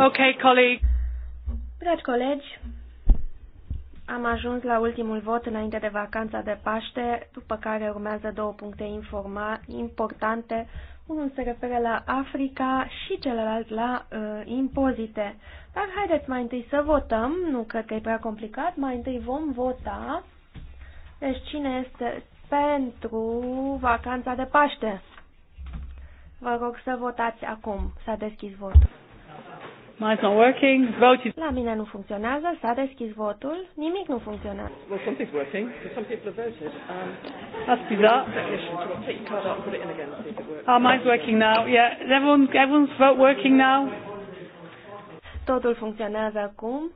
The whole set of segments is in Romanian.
Okay, colleague. Dragi colegi, am ajuns la ultimul vot înainte de vacanța de Paște, după care urmează două puncte informa importante. Unul se referă la Africa și celălalt la uh, impozite. Dar haideți mai întâi să votăm, nu cred că e prea complicat, mai întâi vom vota. Deci cine este pentru vacanța de Paște? Vă rog să votați acum. S-a deschis votul. Mine's not working. Vote is... La mine nu funcționează, s-a deschis votul, nimic nu funcționează. Well, something's working, because some people have voted. Um, That's bizarre. Ah, oh, mine's working now. Yeah, everyone, everyone's vote working now. Totul funcționează acum.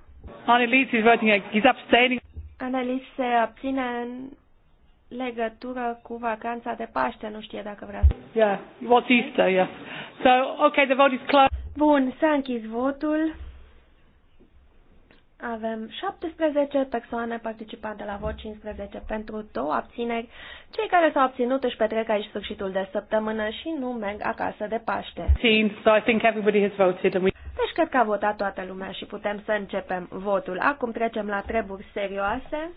Annelies is voting, he's abstaining. Annelies se abține în legătură cu vacanța de Paște, nu știe dacă vrea să... Yeah, what's Easter, yeah. So, okay, the vote is closed. Bun, s-a închis votul. Avem 17 persoane participante la vot, 15 pentru, 2 abțineri. Cei care s-au abținut își petrec aici sfârșitul de săptămână și nu merg acasă de Paște. Deci cred că a votat toată lumea și putem să începem votul. Acum trecem la treburi serioase.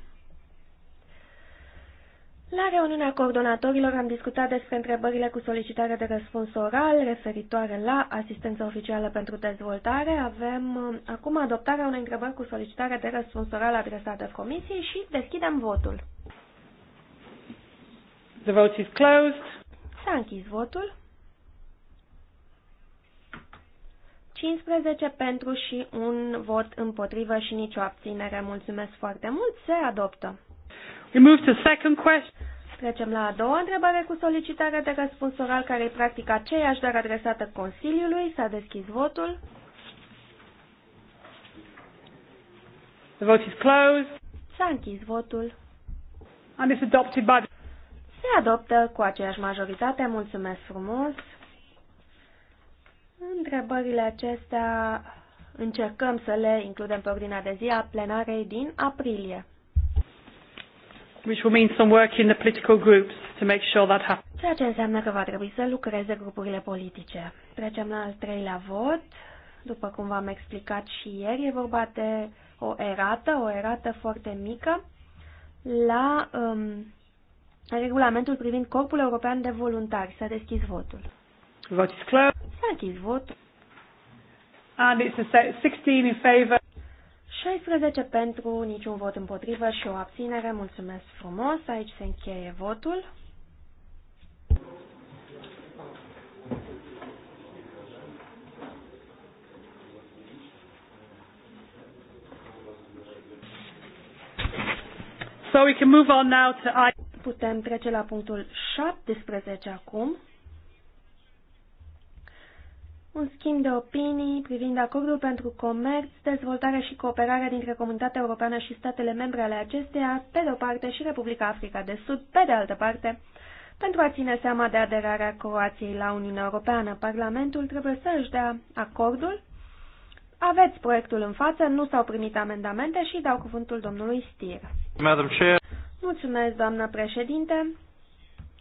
La reuniunea coordonatorilor am discutat despre întrebările cu solicitare de răspuns oral referitoare la asistența oficială pentru dezvoltare. Avem uh, acum adoptarea unei întrebări cu solicitare de răspuns oral adresată Comisiei și deschidem votul. The vote is closed. S-a închis votul. 15 pentru și un vot împotrivă și nicio abținere. Mulțumesc foarte mult. Se adoptă. We move to second question. Trecem la a doua întrebare cu solicitare de răspuns oral care e practic aceeași, dar adresată Consiliului. S-a deschis votul. The vote is closed. S-a închis votul. And it's adopted by the... Se adoptă cu aceeași majoritate. Mulțumesc frumos. Întrebările acestea încercăm să le includem pe ordinea de zi a plenarei din aprilie which will mean some work in the political groups to make sure that happens. Ceea ce înseamnă că va trebui să lucreze grupurile politice. Trecem la al treilea vot. După cum v-am explicat și ieri, e vorba de o erată, o erată foarte mică la um, regulamentul privind Corpul European de Voluntari. S-a deschis votul. Vot is closed. S-a închis votul. And it's a 16 in favor. 16 pentru, niciun vot împotrivă și o abținere. Mulțumesc frumos. Aici se încheie votul. So we can move on now to... Putem trece la punctul 17 acum un schimb de opinii privind acordul pentru comerț, dezvoltare și cooperare dintre Comunitatea Europeană și statele membre ale acesteia, pe de o parte, și Republica Africa de Sud, pe de altă parte, pentru a ține seama de aderarea Croației la Uniunea Europeană. Parlamentul trebuie să își dea acordul. Aveți proiectul în față, nu s-au primit amendamente și dau cuvântul domnului Stier. Madam Chair. Mulțumesc, doamnă președinte.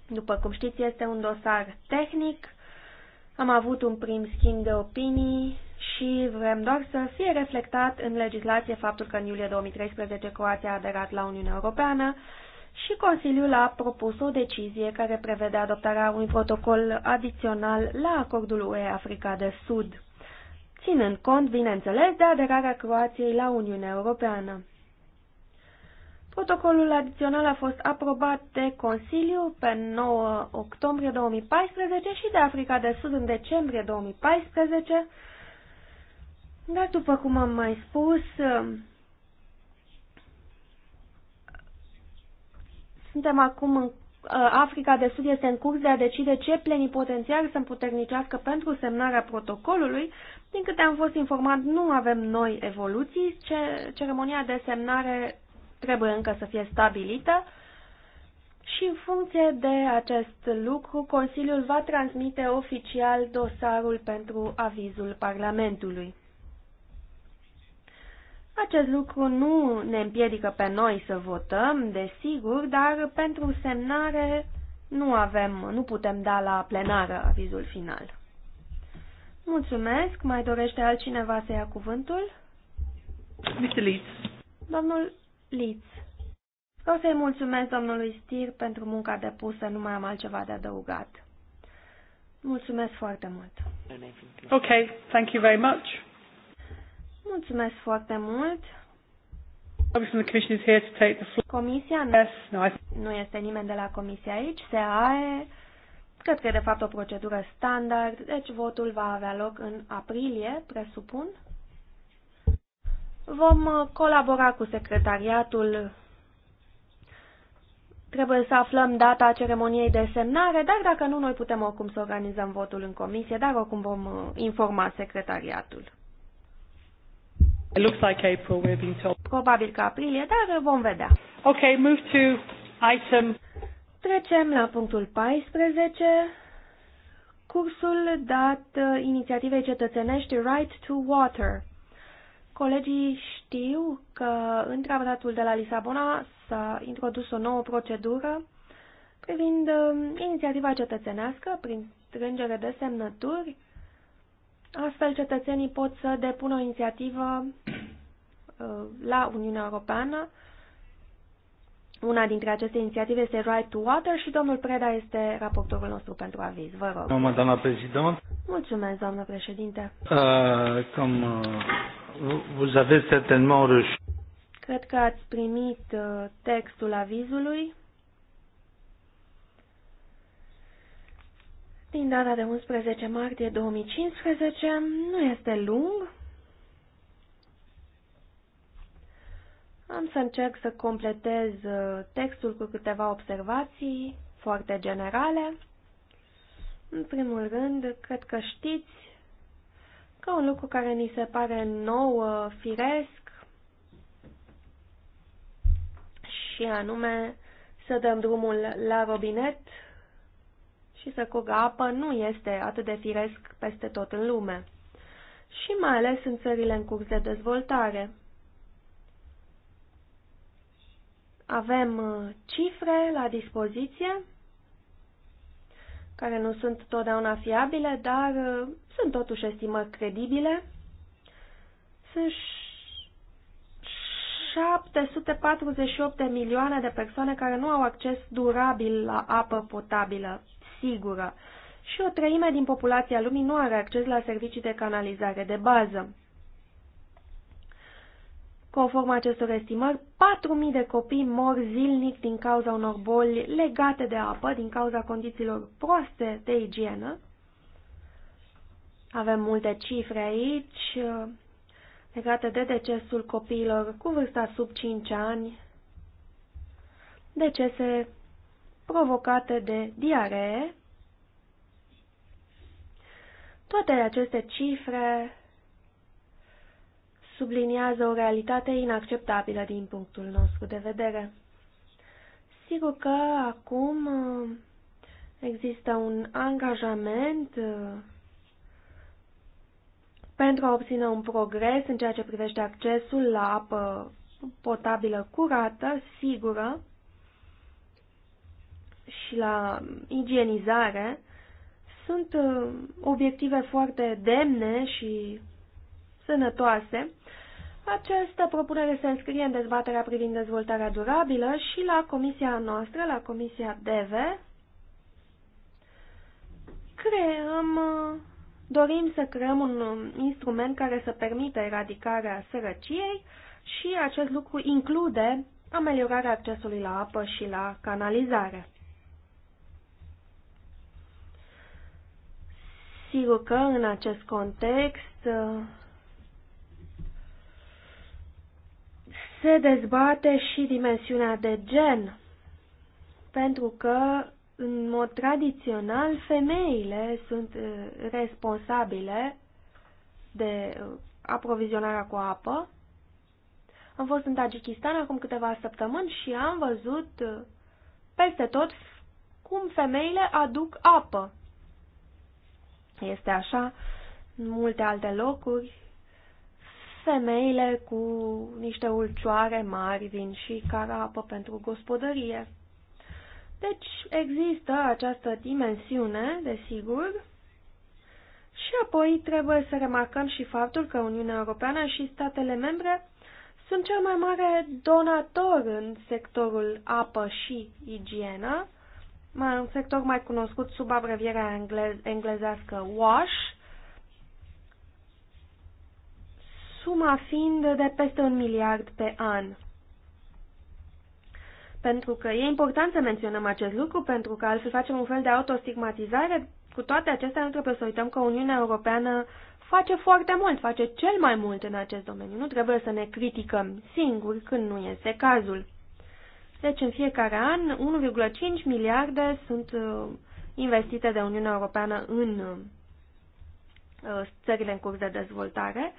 După cum știți, este un dosar tehnic am avut un prim schimb de opinii și vrem doar să fie reflectat în legislație faptul că în iulie 2013 Croația a aderat la Uniunea Europeană și Consiliul a propus o decizie care prevede adoptarea unui protocol adițional la acordul UE-Africa de Sud, ținând cont, bineînțeles, de aderarea Croației la Uniunea Europeană. Protocolul adițional a fost aprobat de Consiliu pe 9 octombrie 2014 și de Africa de Sud în decembrie 2014, dar după cum am mai spus, suntem acum în Africa de Sud este în curs de a decide ce plenipotențiari să împuternicească pentru semnarea protocolului. Din câte am fost informat, nu avem noi evoluții. Ce, ceremonia de semnare trebuie încă să fie stabilită și în funcție de acest lucru, Consiliul va transmite oficial dosarul pentru avizul Parlamentului. Acest lucru nu ne împiedică pe noi să votăm, desigur, dar pentru semnare nu avem, nu putem da la plenară avizul final. Mulțumesc. Mai dorește altcineva să ia cuvântul? Mr. Leeds. Domnul Liz, Vreau să-i mulțumesc domnului Stir pentru munca depusă, nu mai am altceva de adăugat. Mulțumesc foarte mult. Ok, thank you very much. Mulțumesc foarte mult. Comisia nu, yes, no, I... nu este nimeni de la Comisia aici, se are. Cred că e de fapt o procedură standard, deci votul va avea loc în aprilie, presupun. Vom uh, colabora cu secretariatul. Trebuie să aflăm data ceremoniei de semnare, dar dacă nu, noi putem oricum să organizăm votul în comisie, dar oricum vom uh, informa secretariatul. It looks like April, we're being told. Probabil că aprilie, dar uh, vom vedea. Okay, move to item. Trecem la punctul 14 cursul dat inițiativei cetățenești Right to Water. Colegii știu că în tratatul de la Lisabona s-a introdus o nouă procedură privind um, inițiativa cetățenească prin strângere de semnături. Astfel, cetățenii pot să depună o inițiativă uh, la Uniunea Europeană una dintre aceste inițiative este Right to Water și domnul Preda este raportorul nostru pentru aviz. Vă rog. Doamna, doamna președinte. Mulțumesc, doamnă președinte. Uh, cum uh, vous avez certainement reçu. Cred că ați primit uh, textul avizului. Din data de 11 martie 2015, nu este lung, Am să încerc să completez uh, textul cu câteva observații foarte generale. În primul rând, cred că știți că un lucru care ni se pare nou, uh, firesc, și anume să dăm drumul la robinet și să curgă apă nu este atât de firesc peste tot în lume, și mai ales în țările în curs de dezvoltare. Avem uh, cifre la dispoziție, care nu sunt totdeauna fiabile, dar uh, sunt totuși estimări credibile. Sunt 748 de milioane de persoane care nu au acces durabil la apă potabilă, sigură, și o treime din populația lumii nu are acces la servicii de canalizare de bază. Conform acestor estimări, 4.000 de copii mor zilnic din cauza unor boli legate de apă, din cauza condițiilor proaste de igienă. Avem multe cifre aici uh, legate de decesul copiilor cu vârsta sub 5 ani, decese provocate de diaree. Toate aceste cifre subliniază o realitate inacceptabilă din punctul nostru de vedere. Sigur că acum uh, există un angajament uh, pentru a obține un progres în ceea ce privește accesul la apă potabilă curată, sigură și la igienizare, sunt uh, obiective foarte demne și sănătoase. Această propunere se înscrie în dezbaterea privind dezvoltarea durabilă și la comisia noastră, la comisia DEVE, creăm, dorim să creăm un instrument care să permită eradicarea sărăciei și acest lucru include ameliorarea accesului la apă și la canalizare. Sigur că în acest context se dezbate și dimensiunea de gen, pentru că, în mod tradițional, femeile sunt uh, responsabile de uh, aprovizionarea cu apă. Am fost în Tajikistan acum câteva săptămâni și am văzut uh, peste tot cum femeile aduc apă. Este așa în multe alte locuri femeile cu niște ulcioare mari vin și cara apă pentru gospodărie. Deci există această dimensiune, desigur, și apoi trebuie să remarcăm și faptul că Uniunea Europeană și statele membre sunt cel mai mare donator în sectorul apă și igienă, un sector mai cunoscut sub abrevierea englez- englezească WASH, suma fiind de peste un miliard pe an. Pentru că e important să menționăm acest lucru, pentru că altfel facem un fel de autostigmatizare. Cu toate acestea, nu trebuie să uităm că Uniunea Europeană face foarte mult, face cel mai mult în acest domeniu. Nu trebuie să ne criticăm singuri când nu este cazul. Deci, în fiecare an, 1,5 miliarde sunt uh, investite de Uniunea Europeană în uh, țările în curs de dezvoltare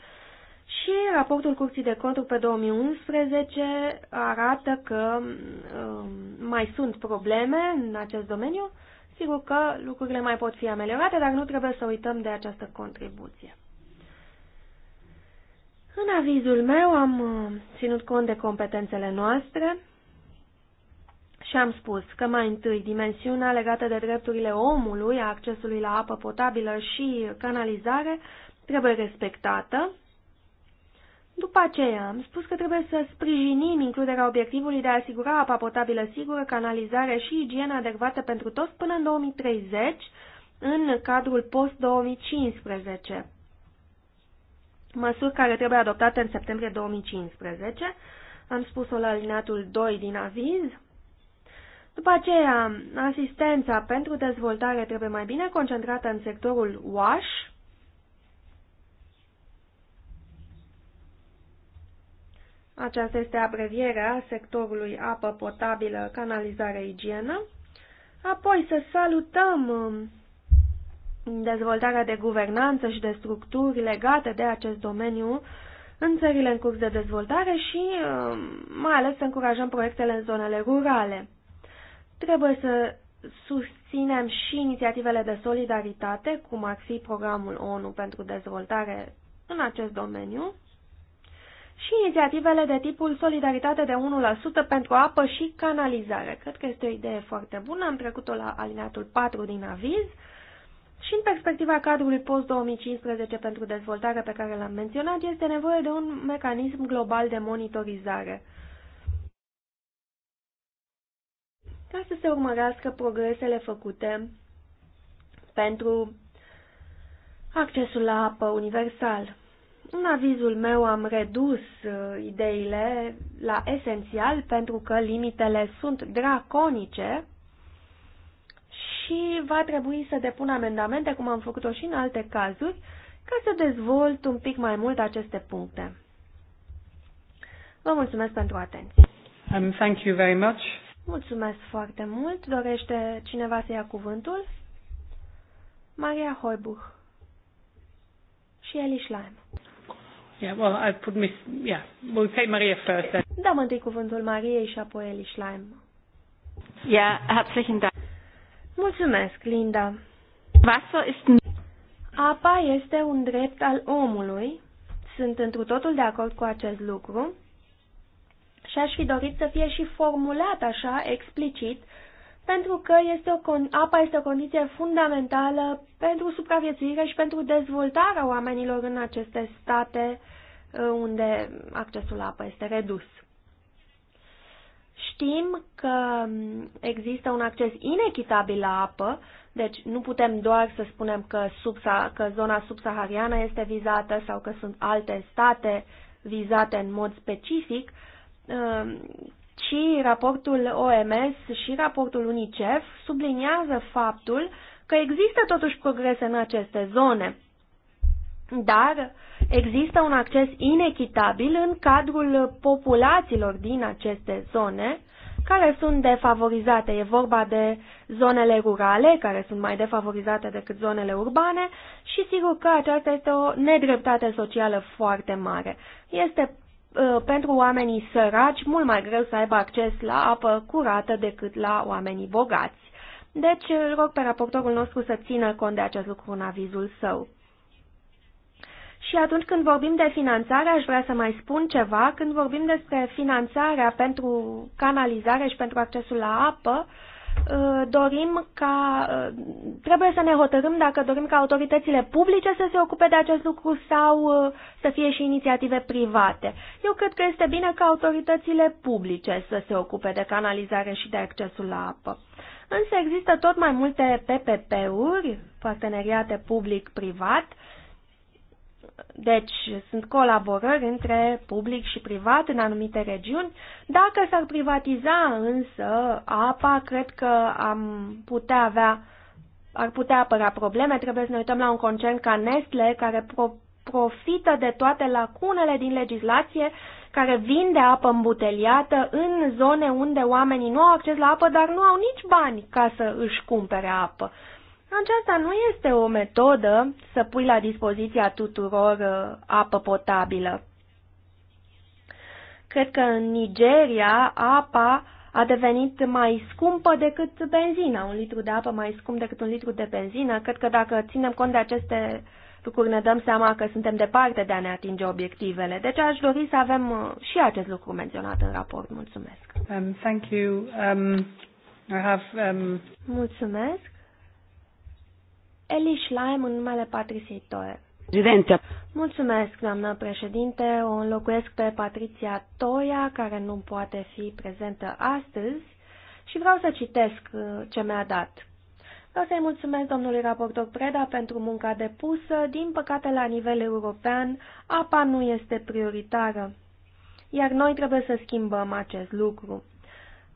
și raportul Curții de Conturi pe 2011 arată că um, mai sunt probleme în acest domeniu. Sigur că lucrurile mai pot fi ameliorate, dar nu trebuie să uităm de această contribuție. În avizul meu am uh, ținut cont de competențele noastre și am spus că mai întâi dimensiunea legată de drepturile omului, a accesului la apă potabilă și canalizare trebuie respectată, după aceea, am spus că trebuie să sprijinim includerea obiectivului de a asigura apa potabilă sigură, canalizare și igienă adecvată pentru toți până în 2030, în cadrul post-2015. Măsuri care trebuie adoptate în septembrie 2015. Am spus-o la alineatul 2 din aviz. După aceea, asistența pentru dezvoltare trebuie mai bine concentrată în sectorul WASH, Aceasta este abrevierea sectorului apă potabilă, canalizare, igienă. Apoi să salutăm um, dezvoltarea de guvernanță și de structuri legate de acest domeniu în țările în curs de dezvoltare și um, mai ales să încurajăm proiectele în zonele rurale. Trebuie să susținem și inițiativele de solidaritate, cum ar fi programul ONU pentru dezvoltare în acest domeniu și inițiativele de tipul solidaritate de 1% pentru apă și canalizare. Cred că este o idee foarte bună, am trecut-o la alineatul 4 din aviz și în perspectiva cadrului post-2015 pentru dezvoltare pe care l-am menționat, este nevoie de un mecanism global de monitorizare ca să se urmărească progresele făcute pentru accesul la apă universal. În avizul meu am redus uh, ideile la esențial pentru că limitele sunt draconice și va trebui să depun amendamente, cum am făcut-o și în alte cazuri, ca să dezvolt un pic mai mult aceste puncte. Vă mulțumesc pentru atenție. Um, thank you very much. Mulțumesc foarte mult. Dorește cineva să ia cuvântul? Maria Hoibuch și Eli Schleim. Yeah, well, I put miss, yeah, we'll take Maria first. Then. Dăm da, întâi cuvântul Mariei și apoi Eli Schleim. Yeah, herzlichen Dank. Mulțumesc, Linda. Wasser ist Apa este un drept al omului. Sunt întru totul de acord cu acest lucru. Și aș fi dorit să fie și formulat așa, explicit, pentru că este o apa este o condiție fundamentală pentru supraviețuire și pentru dezvoltarea oamenilor în aceste state uh, unde accesul la apă este redus. Știm că există un acces inechitabil la apă, deci nu putem doar să spunem că, sub, că zona subsahariană este vizată sau că sunt alte state vizate în mod specific, uh, ci raportul OMS și raportul UNICEF subliniază faptul că există totuși progrese în aceste zone, dar există un acces inechitabil în cadrul populațiilor din aceste zone care sunt defavorizate. E vorba de zonele rurale, care sunt mai defavorizate decât zonele urbane și sigur că aceasta este o nedreptate socială foarte mare. Este Ă, pentru oamenii săraci mult mai greu să aibă acces la apă curată decât la oamenii bogați. Deci îl rog pe raportorul nostru să țină cont de acest lucru în avizul său. Și atunci când vorbim de finanțare, aș vrea să mai spun ceva. Când vorbim despre finanțarea pentru canalizare și pentru accesul la apă, Uh, dorim ca, uh, trebuie să ne hotărâm dacă dorim ca autoritățile publice să se ocupe de acest lucru sau uh, să fie și inițiative private. Eu cred că este bine ca autoritățile publice să se ocupe de canalizare și de accesul la apă. Însă există tot mai multe PPP-uri, parteneriate public-privat, deci, sunt colaborări între public și privat în anumite regiuni. Dacă s-ar privatiza însă apa, cred că am putea avea, ar putea apăra probleme. Trebuie să ne uităm la un concern ca Nestle, care pro profită de toate lacunele din legislație, care vinde apă îmbuteliată în zone unde oamenii nu au acces la apă, dar nu au nici bani ca să își cumpere apă. Aceasta nu este o metodă să pui la dispoziția tuturor uh, apă potabilă. Cred că în Nigeria apa a devenit mai scumpă decât benzina, un litru de apă mai scump decât un litru de benzină. Cred că dacă ținem cont de aceste lucruri ne dăm seama că suntem departe de a ne atinge obiectivele. Deci aș dori să avem uh, și acest lucru menționat în raport. Mulțumesc. Um, thank you. Um, I have, um... Mulțumesc. Eli Schleim în numele Patriciei Toe. Președinte. Mulțumesc, doamnă președinte. O înlocuiesc pe Patricia Toia, care nu poate fi prezentă astăzi, și vreau să citesc uh, ce mi-a dat. Vreau să-i mulțumesc domnului raportor Preda pentru munca depusă. Din păcate, la nivel european, apa nu este prioritară, iar noi trebuie să schimbăm acest lucru.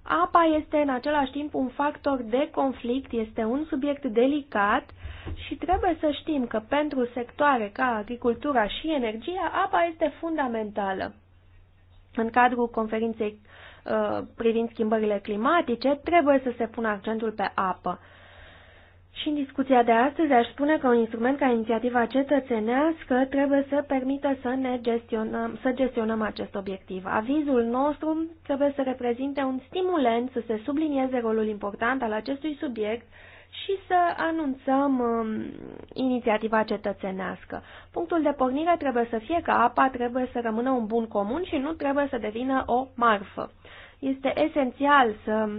Apa este în același timp un factor de conflict, este un subiect delicat și trebuie să știm că pentru sectoare ca agricultura și energia, apa este fundamentală. În cadrul conferinței uh, privind schimbările climatice, trebuie să se pună accentul pe apă. Și în discuția de astăzi aș spune că un instrument ca inițiativa cetățenească trebuie să permită să ne gestionăm, să gestionăm acest obiectiv. Avizul nostru trebuie să reprezinte un stimulent să se sublinieze rolul important al acestui subiect și să anunțăm um, inițiativa cetățenească. Punctul de pornire trebuie să fie că apa trebuie să rămână un bun comun și nu trebuie să devină o marfă. Este esențial să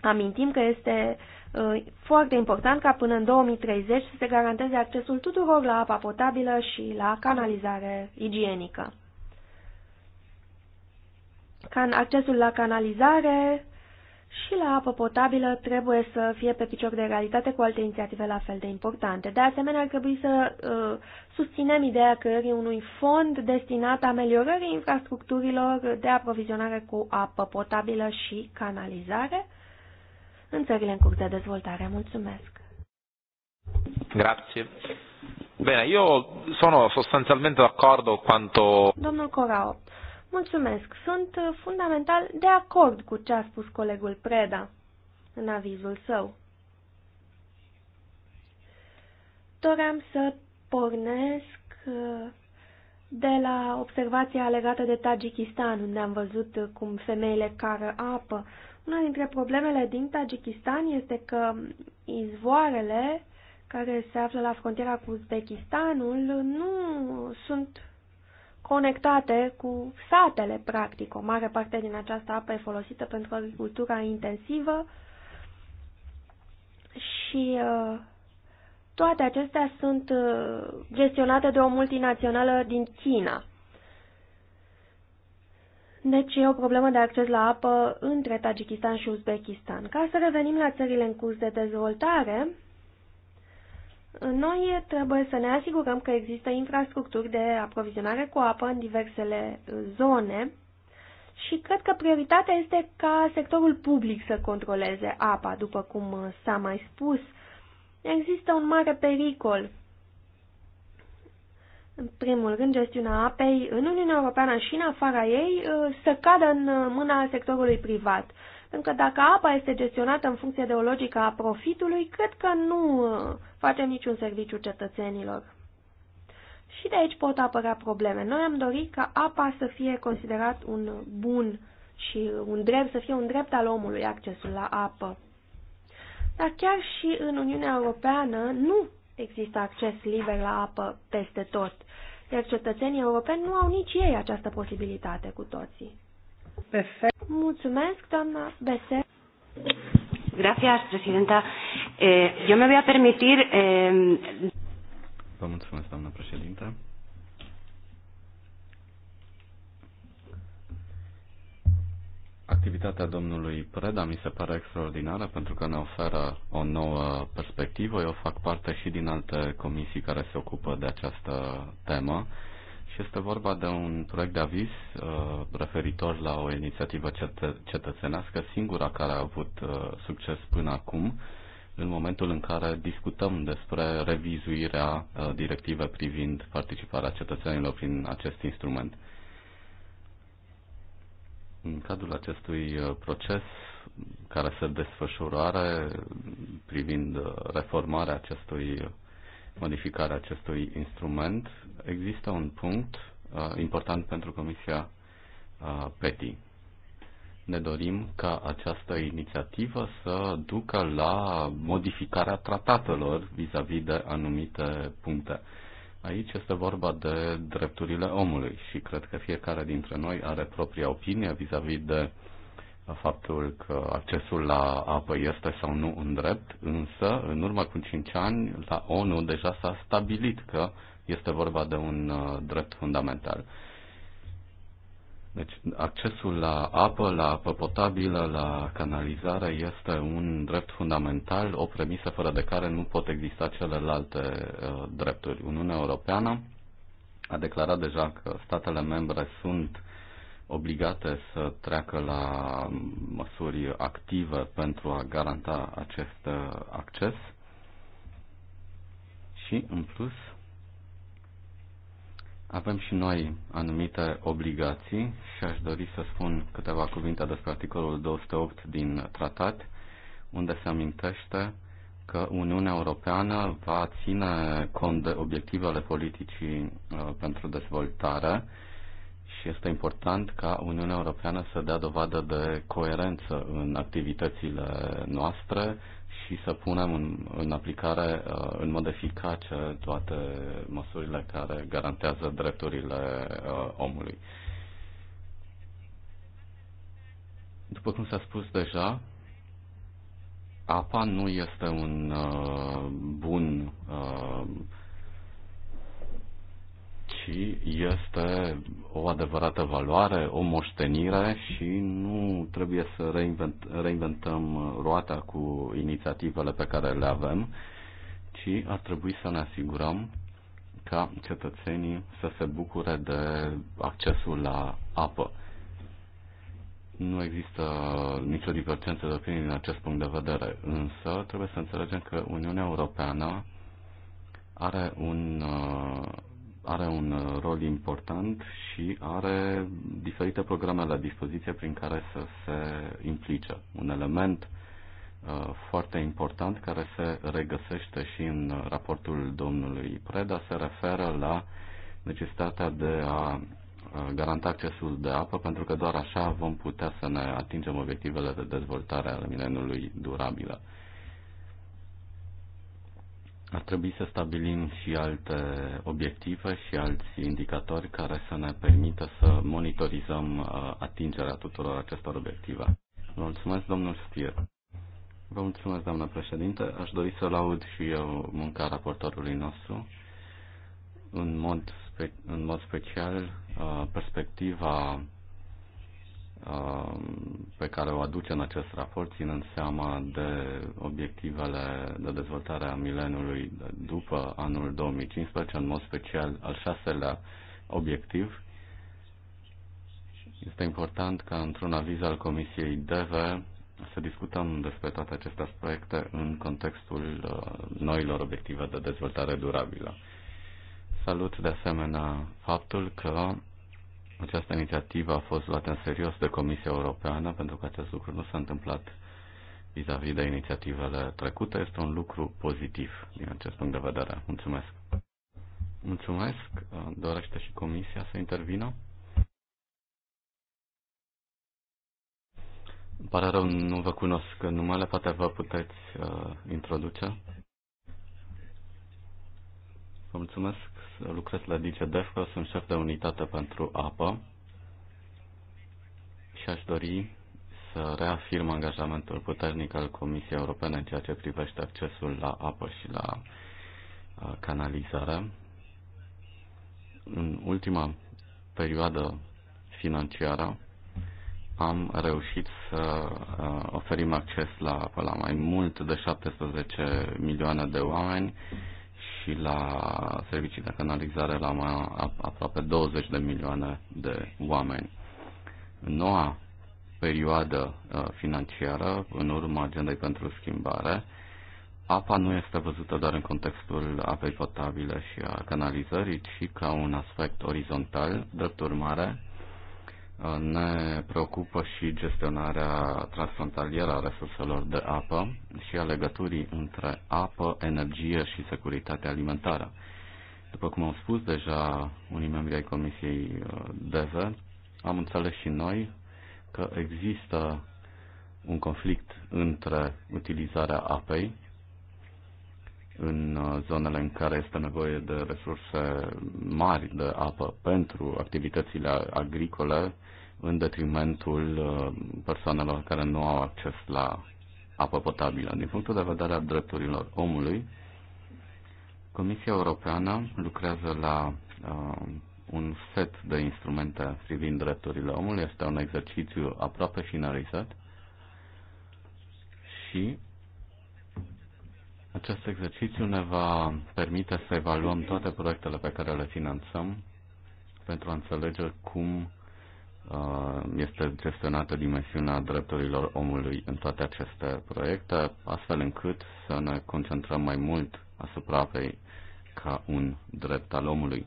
amintim că este Uh, foarte important ca până în 2030 să se garanteze accesul tuturor la apa potabilă și la canalizare igienică. Can accesul la canalizare și la apă potabilă trebuie să fie pe picior de realitate cu alte inițiative la fel de importante. De asemenea, ar trebui să uh, susținem ideea creării unui fond destinat ameliorării infrastructurilor de aprovizionare cu apă potabilă și canalizare, uh, în țările în curs de dezvoltare. Mulțumesc! Grazie. Bene, io sono sostanzialmente d'accordo quanto... Domnul Corao, mulțumesc. Sunt uh, fundamental de acord cu ce a spus colegul Preda în avizul său. Doream să pornesc uh, de la observația legată de Tajikistan, unde am văzut uh, cum femeile cară apă, una dintre problemele din Tajikistan este că izvoarele care se află la frontiera cu Uzbekistanul nu sunt conectate cu satele, practic. O mare parte din această apă e folosită pentru agricultura intensivă și uh, toate acestea sunt uh, gestionate de o multinațională din China. Deci e o problemă de acces la apă între Tajikistan și Uzbekistan. Ca să revenim la țările în curs de dezvoltare, noi trebuie să ne asigurăm că există infrastructuri de aprovizionare cu apă în diversele zone și cred că prioritatea este ca sectorul public să controleze apa, după cum s-a mai spus. Există un mare pericol în primul rând, gestiunea apei în Uniunea Europeană și în afara ei uh, să cadă în uh, mâna sectorului privat. Pentru că dacă apa este gestionată în funcție de o logică a profitului, cred că nu uh, facem niciun serviciu cetățenilor. Și de aici pot apărea probleme. Noi am dorit ca apa să fie considerat un bun și un drept, să fie un drept al omului accesul la apă. Dar chiar și în Uniunea Europeană nu există acces liber la apă peste tot iar cetățenii europeni nu au nici ei această posibilitate cu toții. Perfect. Mulțumesc, doamna Bese. Gracias, presidenta. Eh, yo me voy a permitir... Eh... Vă mulțumesc, doamna președintă. Activitatea domnului Preda mi se pare extraordinară pentru că ne oferă o nouă perspectivă. Eu fac parte și din alte comisii care se ocupă de această temă și este vorba de un proiect de aviz uh, referitor la o inițiativă cetă- cetățenească, singura care a avut uh, succes până acum, în momentul în care discutăm despre revizuirea uh, directivei privind participarea cetățenilor prin acest instrument. În cadrul acestui uh, proces care se desfășurare privind uh, reformarea acestui, uh, modificarea acestui instrument, există un punct uh, important pentru Comisia uh, PETI. Ne dorim ca această inițiativă să ducă la modificarea tratatelor vis-a-vis -vis de anumite puncte. Uh, Aici este vorba de drepturile omului și cred că fiecare dintre noi are propria opinie vis-a-vis -vis de faptul că accesul la apă este sau nu un drept, însă în urmă cu 5 ani la ONU deja s-a stabilit că este vorba de un uh, drept fundamental. Deci accesul la apă, la apă potabilă, la canalizare este un drept fundamental, o premisă fără de care nu pot exista celelalte uh, drepturi. Uniunea Europeană a declarat deja că statele membre sunt obligate să treacă la măsuri active pentru a garanta acest uh, acces și, în plus, avem și noi anumite obligații și aș dori să spun câteva cuvinte despre articolul 208 din tratat, unde se amintește că Uniunea Europeană va ține cont de obiectivele politicii uh, pentru dezvoltare și este important ca Uniunea Europeană să dea dovadă de coerență în activitățile noastre, și să punem în, în aplicare uh, în mod eficace toate măsurile care garantează drepturile uh, omului. După cum s-a spus deja, apa nu este un uh, bun și este o adevărată valoare, o moștenire și nu trebuie să reinvent, reinventăm roata cu inițiativele pe care le avem, ci ar trebui să ne asigurăm ca cetățenii să se bucure de accesul la apă. Nu există nicio divergență de opinie din acest punct de vedere, însă trebuie să înțelegem că Uniunea Europeană are un, uh, are un uh, rol important și are diferite programe la dispoziție prin care să se implice. Un element uh, foarte important care se regăsește și în raportul domnului Preda se referă la necesitatea de a uh, garanta accesul de apă, pentru că doar așa vom putea să ne atingem obiectivele de dezvoltare ale mileniului durabilă. Ar trebui să stabilim și alte obiective și alți indicatori care să ne permită să monitorizăm uh, atingerea tuturor acestor obiective. Vă mulțumesc, domnul Stier. Vă mulțumesc, doamnă președinte. Aș dori să laud și eu munca raportorului nostru. În mod, în mod special, uh, perspectiva Um, pe care o aduce în acest raport, ținând seama de obiectivele de dezvoltare a mileniului după anul 2015, în mod special al șaselea obiectiv. Este important ca într-un aviz al Comisiei DEVE să discutăm despre toate aceste aspecte în contextul uh, noilor obiective de dezvoltare durabilă. Salut de asemenea faptul că această inițiativă a fost luată în serios de Comisia Europeană pentru că acest lucru nu s-a întâmplat vis-a-vis -vis de inițiativele trecute. Este un lucru pozitiv din acest punct de vedere. Mulțumesc. Mulțumesc. Dorește și Comisia să intervină? Îmi pare rău, nu vă cunosc numele, poate vă puteți uh, introduce. Vă mulțumesc. Lucrez la Defco, sunt șef de unitate pentru apă și aș dori să reafirm angajamentul puternic al Comisiei Europene în ceea ce privește accesul la apă și la uh, canalizare. În ultima perioadă financiară am reușit să uh, oferim acces la apă la mai mult de 17 milioane de oameni și la servicii de canalizare la mai aproape 20 de milioane de oameni. În noua perioadă uh, financiară, în urma agendei pentru schimbare, apa nu este văzută doar în contextul apei potabile și a canalizării, ci ca un aspect orizontal, drept urmare, ne preocupă și gestionarea transfrontalieră a resurselor de apă și a legăturii între apă, energie și securitate alimentară. După cum am spus deja unii membri ai Comisiei uh, DEVE, am înțeles și noi că există un conflict între utilizarea apei în uh, zonele în care este nevoie de resurse mari de apă pentru activitățile agricole, în detrimentul uh, persoanelor care nu au acces la apă potabilă. Din punctul de vedere al drepturilor omului, Comisia Europeană lucrează la uh, un set de instrumente privind drepturile omului. Este un exercițiu aproape finalizat și acest exercițiu ne va permite să evaluăm toate proiectele pe care le finanțăm pentru a înțelege cum Uh, este gestionată dimensiunea drepturilor omului în toate aceste proiecte, astfel încât să ne concentrăm mai mult asupra apei ca un drept al omului.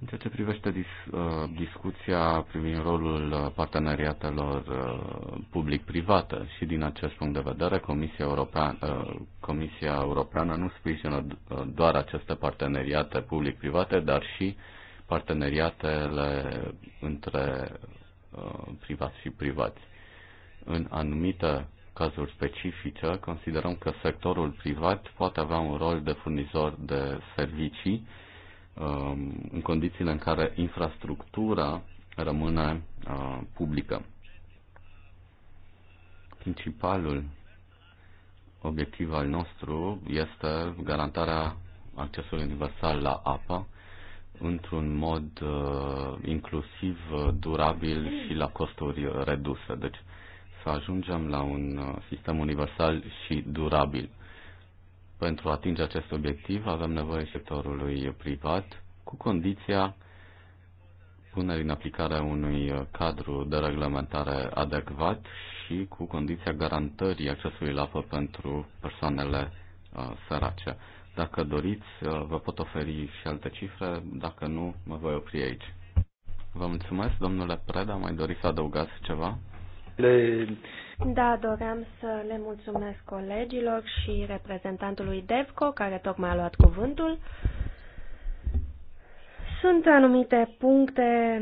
În ceea ce privește dis, uh, discuția privind rolul parteneriatelor uh, public-private și din acest punct de vedere, Comisia Europeană, Comisia Europeană nu sprijină doar aceste parteneriate public-private, dar și uh, parteneriatele între uh, privați și privați. În anumite cazuri specifice, considerăm că sectorul privat poate avea un rol de furnizor de servicii um, în condițiile în care infrastructura rămâne uh, publică. Principalul obiectiv al nostru este garantarea accesului universal la apă într-un mod uh, inclusiv, uh, durabil și la costuri reduse. Deci să ajungem la un uh, sistem universal și durabil. Pentru a atinge acest obiectiv avem nevoie sectorului privat cu condiția punerii în aplicare unui uh, cadru de reglementare adecvat și cu condiția garantării accesului la apă pentru persoanele uh, sărace. Dacă doriți, uh, vă pot oferi și alte cifre, dacă nu, mă voi opri aici. Vă mulțumesc, domnule Preda, mai doriți să adăugați ceva? Le... Da, doream să le mulțumesc colegilor și reprezentantului DEVCO, care tocmai a luat cuvântul. Sunt anumite puncte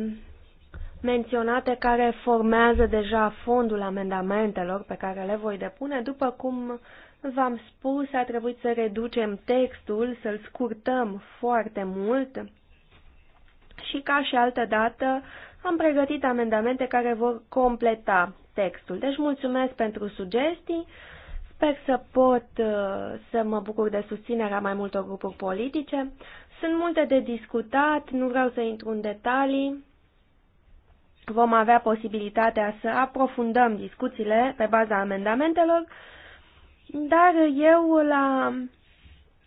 menționate care formează deja fondul amendamentelor pe care le voi depune, după cum V-am spus, a trebuit să reducem textul, să-l scurtăm foarte mult și ca și altă dată am pregătit amendamente care vor completa textul. Deci mulțumesc pentru sugestii, sper să pot uh, să mă bucur de susținerea mai multor grupuri politice. Sunt multe de discutat, nu vreau să intru în detalii. Vom avea posibilitatea să aprofundăm discuțiile pe baza amendamentelor dar eu, la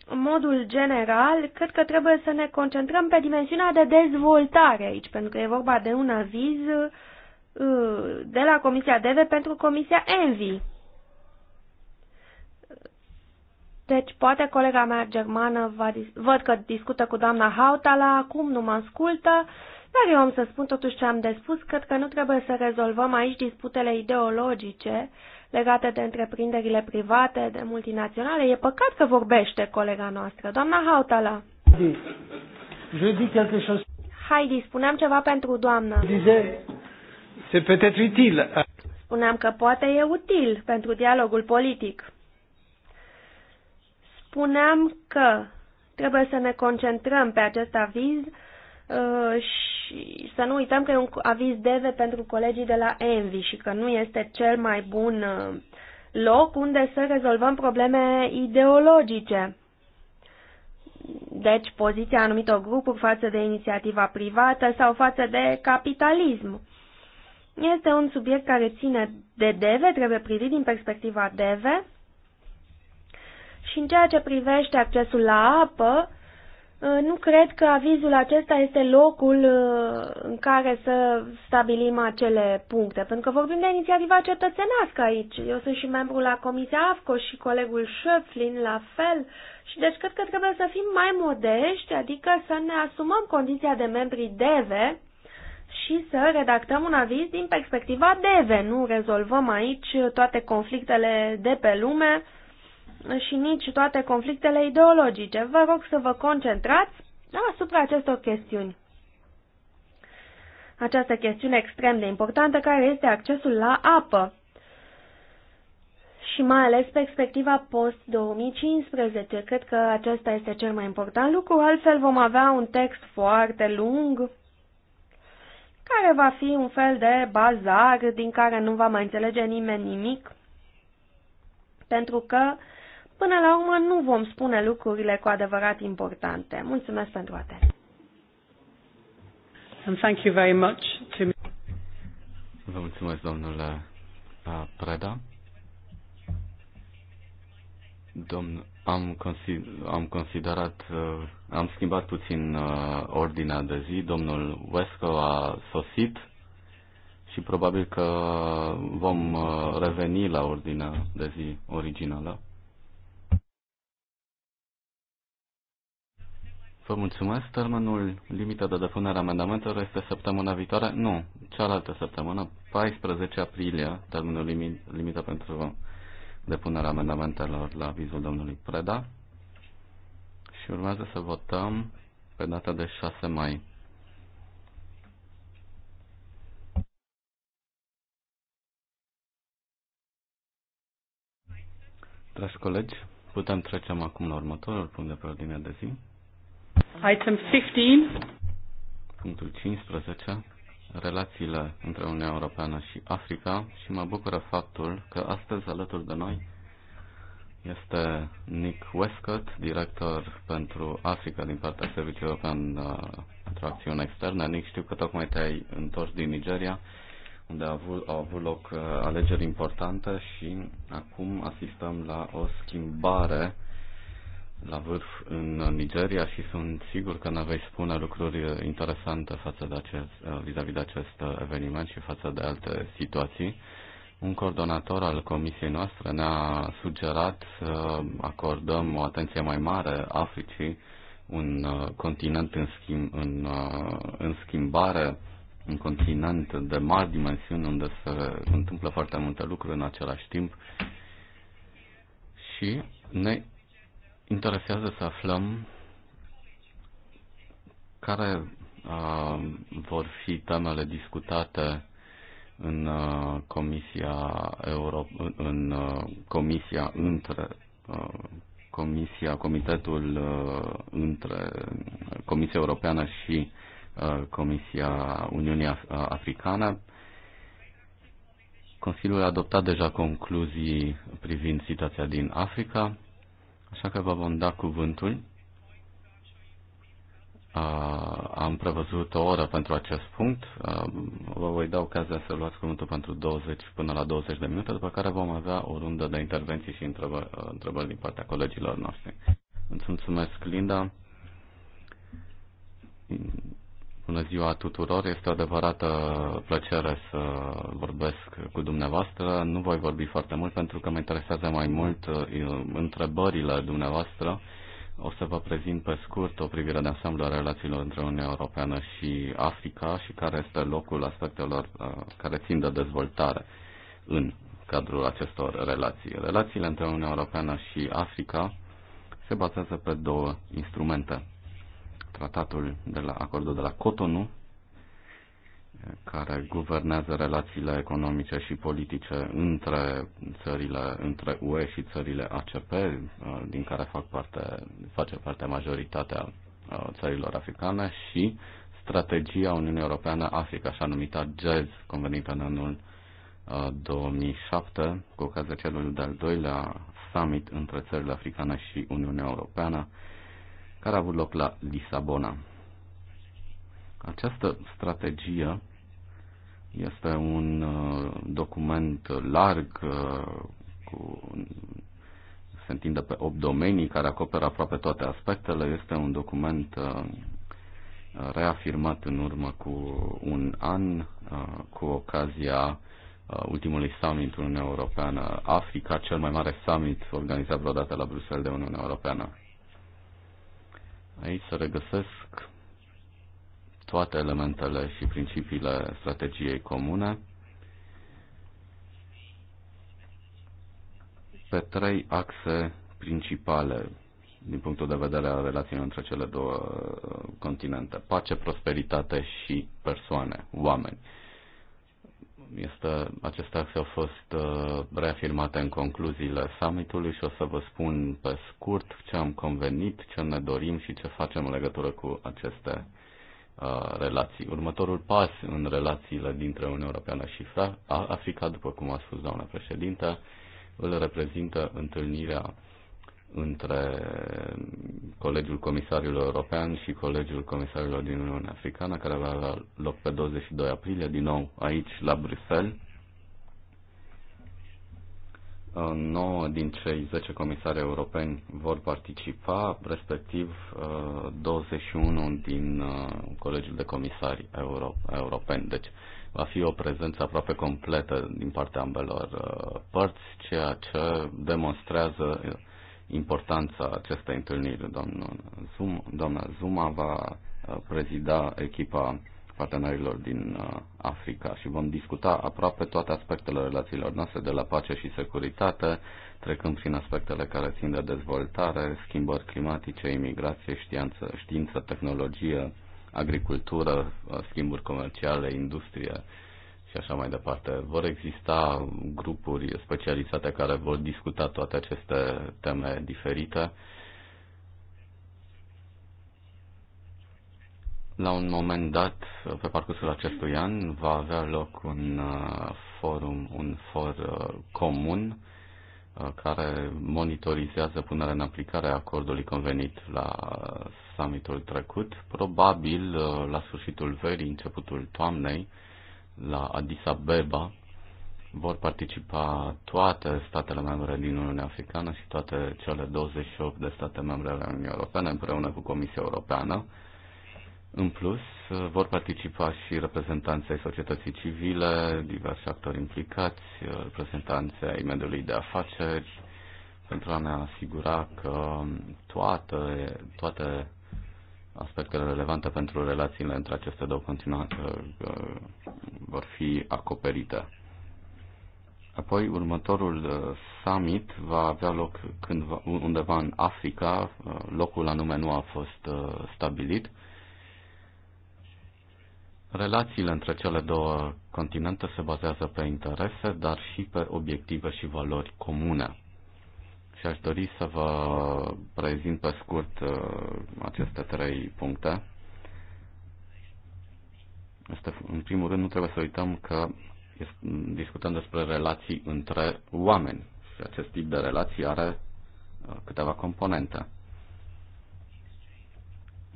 modul general, cred că trebuie să ne concentrăm pe dimensiunea de dezvoltare aici, pentru că e vorba de un aviz uh, de la Comisia DEVE pentru Comisia ENVI. Deci, poate colega mea germană va văd că discută cu doamna Hautala, acum nu mă ascultă, dar eu am să spun totuși ce am de spus, cred că nu trebuie să rezolvăm aici disputele ideologice, uh, legate de întreprinderile private, de multinaționale. E păcat că vorbește colega noastră. Doamna Hautala. Heidi, spuneam ceva pentru doamnă. Se poate être Spuneam că poate e util pentru dialogul politic. Spuneam că trebuie să ne concentrăm pe acest aviz uh, și și să nu uităm că e un aviz DEVE pentru colegii de la ENVI și că nu este cel mai bun uh, loc unde să rezolvăm probleme ideologice. Deci poziția anumitor grupuri față de inițiativa privată sau față de capitalism. Este un subiect care ține de DEVE, trebuie privit din perspectiva DEVE. Și în ceea ce privește accesul la apă, Uh, nu cred că avizul acesta este locul uh, în care să stabilim acele puncte, pentru că vorbim de inițiativa cetățenească aici. Eu sunt și membru la Comisia AFCO și colegul Șöflin la fel și deci cred că trebuie să fim mai modești, adică să ne asumăm condiția de membri DEVE și să redactăm un aviz din perspectiva DEVE. Nu rezolvăm aici toate conflictele de pe lume, și nici toate conflictele ideologice. Vă rog să vă concentrați asupra acestor chestiuni. Această chestiune extrem de importantă care este accesul la apă și mai ales perspectiva post-2015. Cred că acesta este cel mai important lucru, altfel vom avea un text foarte lung care va fi un fel de bazar din care nu va mai înțelege nimeni nimic, pentru că Până la urmă nu vom spune lucrurile cu adevărat importante. Mulțumesc pentru atenție. And thank you very much to... Vă mulțumesc, domnule uh, Preda. Domn, am, consi- am considerat, uh, am schimbat puțin uh, ordinea de zi. Domnul Wesco a sosit și probabil că vom uh, reveni la ordinea de zi originală. Vă mulțumesc. Termenul limită de depunere a amendamentelor este săptămâna viitoare? Nu, cealaltă săptămână, 14 aprilie, termenul limit, limită pentru depunerea amendamentelor la avizul domnului Preda. Și urmează să votăm pe data de 6 mai. Dragi colegi, putem trecem acum la următorul punct de pe ordinea de zi. Item 15. Punctul 15. Relațiile între Uniunea Europeană și Africa și mă bucură faptul că astăzi alături de noi este Nick Westcott, director pentru Africa din partea Serviciului European uh, pentru Acțiune Externă. Nick, știu că tocmai te-ai întors din Nigeria, unde au avut, au avut loc uh, alegeri importante și acum asistăm la o schimbare la vârf în Nigeria și sunt sigur că ne vei spune lucruri interesante față de acest, uh, vis-a-vis de acest uh, eveniment și față de alte situații. Un coordonator al comisiei noastre ne-a sugerat să acordăm o atenție mai mare Africii, un uh, continent în, schimb, în, în schimbare, un continent de mari dimensiuni unde se întâmplă foarte multe lucruri în același timp și ne interesează să aflăm care uh, vor fi temele discutate în uh, Comisia Euro, în uh, Comisia între uh, Comisia, Comitetul uh, între Comisia Europeană și uh, Comisia Uniunii uh, Africane. Consiliul a adoptat deja concluzii privind situația din Africa Așa că vă vom da cuvântul. Uh, am prevăzut o oră pentru acest punct. Uh, vă voi da ocazia să luați cuvântul pentru 20 până la 20 de minute, după care vom avea o rundă de intervenții și întrebări, întrebări din partea colegilor noștri. Îți mulțumesc, Linda. Bună ziua tuturor, este o adevărată plăcere să vorbesc cu dumneavoastră. Nu voi vorbi foarte mult pentru că mă interesează mai mult uh, întrebările dumneavoastră. O să vă prezint pe scurt o privire de ansamblu a relațiilor între Uniunea Europeană și Africa și care este locul aspectelor uh, care țin de dezvoltare în cadrul acestor relații. Relațiile între Uniunea Europeană și Africa se bazează pe două instrumente tratatul de la acordul de la Cotonou, care guvernează relațiile economice și politice între țările, între UE și țările ACP, uh, din care fac parte, face parte majoritatea uh, țărilor africane și strategia Uniunii Europeană Africa, așa numită, GEZ, convenită în anul 2007, uh, cu ocazia celui de-al doilea summit între țările africane și Uniunea Europeană, care a avut loc la Lisabona. Această strategie este un uh, document larg uh, cu se întinde pe 8 domenii care acoperă aproape toate aspectele. Este un document uh, reafirmat în urmă cu un an cu ocazia ultimului summit Uniunea Europeană Africa, cel mai mare summit organizat vreodată la Bruxelles de Uniunea Europeană. Aici se regăsesc toate elementele și principiile strategiei comune. Pe trei axe principale din punctul de vedere al relației între cele două continente. Pace, prosperitate și persoane, oameni. Uh, este, aceste axe au fost uh, reafirmate în concluziile summitului și o să vă spun pe scurt ce am convenit, ce ne dorim și ce facem în legătură cu aceste uh, relații. Următorul pas în relațiile dintre Uniunea Europeană și Africa, după cum a spus doamna președintă, îl reprezintă întâlnirea între Colegiul Comisarilor European și Colegiul Comisarilor din Uniunea Africană, care va avea loc pe 22 aprilie, din nou aici, la Bruxelles. 9 din cei 10 comisari europeni vor participa, respectiv 21 uh, din uh, Colegiul de Comisari Euro- Europeni. Deci va fi o prezență aproape completă din partea ambelor uh, părți, ceea ce demonstrează importanța acestei întâlniri. Domnul Zuma, doamna Zuma va uh, prezida echipa partenerilor din uh, Africa și vom discuta aproape toate aspectele relațiilor noastre de la pace și securitate, trecând prin aspectele care țin de dezvoltare, schimbări climatice, imigrație, știință, știință tehnologie, agricultură, uh, schimburi comerciale, industrie, și așa mai departe. Vor exista grupuri specializate care vor discuta toate aceste teme diferite. La un moment dat, pe parcursul acestui an, va avea loc un uh, forum, un for uh, comun uh, care monitorizează punerea în aplicare a acordului convenit la summitul trecut. Probabil la sfârșitul verii, începutul toamnei, la Addis Abeba vor participa toate statele membre din Uniunea Africană și toate cele 28 de state membre ale Uniunii Europene împreună cu Comisia Europeană. În plus, vor participa și reprezentanții societății civile, diversi actori implicați, reprezentanții ai mediului de afaceri, pentru a ne asigura că toate, toate aspectele relevante pentru relațiile între aceste două continente ă, ă, vor fi acoperite. Apoi, următorul ă, summit va avea loc cândva, undeva în Africa, locul anume nu a fost stabilit. Relațiile între cele două continente se bazează pe interese, dar și pe obiective și valori comune și aș dori să vă prezint pe scurt uh, aceste trei puncte. Este, în primul rând, nu trebuie să uităm că discutăm despre relații între oameni și acest tip de relații are uh, câteva componente.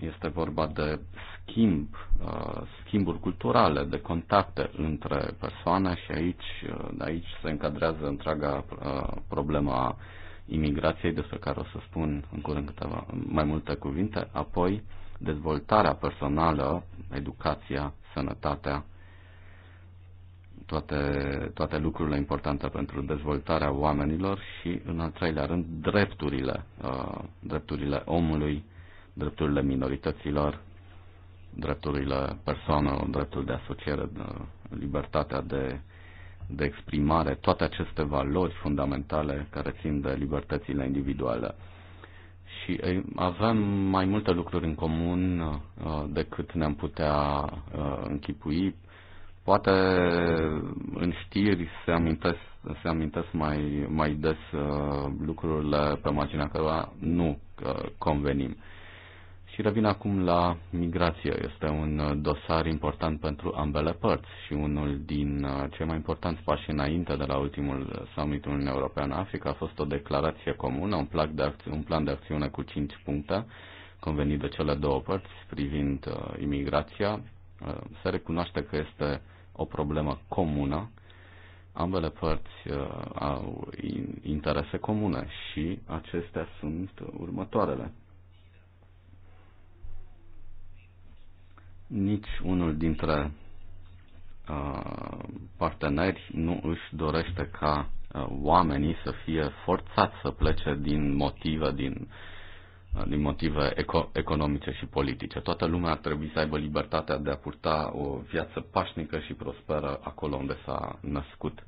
Este vorba de schimb, uh, schimburi culturale, de contacte între persoane și aici, de aici se încadrează întreaga problema imigrației, despre care o să spun în curând câteva mai multe cuvinte, apoi dezvoltarea personală, educația, sănătatea, toate, toate lucrurile importante pentru dezvoltarea oamenilor și, în al treilea rând, drepturile, uh, drepturile omului, drepturile minorităților, drepturile persoanelor, dreptul de asociere, uh, libertatea de de exprimare, toate aceste valori fundamentale care țin de libertățile individuale. Și eh, avem mai multe lucruri în comun eh, decât ne-am putea eh, închipui. Poate în știri se amintesc, se amintesc mai, mai des lucrurile pe marginea cărora nu convenim. Și revin acum la migrație. Este un uh, dosar important pentru ambele părți și unul din uh, cei mai importanți pași înainte de la ultimul summit Uniunea Europeană-Africa a fost o declarație comună, un plan de, acți- un plan de acțiune cu cinci puncte convenit de cele două părți privind uh, imigrația. Uh, se recunoaște că este o problemă comună. Ambele părți uh, au interese comune și acestea sunt următoarele Nici unul dintre uh, parteneri nu își dorește ca uh, oamenii să fie forțați să plece din motive, din, uh, din motive eco- economice și politice. Toată lumea ar trebui să aibă libertatea de a purta o viață pașnică și prosperă acolo unde s-a născut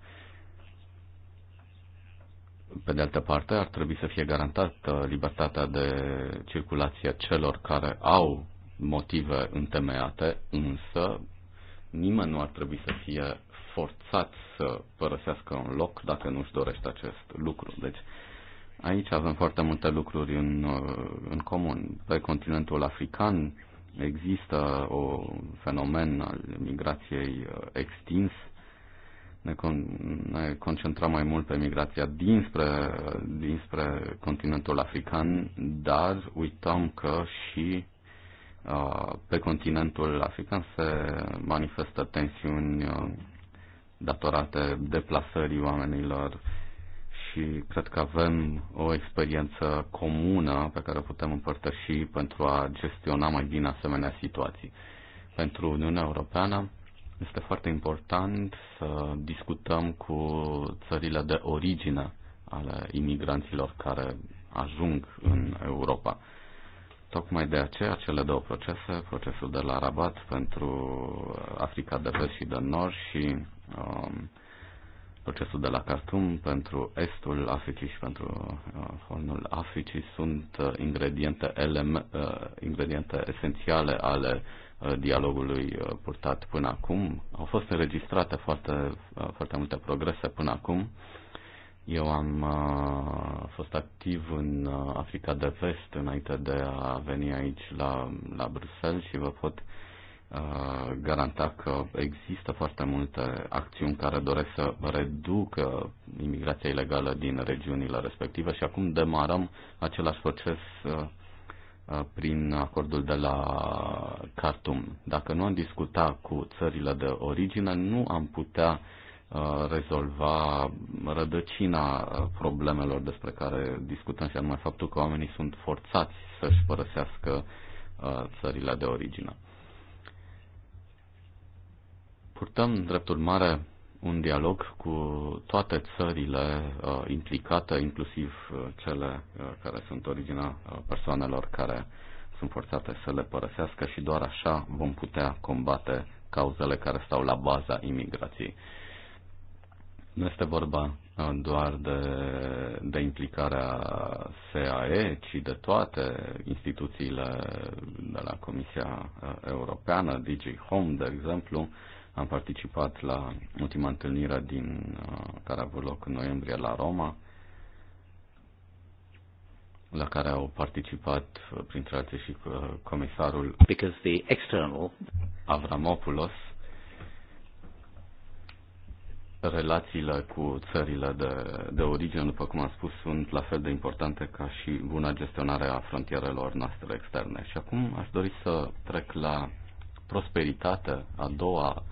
pe de altă parte, ar trebui să fie garantată libertatea de circulație celor care au motive întemeiate, însă nimeni nu ar trebui să fie forțat să părăsească un loc dacă nu își dorește acest lucru. Deci aici avem foarte multe lucruri în, în comun. Pe continentul african există un fenomen al migrației uh, extins. Ne, con- ne concentrăm mai mult pe migrația dinspre, dinspre continentul african, dar uităm că și pe continentul african se manifestă tensiuni datorate deplasării oamenilor și cred că avem o experiență comună pe care o putem împărtăși pentru a gestiona mai bine asemenea situații. Pentru Uniunea Europeană este foarte important să discutăm cu țările de origine ale imigranților care ajung în Europa Tocmai de aceea cele două procese, procesul de la Rabat pentru uh, Africa de Vest și de Nord și um, procesul de la Khartoum pentru Estul Africii și pentru uh, Hornul Africii sunt uh, ingrediente, eleme, uh, ingrediente esențiale ale uh, dialogului uh, purtat până acum. Au fost înregistrate foarte, uh, foarte multe progrese până acum. Uh, eu am uh, fost activ în uh, Africa de Vest înainte de a veni aici la, la Bruxelles și vă pot uh, garanta că există foarte multe acțiuni care doresc să reducă imigrația ilegală din regiunile respective și acum demarăm același proces prin acordul de la Khartoum. Dacă nu am discutat cu țările de origine, nu am putea uh, Uh, rezolva rădăcina uh, problemelor despre care discutăm și anume faptul că oamenii sunt forțați să-și părăsească uh, țările de origine. Purtăm, drept urmare, un dialog cu toate țările uh, implicate, inclusiv uh, cele uh, care sunt originea uh, persoanelor care sunt forțate să le părăsească și doar așa vom putea combate cauzele care stau la baza imigrației. Nu este vorba doar de, de implicarea SAE, ci de toate instituțiile de la Comisia uh, Europeană, DG Home, de exemplu. Am participat la ultima întâlnire din, uh, care a avut loc în noiembrie la Roma, la care au participat, uh, printre alții, și comisarul Because the external... Avramopoulos, relațiile cu țările de, de origine, după cum am spus, sunt la fel de importante ca și buna gestionare a frontierelor noastre externe. Și acum aș dori să trec la prosperitate, a doua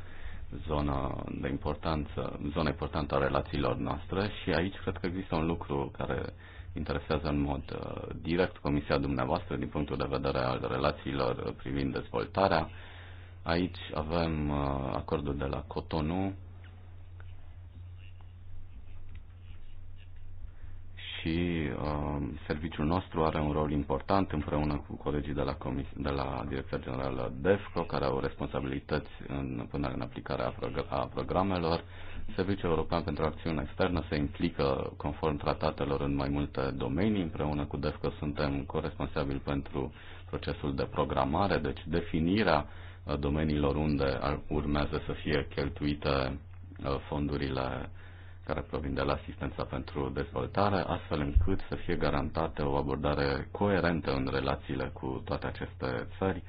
zonă de importanță, zona importantă a relațiilor noastre și aici cred că există un lucru care interesează în mod uh, direct Comisia dumneavoastră din punctul de vedere al relațiilor privind dezvoltarea. Aici avem uh, acordul de la Cotonou, și uh, serviciul nostru are un rol important împreună cu colegii de la, comis- de la Direcția Generală DEFCO, care au responsabilități în până în aplicarea a, a programelor. Serviciul European pentru Acțiune Externă se implică conform tratatelor în mai multe domenii. Împreună cu DEFCO suntem corresponsabili pentru procesul de programare, deci definirea uh, domeniilor unde urmează să fie cheltuite uh, fondurile care provin de la asistența pentru dezvoltare, astfel încât să fie garantată o abordare coerentă în relațiile cu toate aceste țări,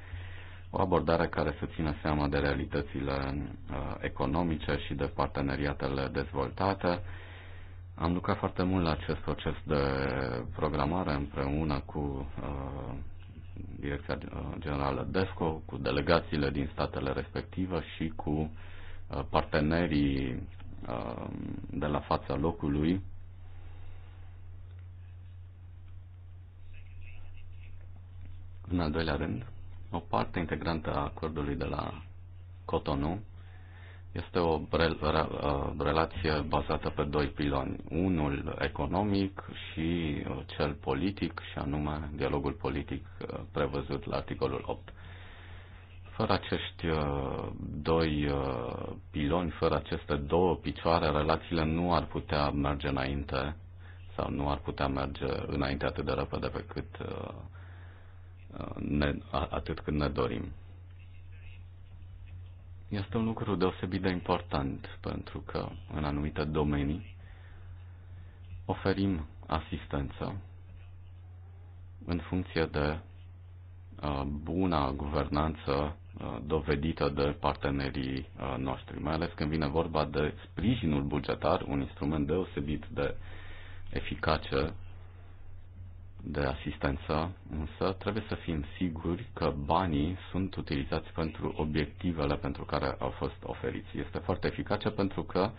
o abordare care să țină seama de realitățile uh, economice și de parteneriatele dezvoltate. Am lucrat foarte mult la acest proces de programare împreună cu uh, Direcția Generală DESCO, cu delegațiile din statele respective și cu uh, partenerii Uh, de la fața locului. În al doilea rând, o parte integrantă a acordului de la Cotonou este o uh, relație bazată pe doi piloni, unul economic și uh, cel politic, și anume dialogul politic prevăzut la articolul 8 fără acești uh, doi uh, piloni, fără aceste două picioare, relațiile nu ar putea merge înainte sau nu ar putea merge înainte atât de repede pe cât uh, ne, atât cât ne dorim. Este un lucru deosebit de important pentru că în anumite domenii oferim asistență în funcție de buna guvernanță Uh, dovedită de partenerii uh, noștri, mai ales când vine vorba de sprijinul bugetar, un instrument deosebit de eficace de asistență, însă trebuie să fim siguri că banii sunt utilizați pentru obiectivele pentru care au fost oferiți. Este foarte eficace pentru că uh,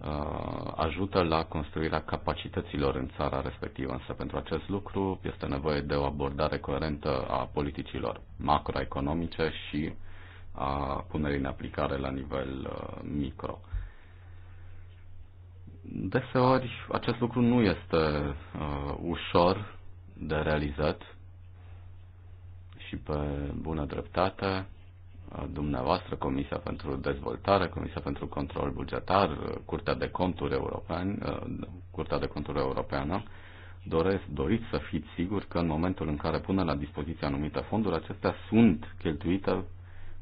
Uh, ajută la construirea capacităților în țara respectivă, însă pentru acest lucru este nevoie de o abordare coerentă a politicilor macroeconomice și a punerii în aplicare la nivel uh, micro. Deseori acest lucru nu este uh, ușor de realizat și pe bună dreptate dumneavoastră, Comisia pentru Dezvoltare, Comisia pentru Control Bugetar, Curtea de Conturi Europeană, uh, Curtea de Conturi Europeană, doresc, doriți să fiți siguri că în momentul în care pune la dispoziție anumite fonduri, acestea sunt cheltuite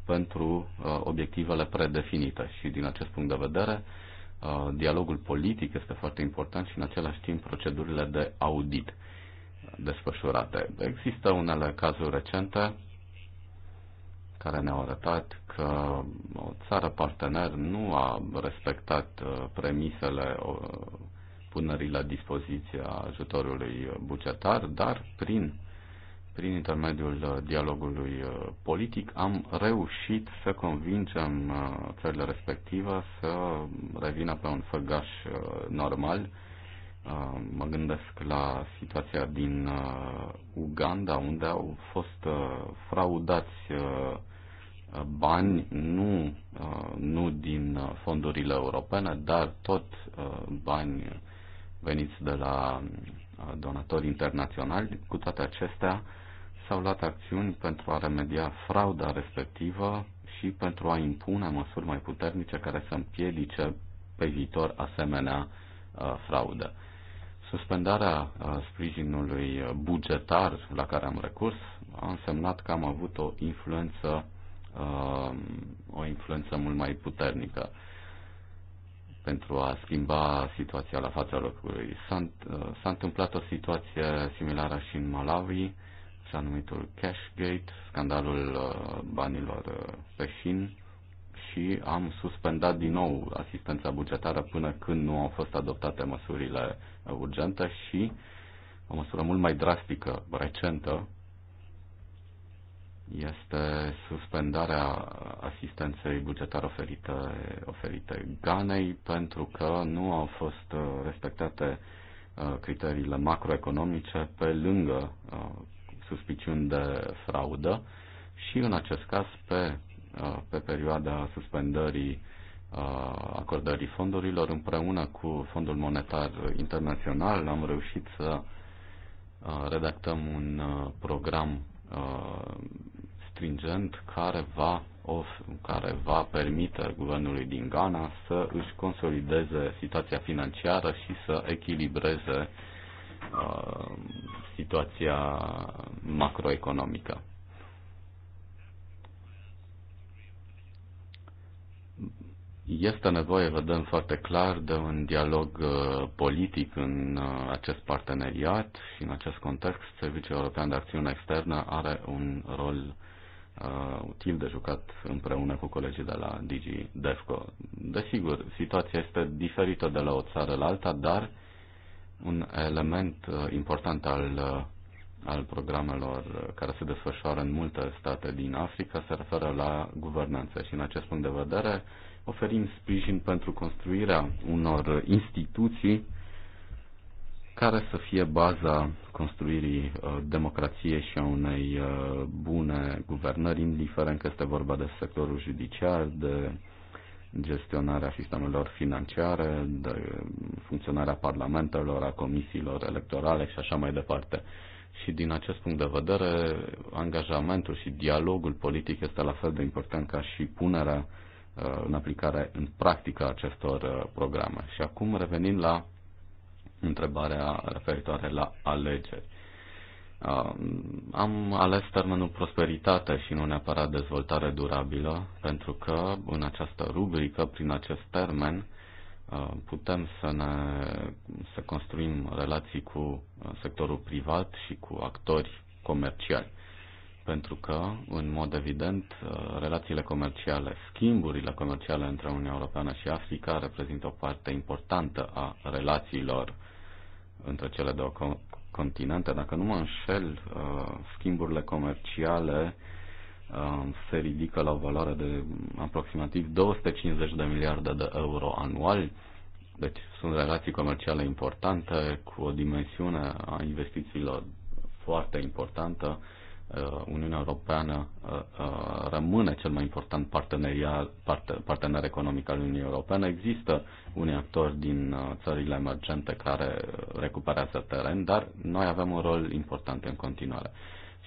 pentru uh, obiectivele predefinite și din acest punct de vedere uh, dialogul politic este foarte important și în același timp procedurile de audit desfășurate. Există unele cazuri recente care ne-au arătat că o țară partener nu a respectat uh, premisele uh, punerii la dispoziție a ajutorului bugetar, dar prin, prin intermediul uh, dialogului politic am reușit să convingem țările respective să revină pe un făgaș normal. Mă gândesc la situația din Uganda, unde au fost fraudați bani nu, uh, nu din uh, fondurile europene, dar tot uh, bani veniți de la donatori internaționali. Cu toate acestea, s-au luat acțiuni pentru a remedia frauda respectivă și pentru a impune măsuri mai puternice care să împiedice pe viitor asemenea fraudă. Suspendarea sprijinului bugetar la care am recurs a însemnat că am avut o influență uh, o influență mult mai puternică pentru a schimba situația la fața locului. S-a, uh, întâmplat o situație similară și în Malawi, s-a numitul Cashgate, scandalul uh, banilor uh, pe șin, și am suspendat din nou asistența bugetară până când nu au fost adoptate măsurile urgente și o măsură mult mai drastică, recentă, este suspendarea asistenței bugetare oferite, oferite Ganei pentru că nu au fost uh, respectate uh, criteriile macroeconomice pe lângă uh, suspiciuni de fraudă și în acest caz pe, pe perioada suspendării acordării fondurilor împreună cu Fondul Monetar Internațional am reușit să redactăm un program uh, stringent care va, of, care va permite guvernului din Ghana să își consolideze situația financiară și să echilibreze uh, situația macroeconomică. Este nevoie, vedem foarte clar, de un dialog uh, politic în uh, acest parteneriat și în acest context Serviciul European de Acțiune Externă are un rol uh, util de jucat împreună cu colegii de la DG DEFCO. Desigur, situația este diferită de la o țară la alta, dar un element uh, important al, uh, al programelor uh, care se desfășoară în multe state din Africa se referă la guvernanță și în acest punct de vedere oferim sprijin pentru construirea unor instituții care să fie baza construirii uh, democrației și a unei uh, bune guvernări, indiferent că este vorba de sectorul judiciar, de gestionarea sistemelor financiare, de funcționarea parlamentelor, a comisiilor electorale și așa mai departe. Și din acest punct de vedere, angajamentul și dialogul politic este la fel de important ca și punerea Uh, în aplicare în practică acestor uh, programe. Și acum revenim la întrebarea referitoare la alegeri. Uh, am ales termenul prosperitate și nu neapărat dezvoltare durabilă, pentru că în această rubrică, prin acest termen, putem să ne să construim relații cu sectorul privat și cu actori comerciali pentru că, în mod evident, uh, relațiile comerciale, schimburile comerciale între Uniunea Europeană și Africa reprezintă o parte importantă a relațiilor între cele două continente. Dacă nu mă înșel, uh, schimburile comerciale uh, se ridică la o valoare de aproximativ 250 de miliarde de euro anual. Deci sunt relații comerciale importante cu o dimensiune a investițiilor foarte importantă Uh, Uniunea Europeană uh, uh, rămâne cel mai important partener, partener economic al Uniunii Europene. Există unii actori din țările emergente care recuperează teren, dar noi avem un rol important în continuare.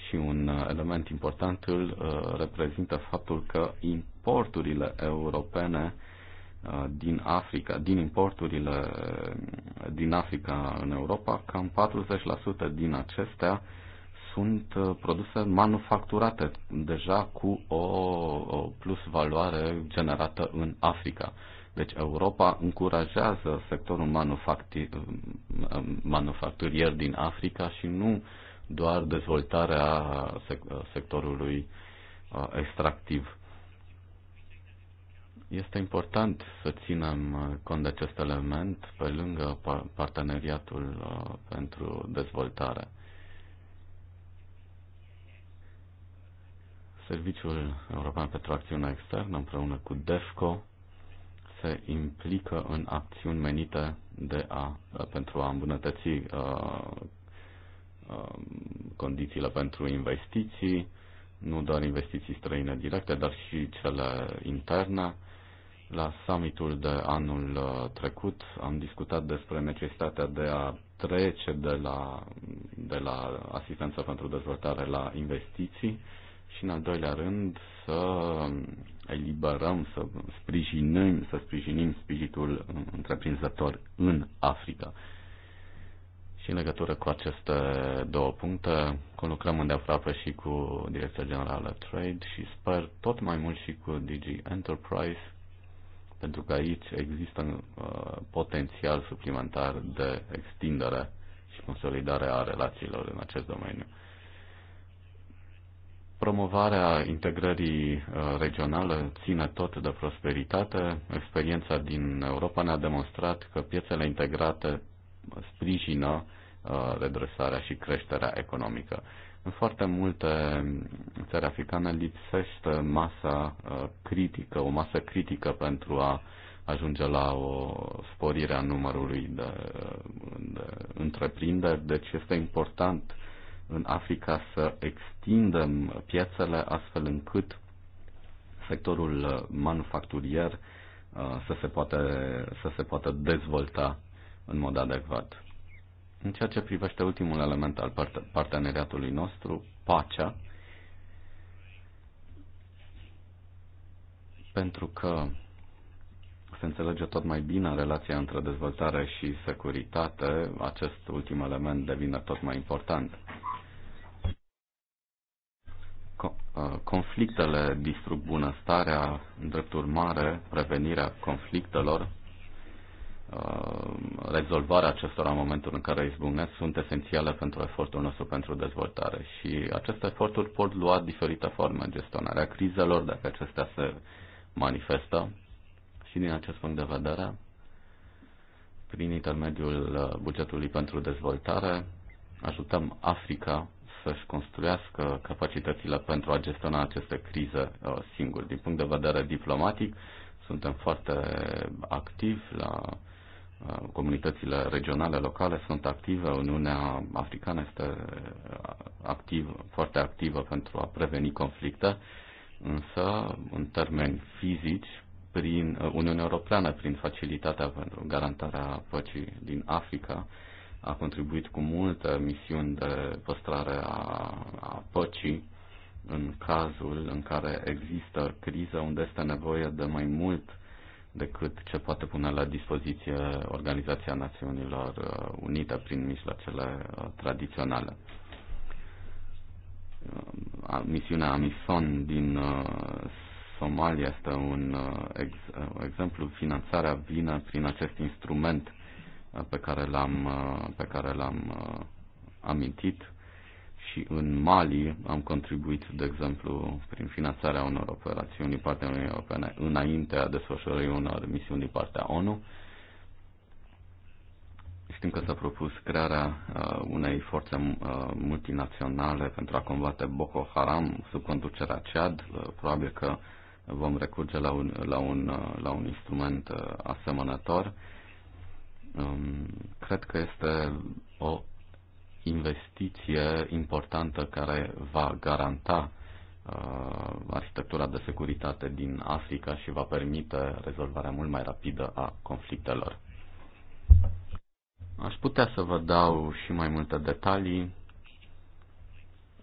Și un element important îl reprezintă faptul că importurile europene din Africa, din importurile din Africa în Europa, cam 40% din acestea uh, sunt uh, produse manufacturate deja cu o, o plus valoare generată în Africa. Deci Europa încurajează sectorul uh, manufacturier din Africa și nu doar dezvoltarea uh, sectorului extractiv. Este important să ținem cont de acest element pe lângă parteneriatul pentru dezvoltare. Serviciul European pentru Acțiune Externă împreună cu DEFCO se implică în acțiuni menite de a, pentru a îmbunătăți uh, uh, condițiile pentru investiții, nu doar investiții străine directe, dar și cele interne. La summitul de anul uh, trecut am discutat despre necesitatea de a trece de la, de la asistență pentru dezvoltare la investiții. Uh, și în al doilea rând să eliberăm, să sprijinim, să sprijinim spiritul întreprinzător în Africa. Și în legătură cu aceste două puncte, conlucrăm îndeaproape și cu Direcția Generală Trade și sper tot mai mult și cu DG Enterprise, pentru că aici există uh, potențial suplimentar de extindere și consolidare a relațiilor în acest domeniu. Promovarea integrării uh, regionale ține tot de prosperitate. Experiența din Europa ne-a demonstrat că piețele integrate sprijină uh, redresarea și creșterea economică. În foarte multe țări africane lipsește masa uh, critică, o masă critică pentru a ajunge la o sporire a numărului de, de întreprinderi, deci este important uh, în Africa să extindem piețele astfel încât sectorul uh, manufacturier uh, să se poată, să se poată dezvolta în mod adecvat. În ceea ce privește ultimul element al parteneriatului nostru, pacea, pentru că se înțelege tot mai bine relația între dezvoltare și securitate, acest ultim element devine tot mai important. Uh, conflictele distrug bunăstarea, în drept urmare, prevenirea conflictelor, uh, rezolvarea acestora în momentul în care izbucnesc sunt esențiale pentru efortul nostru pentru dezvoltare și aceste eforturi pot lua diferite forme, gestionarea crizelor, dacă acestea se manifestă și din acest punct de vedere, prin intermediul uh, bugetului pentru dezvoltare, ajutăm Africa să-și construiască capacitățile pentru a gestiona aceste crize uh, singuri. Din punct de vedere diplomatic, suntem foarte activi la uh, comunitățile regionale, locale sunt active, Uniunea Africană este uh, activ, foarte activă pentru a preveni conflicte, însă, în termeni fizici, prin Uniunea Europeană, prin facilitatea pentru garantarea păcii din Africa, a contribuit cu multe misiuni de păstrare a, a păcii în cazul în care există criză unde este nevoie de mai mult decât ce poate pune la dispoziție Organizația Națiunilor uh, Unite prin mijloacele uh, tradiționale. Uh, misiunea Amison din Somalia este un exemplu. Finanțarea vine prin acest instrument pe care l-am, pe care l-am uh, amintit și în Mali am contribuit, de exemplu, prin finanțarea unor operațiuni din partea Uniunii Europene înaintea desfășurării unor misiuni din partea ONU. Știm că s-a propus crearea uh, unei forțe uh, multinaționale pentru a combate Boko Haram sub conducerea CEAD. Uh, probabil că vom recurge la un, la un, uh, la un instrument uh, asemănător. Uh, um, cred că este o investiție importantă care va garanta uh, arhitectura de securitate din Africa și va permite rezolvarea mult mai rapidă a conflictelor. Aș putea să vă dau și mai multe detalii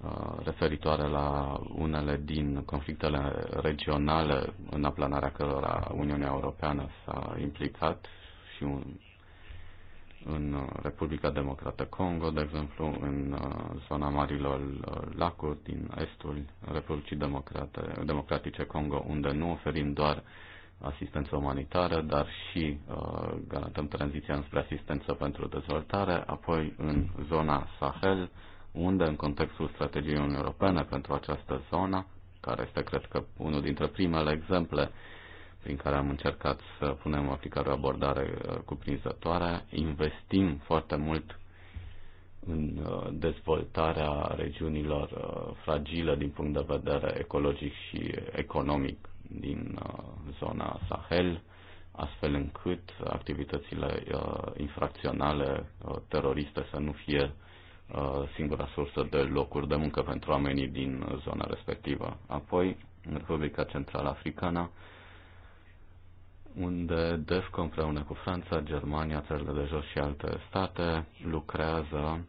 uh, referitoare la unele din conflictele regionale în aplanarea cărora Uniunea Europeană s-a implicat și în uh, Republica Democrată Congo, de exemplu, în uh, zona marilor uh, lacuri din estul Republicii Democrate, Democratice Congo, unde nu oferim doar asistență umanitară, dar și uh, garantăm tranziția înspre asistență pentru dezvoltare, apoi în zona Sahel, unde în contextul strategiei Uniunii Europene pentru această zonă, care este cred că unul dintre primele exemple uh, prin care am încercat să punem în aplicare o abordare uh, cuprinzătoare. Investim foarte mult în uh, dezvoltarea regiunilor uh, fragile din punct de vedere ecologic și economic din zona Sahel, astfel încât activitățile infracționale teroriste să nu fie singura sursă de locuri de muncă pentru oamenii din zona respectivă. Apoi, Republica Central Africană, unde DEFCO împreună cu Franța, Germania, țările de jos și alte state lucrează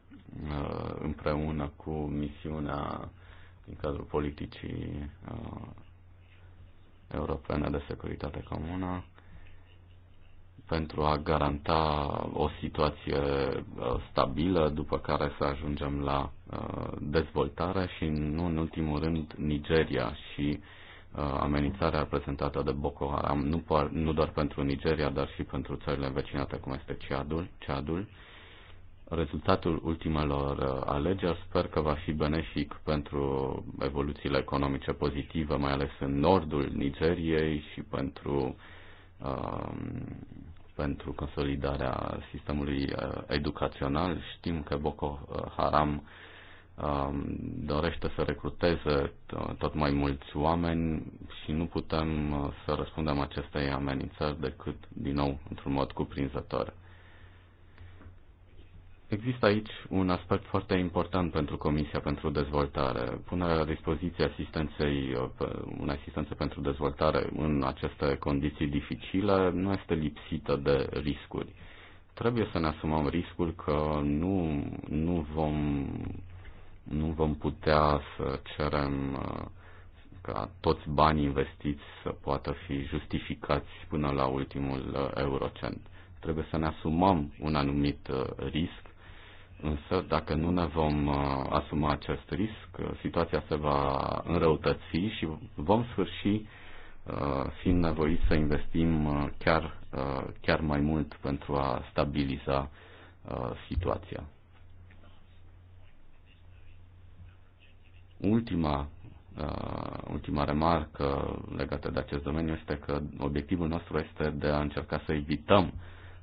uh, împreună cu misiunea din cadrul politicii uh, europene de securitate comună pentru a garanta o situație uh, stabilă, după care să ajungem la dezvoltare și, nu în ultimul rând, Nigeria și uh, Uh, amenințarea prezentată de Boko Haram, nu, par, nu doar pentru Nigeria, dar și pentru țările învecinate, cum este Ceadul. Ceadul. Rezultatul ultimelor uh, alegeri sper că va fi benefic pentru evoluțiile economice pozitive, mai ales în nordul Nigeriei și pentru, uh, pentru consolidarea sistemului uh, educațional. Știm că Boko Haram uh, Um, dorește să recruteze tot mai mulți oameni și nu putem uh, să răspundem acestei amenințări decât, din nou, într-un mod cuprinzător. Există aici un aspect foarte important pentru Comisia pentru Dezvoltare, punerea la dispoziție asistenței, uh, unei asistențe pentru dezvoltare în aceste condiții dificile nu este lipsită de riscuri. Trebuie să ne asumăm riscul că nu, nu vom nu vom putea să cerem uh, ca toți banii investiți să poată fi justificați până la ultimul uh, eurocent. Trebuie să ne asumăm un anumit uh, risc, însă dacă nu ne vom asuma acest risc, situația se va înrăutăți și vom sfârși fiind nevoiți să investim chiar, chiar mai mult pentru a stabiliza situația. Ultima, uh, ultima remarcă legată de acest domeniu este că obiectivul nostru este de a încerca să evităm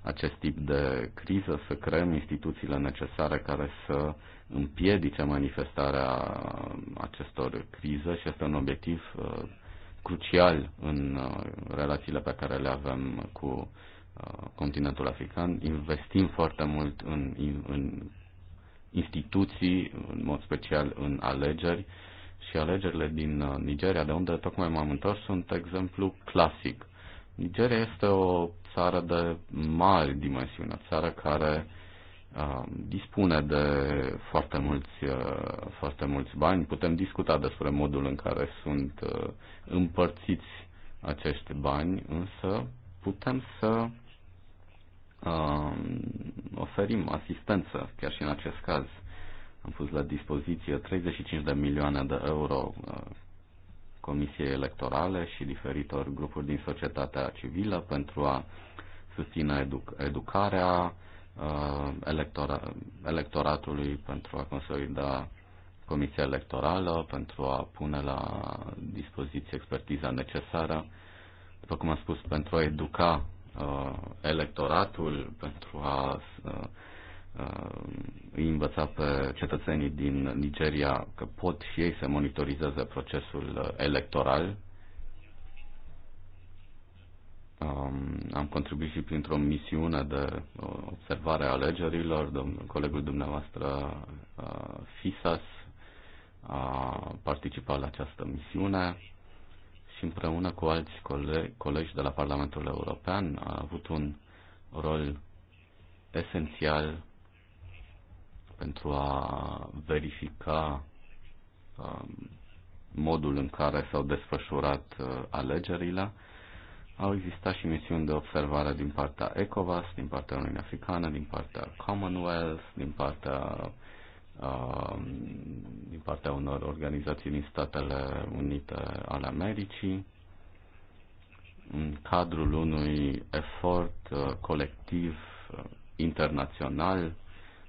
acest tip de criză, să creăm instituțiile necesare care să împiedice manifestarea acestor crize și este un obiectiv uh, crucial în uh, relațiile pe care le avem cu uh, continentul african. Investim foarte mult în, în instituții, în mod special în alegeri, și alegerile din uh, Nigeria, de unde tocmai m-am întors, sunt exemplu clasic. Nigeria este o țară de mari dimensiuni, o țară care uh, dispune de foarte mulți, uh, foarte mulți bani. Putem discuta despre modul în care sunt uh, împărțiți acești bani, însă putem să uh, oferim asistență, chiar și în acest caz. Am pus la dispoziție 35 de milioane de euro uh, Comisiei Electorale și diferitor grupuri din societatea civilă pentru a susține educ- educarea uh, electora- electoratului, pentru a consolida Comisia Electorală, pentru a pune la dispoziție expertiza necesară, după cum am spus, pentru a educa uh, electoratul, pentru a uh, uh, îi învăța pe cetățenii din Nigeria că pot și ei să monitorizeze procesul uh, electoral. Um, am contribuit și printr-o misiune de uh, observare a alegerilor. Domnul, colegul dumneavoastră FISAS a participat la această misiune împreună cu alți colegi, colegi de la Parlamentul European a avut un rol esențial pentru a verifica um, modul în care s-au desfășurat uh, alegerile. Au existat și misiuni de observare din partea ECOWAS, din partea Uniunii Africană, din partea Commonwealth, din partea Um, din partea unor organizații din Statele Unite ale Americii, în cadrul unui efort uh, colectiv uh, internațional,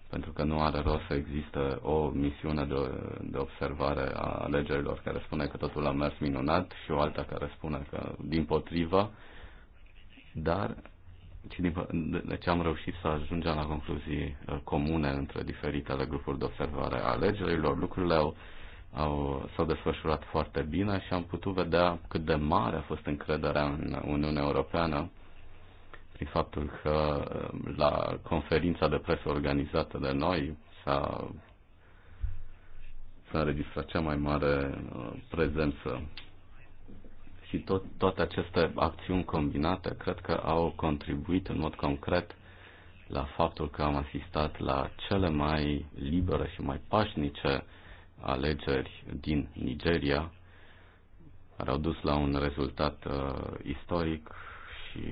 pentru că nu are rost să există o misiune de, de observare a alegerilor care spune că totul a mers minunat și o alta care spune că din potrivă, dar ci din, ce am reușit să ajungem la concluzii uh, comune între diferitele grupuri de observare a alegerilor. Lucrurile au, au, s-au desfășurat foarte bine și am putut vedea cât de mare a fost încrederea în Uniunea Europeană prin faptul că uh, la conferința de presă organizată de noi s-a, s-a înregistrat cea mai mare uh, prezență și tot, toate aceste acțiuni combinate cred că au contribuit în mod concret la faptul că am asistat la cele mai libere și mai pașnice alegeri din Nigeria, care au dus la un rezultat uh, istoric și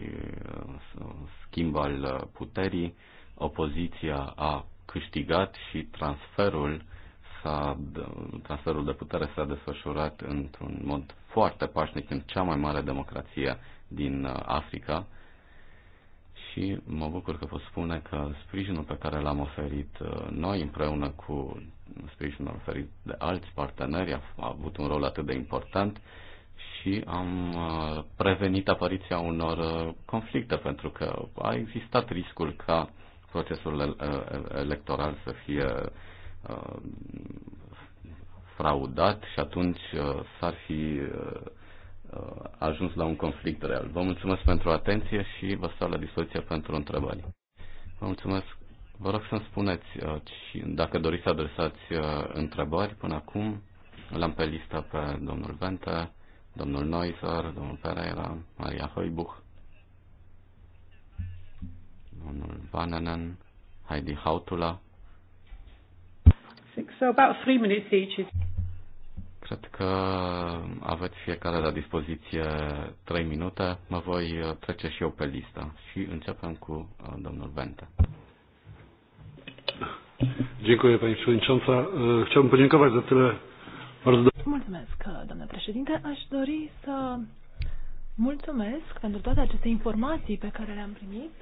uh, schimb al uh, puterii. Opoziția a câștigat și transferul s-a, transferul de putere s-a desfășurat într-un mod foarte pașnic în cea mai mare democrație din uh, Africa și mă bucur că pot spune că sprijinul pe care l-am oferit uh, noi împreună cu sprijinul oferit de alți parteneri a, avut un rol atât de important și am uh, prevenit apariția unor conflicte pentru că a existat riscul ca procesul electoral să fie fraudat și atunci uh, s-ar fi uh, uh, ajuns la un conflict real. Vă mulțumesc pentru atenție și vă stau la dispoziție pentru întrebări. Vă mulțumesc. Vă rog să-mi spuneți dacă doriți să adresați întrebări până acum. L-am pe listă pe domnul Vente, domnul Noiser, domnul Pereira, Maria Hoibuch, domnul Vananen, Heidi Hautula. So about three minutes each is Cred că aveți fiecare la dispoziție 3 minute. Mă voi uh, trece și eu pe listă și începem cu uh, domnul Vente. Dziękuję Pani Przewodnicząca. Chciałbym podziękować za tyle bardzo... Mulțumesc, domnule președinte. Aș dori să mulțumesc pentru toate aceste informații pe care le-am primit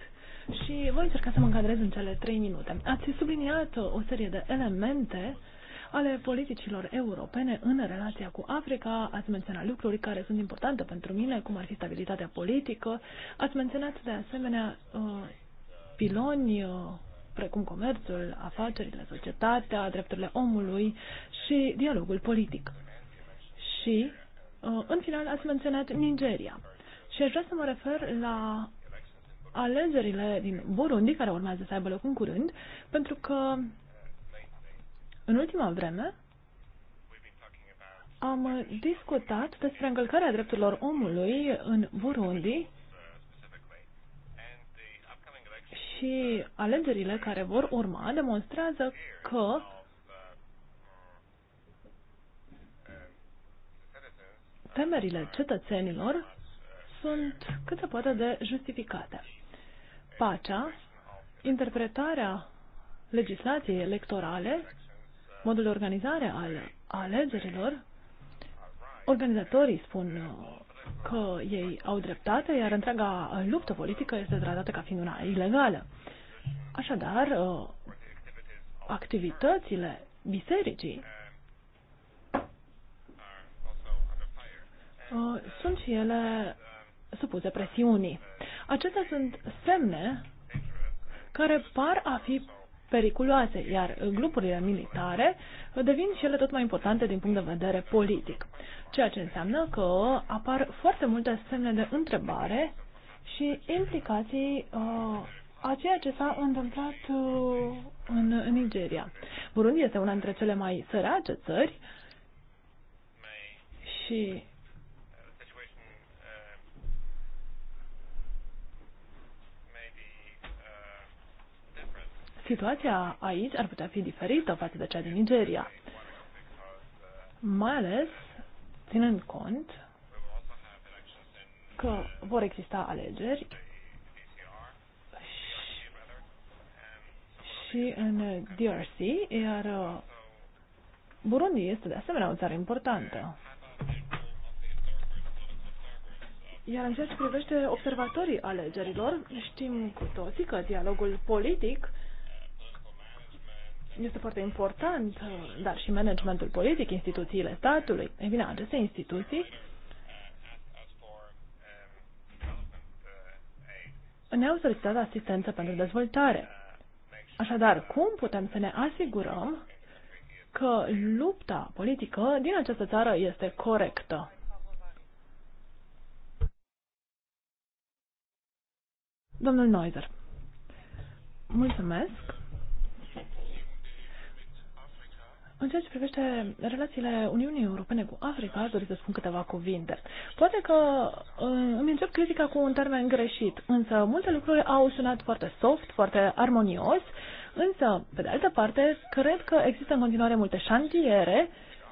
și voi încerca să mă încadrez în cele trei minute. Ați subliniat o serie de elemente uh, ale politicilor europene în relația cu Africa. Ați menționat lucruri care sunt importante pentru mine, cum ar fi stabilitatea politică. Ați menționat de asemenea uh, piloni uh, precum comerțul, afacerile, societatea, drepturile omului și dialogul politic. Și, uh, în final, ați menționat Nigeria. Și aș vrea să mă refer la alegerile din Burundi, care urmează să aibă loc în curând, pentru că în ultima vreme am discutat despre încălcarea drepturilor omului în Burundi și alegerile care vor urma demonstrează că temerile cetățenilor sunt cât se poate de justificate. Pacea, interpretarea legislației electorale modul de organizare al alegerilor, organizatorii spun uh, că ei au dreptate, iar întreaga uh, luptă politică este tratată ca fiind una ilegală. Așadar, uh, activitățile bisericii sunt și ele supuse presiunii. Acestea sunt semne care par a fi periculoase, iar grupurile militare devin și ele tot mai importante din punct de vedere politic. Ceea ce înseamnă că apar foarte multe semne de întrebare și implicații uh, a ceea ce s-a întâmplat uh, în Nigeria. Burundi este una dintre cele mai sărace țări și Situația aici ar putea fi diferită față de cea din Nigeria, mai ales ținând cont că vor exista alegeri și în DRC, iar uh, Burundi este de asemenea o țară importantă. Iar în ceea ce privește observatorii alegerilor, știm cu toții că dialogul politic este foarte important, dar și managementul politic, instituțiile statului. Ei bine, aceste instituții ne-au solicitat asistență pentru dezvoltare. Așadar, cum putem să ne asigurăm că lupta politică din această țară este corectă? Domnul Noizer. Mulțumesc. În ceea ce privește relațiile Uniunii Europene cu Africa, aș dori să spun câteva cuvinte. Poate că uh, îmi încep critica cu un termen greșit, însă multe lucruri au sunat foarte soft, foarte armonios, însă, pe de altă parte, cred că există în continuare multe șantiere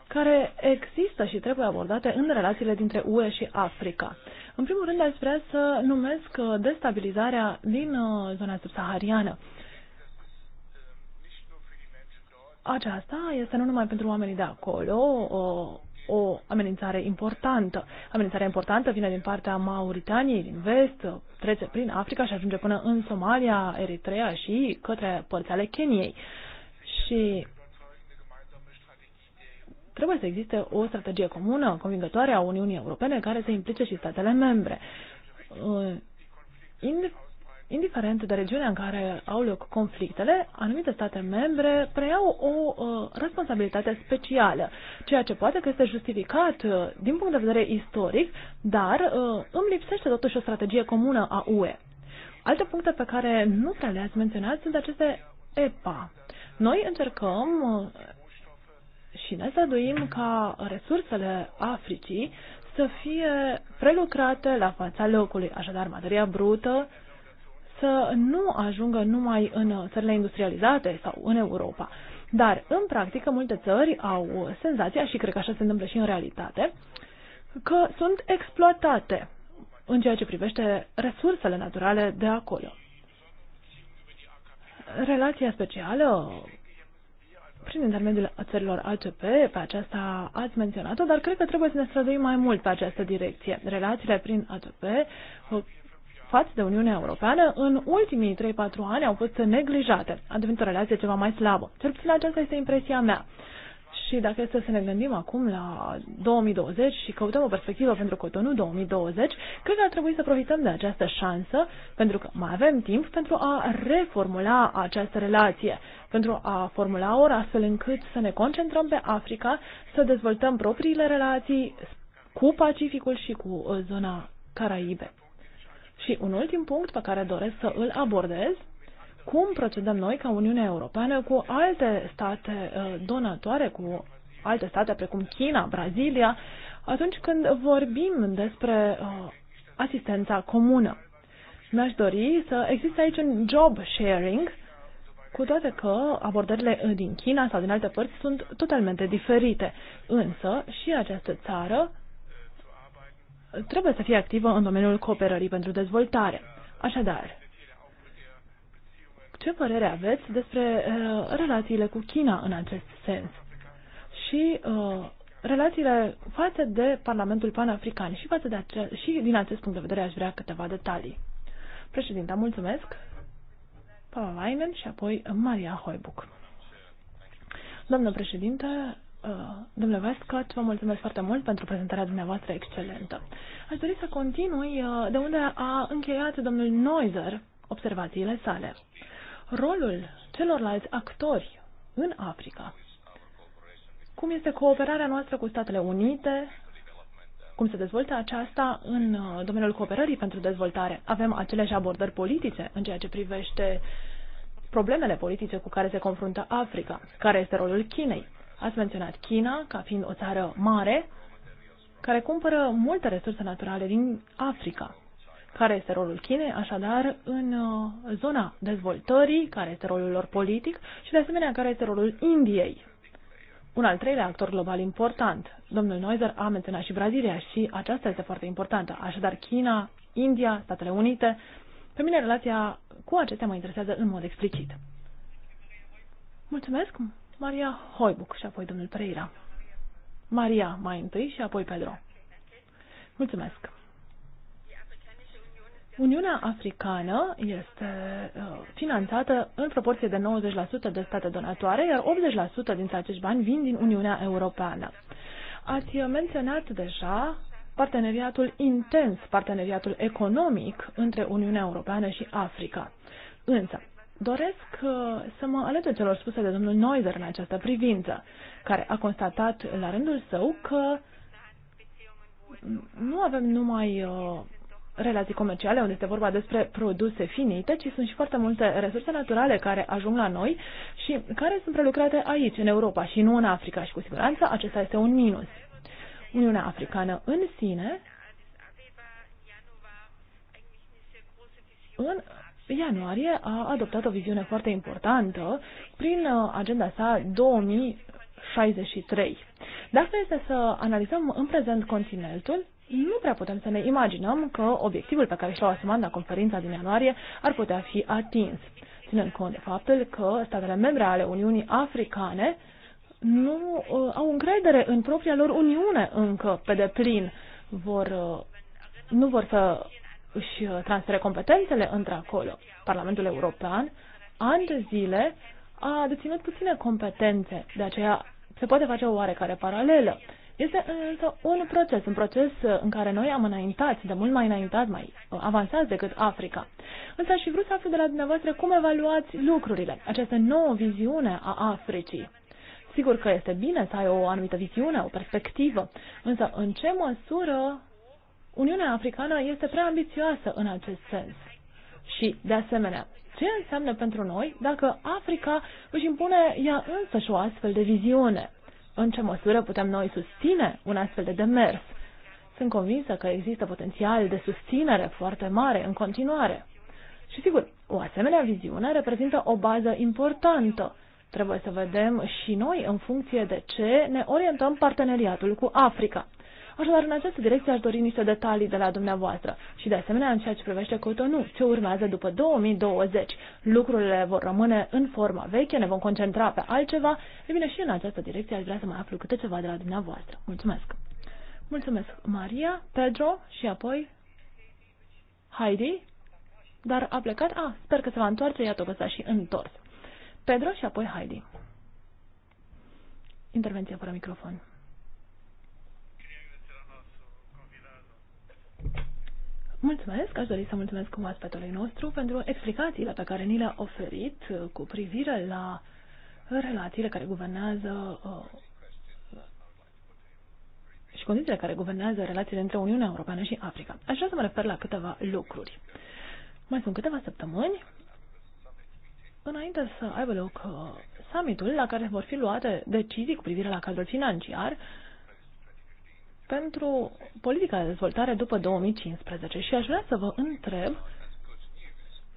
care există și trebuie abordate în relațiile dintre UE și Africa. În primul rând, aș vrea să numesc uh, destabilizarea din uh, zona subsahariană. Aceasta este nu numai pentru oamenii de acolo o, o amenințare importantă. Amenințarea importantă vine din partea Mauritaniei, din vest, trece prin Africa și ajunge până în Somalia, Eritrea și către părți ale Keniei. Și trebuie să existe o strategie comună, convingătoare a Uniunii Europene, care să implice și statele membre. Uh, indiferent de regiunea în care au loc conflictele, anumite state membre preiau o uh, responsabilitate specială, ceea ce poate că este justificat uh, din punct de vedere istoric, dar uh, îmi lipsește totuși o strategie comună a UE. Alte puncte pe care nu prea le-ați menționat sunt aceste EPA. Noi încercăm uh, și ne străduim ca resursele Africii să fie prelucrate la fața locului, așadar materia brută, să nu ajungă numai în țările industrializate sau în Europa. Dar, în practică, multe țări au senzația, și cred că așa se întâmplă și în realitate, că sunt exploatate în ceea ce privește resursele naturale de acolo. Relația specială prin intermediul țărilor ACP, pe aceasta ați menționat-o, dar cred că trebuie să ne străduim mai mult pe această direcție. Relațiile prin ACP față de Uniunea Europeană în ultimii 3-4 ani au fost neglijate. A devenit o relație ceva mai slabă. Cel puțin aceasta este impresia mea. Și dacă este să ne gândim acum la 2020 și căutăm o perspectivă pentru Cotonou 2020, cred că ar trebui să profităm de această șansă, pentru că mai avem timp pentru a reformula această relație, pentru a formula ora astfel încât să ne concentrăm pe Africa, să dezvoltăm propriile relații cu Pacificul și cu uh, zona Caraibe. Și un ultim punct pe care doresc să îl abordez, cum procedăm noi ca Uniunea Europeană cu alte state uh, donatoare, cu alte state precum China, Brazilia, atunci când vorbim despre uh, asistența comună. Mi-aș dori să existe aici un job sharing, cu toate că abordările din China sau din alte părți sunt totalmente diferite. Însă și această țară trebuie să fie activă în domeniul cooperării pentru dezvoltare. Așadar, ce părere aveți despre uh, relațiile cu China în acest sens și uh, relațiile față de Parlamentul Panafrican și, față de ace- și din acest punct de vedere aș vrea câteva detalii. Președinta, mulțumesc. Paula Weinen și apoi Maria Hoibuc. Doamnă președinte, Uh, Domnule Westcott, vă mulțumesc foarte mult pentru prezentarea dumneavoastră excelentă. Aș dori să continui uh, de unde a încheiat domnul Noizer observațiile sale. Rolul celorlalți actori în Africa. Cum este cooperarea noastră cu Statele Unite? Cum se dezvoltă aceasta în uh, domeniul cooperării pentru dezvoltare? Avem aceleași abordări politice în ceea ce privește problemele politice cu care se confruntă Africa? Care este rolul Chinei? Ați menționat China ca fiind o țară mare care cumpără multe resurse naturale din Africa. Care este rolul Chinei, așadar, în uh, zona dezvoltării, care este rolul lor politic și, de asemenea, care este rolul Indiei? Un al treilea actor global important. Domnul Noizer a menționat și Brazilia și aceasta este foarte importantă. Așadar, China, India, Statele Unite. Pe mine relația cu acestea mă interesează în mod explicit. Mulțumesc! Maria Hoibuc și apoi domnul Pereira. Maria mai întâi și apoi Pedro. Mulțumesc! Uniunea Africană este uh, finanțată în proporție de 90% de state donatoare, iar 80% dintre acești bani vin din Uniunea Europeană. Ați menționat deja parteneriatul intens, parteneriatul economic între Uniunea Europeană și Africa. Însă, Doresc uh, să mă alătur celor spuse de domnul Noizer în această privință, care a constatat la rândul său că nu avem numai uh, relații comerciale unde este vorba despre produse finite, ci sunt și foarte multe resurse naturale care ajung la noi și care sunt prelucrate aici, în Europa și nu în Africa și cu siguranță acesta este un minus. Uniunea Africană în sine în ianuarie a adoptat o viziune foarte importantă prin uh, agenda sa 2063. Dacă este să analizăm în prezent continentul, nu prea putem să ne imaginăm că obiectivul pe care și l-au asumat la conferința din ianuarie ar putea fi atins, ținând cont de faptul că statele membre ale Uniunii Africane nu uh, au încredere în propria lor Uniune încă pe deplin. Vor, uh, nu vor să își uh, transfere competențele într-acolo. Parlamentul European, ani de zile, a deținut puține competențe, de aceea se poate face o oarecare paralelă. Este însă un proces, un proces uh, în care noi am înaintat, de mult mai înaintat, mai uh, avansat decât Africa. Însă aș fi vrut să aflu de la dumneavoastră cum evaluați lucrurile, această nouă viziune a Africii. Sigur că este bine să ai o anumită viziune, o perspectivă, însă în ce măsură Uniunea Africană este prea ambițioasă în acest sens. Și, de asemenea, ce înseamnă pentru noi dacă Africa își impune ea însăși o astfel de viziune? În ce măsură putem noi susține un astfel de demers? Sunt convinsă că există potențial de susținere foarte mare în continuare. Și sigur, o asemenea viziune reprezintă o bază importantă. Trebuie să vedem și noi în funcție de ce ne orientăm parteneriatul cu Africa. Așadar, în această direcție aș dori niște detalii de la dumneavoastră și, de asemenea, în ceea ce privește Cotonou, ce urmează după 2020. Lucrurile vor rămâne în forma veche, ne vom concentra pe altceva. E bine, și în această direcție aș vrea să mai aflu câte ceva de la dumneavoastră. Mulțumesc! Mulțumesc, Maria, Pedro și apoi Heidi, dar a plecat. ah, sper că se va întoarce, iată că s-a și întors. Pedro și apoi Heidi. Intervenție fără microfon. Mulțumesc, aș dori să mulțumesc oaspetului nostru pentru explicațiile pe care ni le-a oferit uh, cu privire la relațiile care guvernează uh, și condițiile care guvernează relațiile între Uniunea Europeană și Africa. Aș vrea să mă refer la câteva lucruri. Mai sunt câteva săptămâni înainte să aibă loc uh, summitul la care vor fi luate decizii cu privire la cadrul financiar pentru politica de dezvoltare după 2015 și aș vrea să vă întreb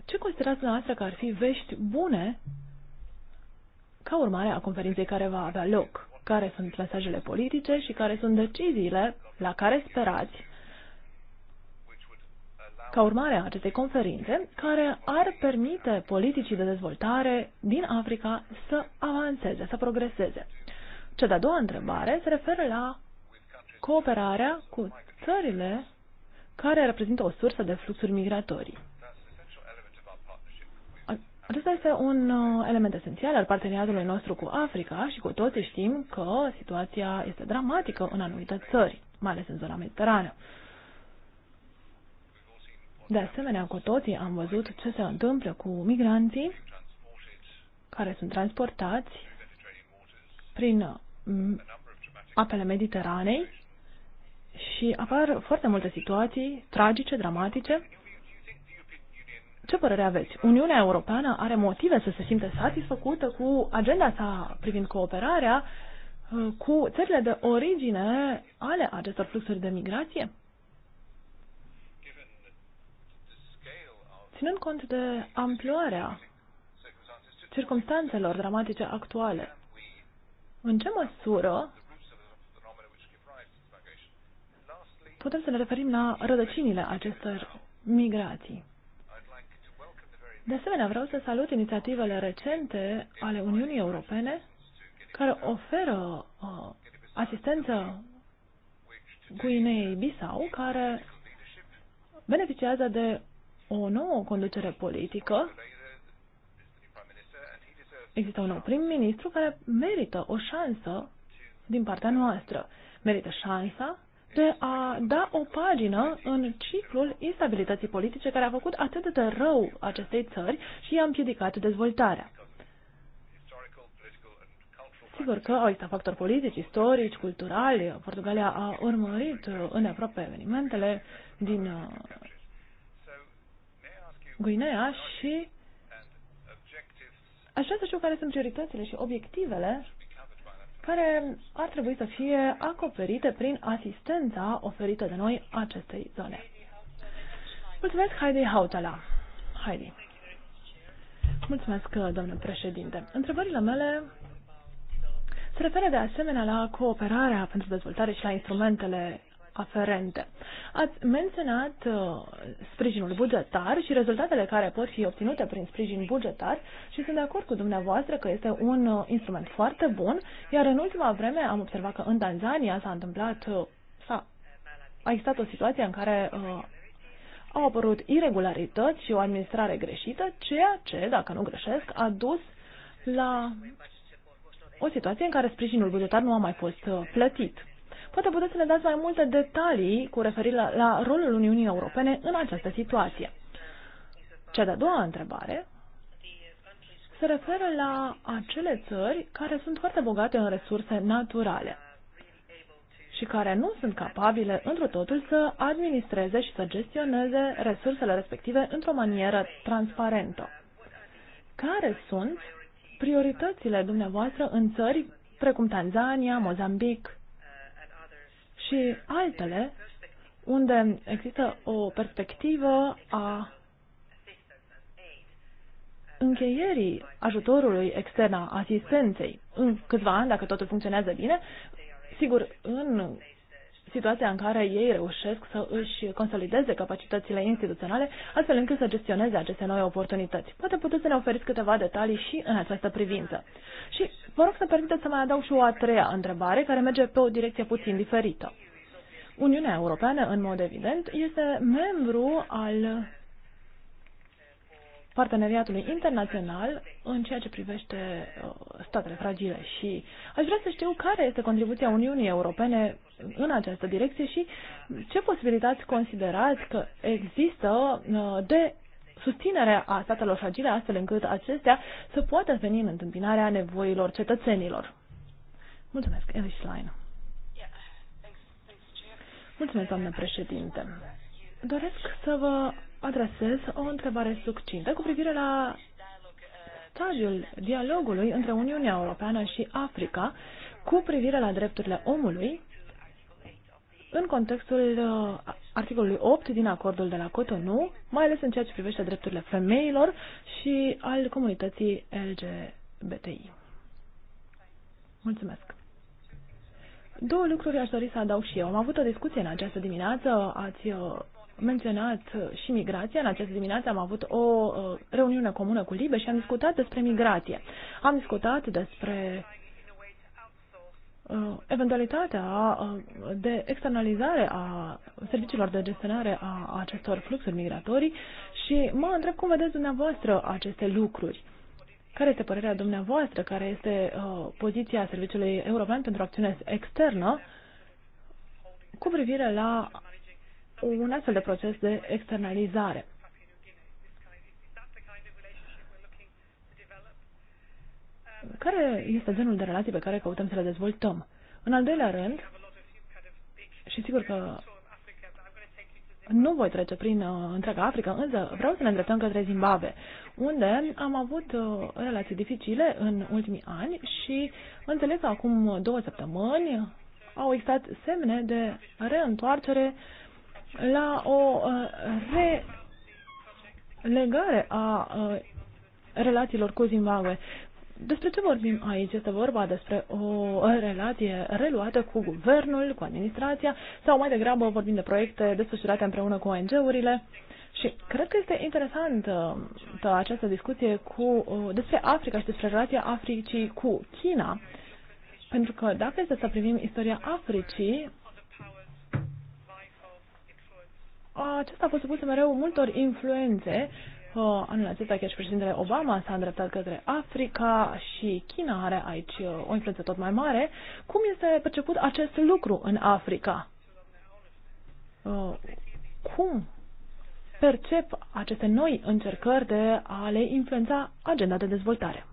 ce considerați dumneavoastră că ar fi vești bune ca urmare a conferinței care va avea loc? Care sunt mesajele politice și care sunt deciziile la care sperați ca urmare a acestei conferințe, care ar permite politicii de dezvoltare din Africa să avanseze, să progreseze. Cea de-a doua întrebare se referă la cooperarea cu țările care reprezintă o sursă de fluxuri migratorii. Acesta este un uh, element esențial al parteneriatului nostru cu Africa și cu toții știm că situația este dramatică în anumite țări, mai ales în zona mediterană. De asemenea, cu toții am văzut ce se întâmplă cu migranții care sunt transportați prin mm, apele Mediteranei și apar foarte multe situații tragice, dramatice. Ce părere aveți? Uniunea Europeană are motive să se simte satisfăcută cu agenda sa privind cooperarea uh, cu țările de origine ale acestor fluxuri de migrație? Ținând cont de amploarea circumstanțelor dramatice actuale, în ce măsură putem să ne referim la rădăcinile acestor migrații. De asemenea, vreau să salut inițiativele recente ale Uniunii Europene care oferă uh, asistență guinei Bissau, care beneficiază de o nouă conducere politică. Există un nou prim-ministru care merită o șansă din partea noastră. Merită șansa de a da o pagină în ciclul instabilității politice care a făcut atât de rău acestei țări și i-a împiedicat dezvoltarea. Sigur că au existat factori politici, istorici, culturali. Portugalia a urmărit în aproape evenimentele din uh, Guinea și aș vrea să știu care sunt prioritățile și obiectivele care ar trebui să fie acoperite prin asistența oferită de noi acestei zone. Mulțumesc, Heidi Hautala. Heidi. Mulțumesc, domnule președinte. Întrebările mele se referă de asemenea la cooperarea pentru dezvoltare și la instrumentele aferente. Ați menționat uh, sprijinul bugetar și rezultatele care pot fi obținute prin sprijin bugetar și sunt de acord cu dumneavoastră că este un uh, instrument foarte bun, iar în ultima vreme am observat că în Tanzania s-a întâmplat, uh, s-a, a existat o situație în care uh, au apărut irregularități și o administrare greșită, ceea ce, dacă nu greșesc, a dus la o situație în care sprijinul bugetar nu a mai fost plătit. Poate puteți să ne dați mai multe detalii cu referire la, la rolul Uniunii Europene în această situație. Cea de-a doua întrebare se referă la acele țări care sunt foarte bogate în resurse naturale și care nu sunt capabile într totul să administreze și să gestioneze resursele respective într-o manieră transparentă. Care sunt prioritățile dumneavoastră în țări precum Tanzania, Mozambic, și altele unde există o perspectivă a încheierii ajutorului extern a asistenței în câțiva ani, dacă totul funcționează bine, sigur, în situația în care ei reușesc să își consolideze capacitățile instituționale, astfel încât să gestioneze aceste noi oportunități. Poate puteți să ne oferiți câteva detalii și în această privință. Și vă rog să permiteți să mai adaug și o a treia întrebare, care merge pe o direcție puțin diferită. Uniunea Europeană, în mod evident, este membru al parteneriatului internațional în ceea ce privește uh, statele fragile și aș vrea să știu care este contribuția Uniunii Europene în această direcție și ce posibilități considerați că există uh, de susținere a statelor fragile astfel încât acestea să poată veni în întâmpinarea nevoilor cetățenilor. Mulțumesc, Elis Lain. Mulțumesc, doamnă președinte. Doresc să vă adresez o întrebare succintă cu privire la stadiul dialogului între Uniunea Europeană și Africa cu privire la drepturile omului în contextul uh, articolului 8 din acordul de la Cotonou, mai ales în ceea ce privește drepturile femeilor și al comunității LGBTI. Mulțumesc! Două lucruri aș dori să adaug și eu. Am avut o discuție în această dimineață, ați uh, menționat uh, și migrația. În această dimineață am avut o uh, reuniune comună cu Libe și am discutat despre migrație. Am discutat despre uh, eventualitatea de externalizare a serviciilor de gestionare a acestor fluxuri migratorii și mă întreb cum vedeți dumneavoastră aceste lucruri. Care este părerea dumneavoastră? Care este poziția Serviciului European pentru Acțiune Externă cu privire la un astfel de proces de externalizare. Care este genul de relații pe care căutăm să le dezvoltăm? În al doilea rând, și sigur că nu voi trece prin uh, întreaga Africa, însă vreau să ne îndreptăm către Zimbabwe, unde am avut uh, relații dificile în ultimii ani și înțeleg că acum două săptămâni au existat semne de reîntoarcere uh, la o uh, re legare a uh, relațiilor cu Zimbabwe. Despre ce vorbim aici? Este vorba despre o relație reluată cu guvernul, cu administrația sau mai degrabă vorbim de proiecte desfășurate împreună cu ONG-urile? Și cred că este interesantă uh, această discuție cu, despre Africa și despre relația Africii cu China, pentru că dacă este să privim istoria Africii, Acesta a fost supus mereu multor influențe. Anul acesta chiar și președintele Obama s-a îndreptat către Africa și China are aici uh, o influență tot mai mare. Cum este perceput acest lucru în Africa? Cum percep aceste noi încercări de a le influența agenda de dezvoltare?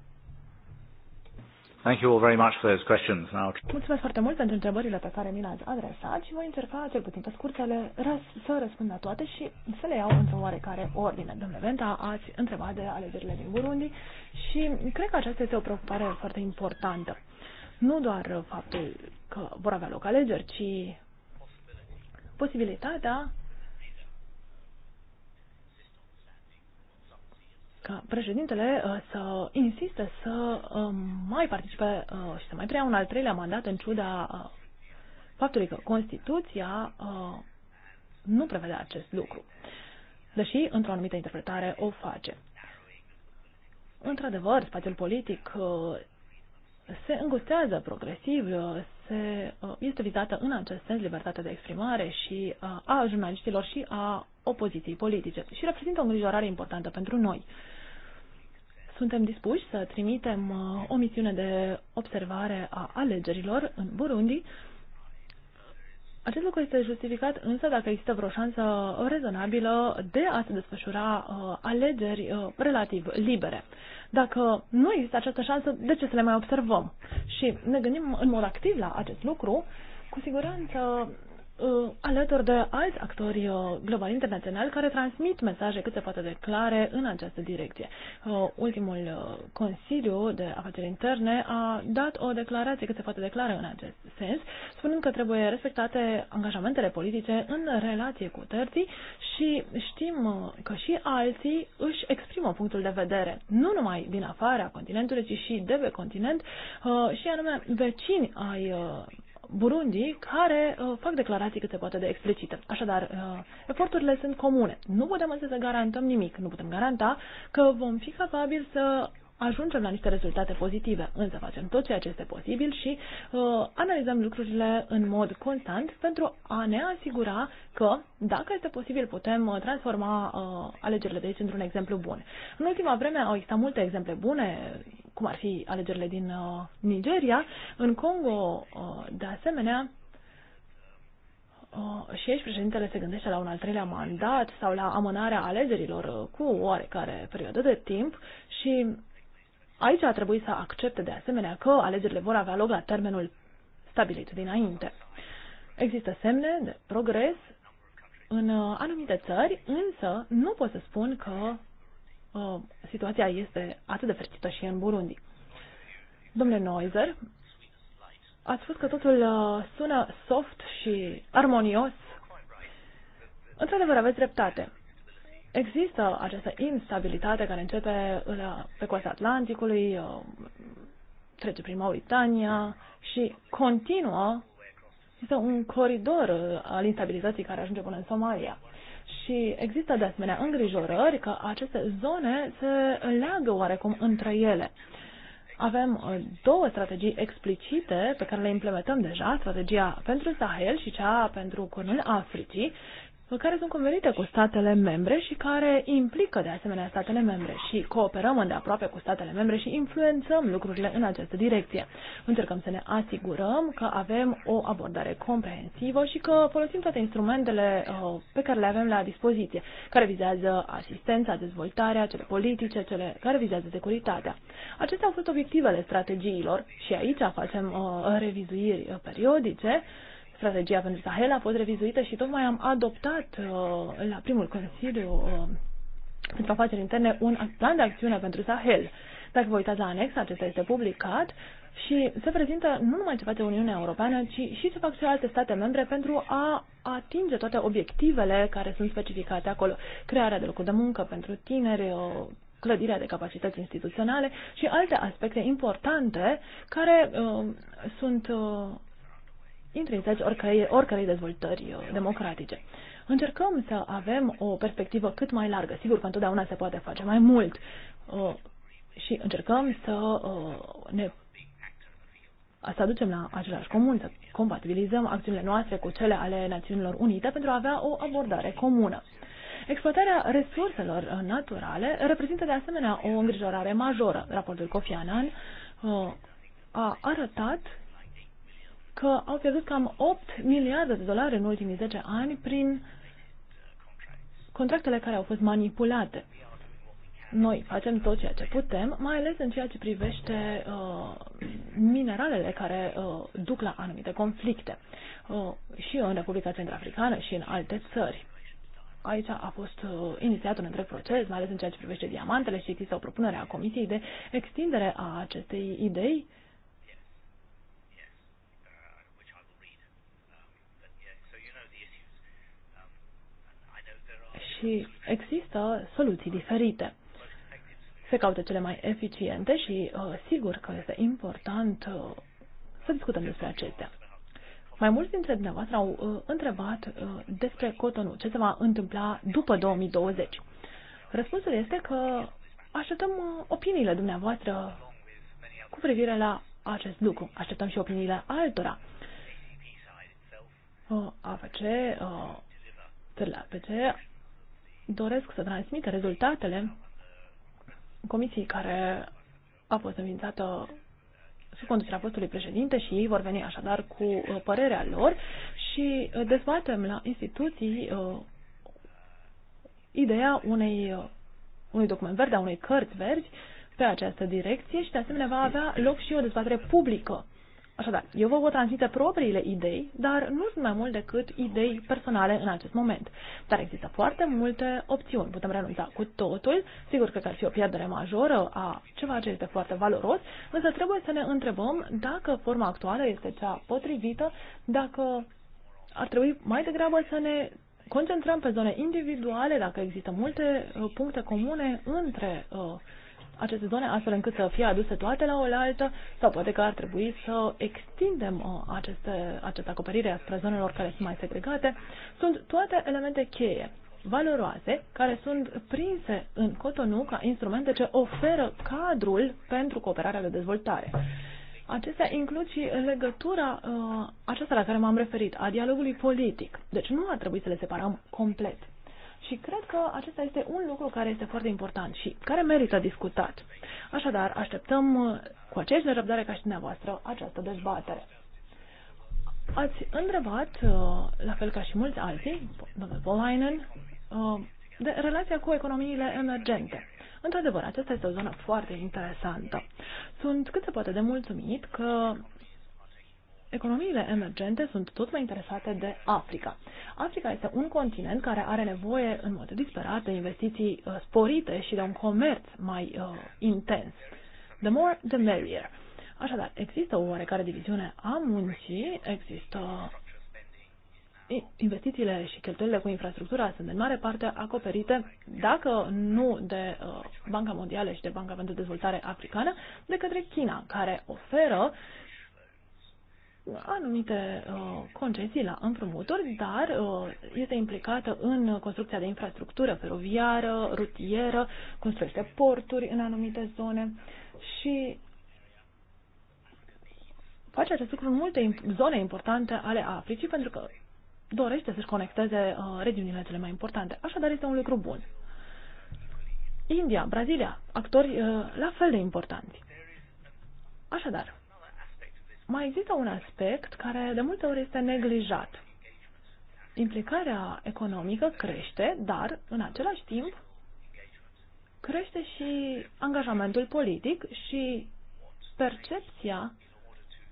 Thank you all very much for those questions. Now... Mulțumesc foarte mult pentru întrebările pe care mi le-ați adresat și voi încerca, cel puțin pe scurt, să, le răs- să răspund la toate și să le iau într-o oarecare ordine. Domnule Venta, ați întrebat de alegerile din Burundi și cred că aceasta este o preocupare foarte importantă. Nu doar faptul că vor avea loc alegeri, ci posibilitatea ca președintele uh, să insiste să um, mai participe uh, și să mai preia un al treilea mandat în ciuda uh, faptului că Constituția nu prevede acest lucru, deși într-o anumită interpretare o face. Într-adevăr, spațiul politic se îngustează progresiv, se, este vizată în acest sens libertatea de exprimare și a jurnaliștilor și a opoziției politice și reprezintă o îngrijorare importantă pentru noi. Suntem dispuși să trimitem uh, o misiune de observare a alegerilor în Burundi. Acest lucru este justificat însă dacă există vreo șansă rezonabilă de a se desfășura uh, alegeri uh, relativ libere. Dacă nu există această șansă, de ce să le mai observăm? Și ne gândim în mod activ la acest lucru, cu siguranță Uh, alături de alți actori uh, global internaționali care transmit mesaje cât se poate de clare în această direcție. Uh, ultimul Consiliu de Afaceri Interne a dat o declarație cât se poate de clară în acest sens, spunând că trebuie respectate angajamentele politice în relație cu terții și știm că și alții își exprimă punctul de vedere, nu numai din afara continentului, ci și de pe continent, și anume vecini ai Burundi, care uh, fac declarații cât se poate de explicite. Așadar, uh, eforturile sunt comune. Nu putem însă să garantăm nimic. Nu putem garanta că vom fi capabili să ajungem la niște rezultate pozitive, însă facem tot ceea ce este posibil și uh, analizăm lucrurile în mod constant pentru a ne asigura că, dacă este posibil, putem uh, transforma uh, alegerile de aici într-un exemplu bun. În ultima vreme au existat multe exemple bune, cum ar fi alegerile din uh, Nigeria, în Congo, uh, de asemenea, Uh, și aici președintele se gândește la un al treilea mandat sau la amânarea alegerilor uh, cu oarecare perioadă de timp și Aici a trebuit să accepte de asemenea că alegerile vor avea loc la termenul stabilit dinainte. Există semne de progres în uh, anumite țări, însă nu pot să spun că uh, situația este atât de fericită și în Burundi. Domnule Neuser, ați spus că totul uh, sună soft și armonios. Într-adevăr, aveți dreptate. Există această instabilitate care începe la, pe coasta Atlanticului, um, trece prin Mauritania și continuă. Este un coridor uh, al instabilității care ajunge până în Somalia. Și există de asemenea îngrijorări că aceste zone se leagă oarecum între ele. Avem uh, două strategii explicite pe care le implementăm deja, strategia pentru Sahel și cea pentru Cornul Africii care sunt convenite cu statele membre și care implică de asemenea statele membre și cooperăm îndeaproape cu statele membre și influențăm lucrurile în această direcție. Încercăm să ne asigurăm că avem o abordare comprehensivă și că folosim toate instrumentele uh, pe care le avem la dispoziție, care vizează asistența, dezvoltarea, cele politice, cele care vizează securitatea. Acestea au fost obiectivele strategiilor și aici facem uh, revizuiri periodice Strategia pentru Sahel a fost revizuită și tocmai am adoptat uh, la primul Consiliu uh, pentru afaceri interne un plan de acțiune pentru Sahel. Dacă vă uitați la anex, acesta este publicat și se prezintă nu numai ce face Uniunea Europeană, ci și ce fac și alte state membre pentru a atinge toate obiectivele care sunt specificate acolo. Crearea de locuri de muncă pentru tineri, uh, clădirea de capacități instituționale și alte aspecte importante care uh, sunt uh, intrinseci oricărei, oricărei dezvoltări uh, democratice. Încercăm să avem o perspectivă cât mai largă. Sigur că întotdeauna se poate face mai mult uh, și încercăm să uh, ne să aducem la același comun, să compatibilizăm acțiunile noastre cu cele ale Națiunilor Unite pentru a avea o abordare comună. Exploatarea resurselor naturale reprezintă de asemenea o îngrijorare majoră. Raportul Kofi Annan a arătat că au pierdut cam 8 miliarde de dolari în ultimii 10 ani prin contractele care au fost manipulate. Noi facem tot ceea ce putem, mai ales în ceea ce privește uh, mineralele care uh, duc la anumite conflicte uh, și în Republica Centrafricană și în alte țări. Aici a fost uh, inițiat un întreg proces, mai ales în ceea ce privește diamantele și există o propunere a Comisiei de extindere a acestei idei și există soluții diferite. Se caută cele mai eficiente și uh, sigur că este important uh, să discutăm despre acestea. Mai mulți dintre dumneavoastră au uh, întrebat uh, despre cotonul, ce se va întâmpla după 2020. Răspunsul este că așteptăm uh, opiniile dumneavoastră cu privire la acest lucru. Așteptăm și opiniile altora. Uh, AFC, uh, țările APC doresc să transmită rezultatele comisiei care a fost înființată sub conducerea fostului președinte și ei vor veni așadar cu uh, părerea lor și uh, dezbatem la instituții uh, ideea unei, uh, unui document verde, a unei cărți verzi pe această direcție și de asemenea va avea loc și o dezbatere publică Așadar, eu vă voi transmite propriile idei, dar nu sunt mai mult decât idei personale în acest moment. Dar există foarte multe opțiuni. Putem renunța cu totul. Sigur că ar fi o pierdere majoră a ceva ce este foarte valoros, însă trebuie să ne întrebăm dacă forma actuală este cea potrivită, dacă ar trebui mai degrabă să ne concentrăm pe zone individuale, dacă există multe uh, puncte comune între uh, aceste zone astfel încât să fie aduse toate la oaltă sau poate că ar trebui să extindem uh, aceste, această acoperire asupra zonelor care sunt mai segregate. Sunt toate elemente cheie valoroase care sunt prinse în Cotonou ca instrumente ce oferă cadrul pentru cooperarea de dezvoltare. Acestea includ și legătura uh, aceasta la care m-am referit, a dialogului politic. Deci nu ar trebui să le separăm complet. Și cred că acesta este un lucru care este foarte important și care merită discutat. Așadar, așteptăm uh, cu aceeași nerăbdare ca și dumneavoastră această dezbatere. Ați întrebat, uh, la fel ca și mulți alții, domnul Polainen, uh, de relația cu economiile emergente. Într-adevăr, aceasta este o zonă foarte interesantă. Sunt cât se poate de mulțumit că economiile emergente sunt tot mai interesate de Africa. Africa este un continent care are nevoie în mod disperat de investiții uh, sporite și de un comerț mai uh, intens. The more, the merrier. Așadar, există o oarecare diviziune a muncii, există investițiile și cheltuielile cu infrastructura sunt în mare parte acoperite, dacă nu de uh, Banca Mondială și de Banca pentru Dezvoltare Africană, de către China, care oferă anumite uh, concesii la împrumuturi, dar uh, este implicată în construcția de infrastructură feroviară, rutieră, construiește porturi în anumite zone și face acest lucru în multe zone importante ale Africii pentru că dorește să-și conecteze uh, regiunile cele mai importante. Așadar, este un lucru bun. India, Brazilia, actori uh, la fel de importanți. Așadar, mai există un aspect care de multe ori este neglijat. Implicarea economică crește, dar în același timp crește și angajamentul politic și percepția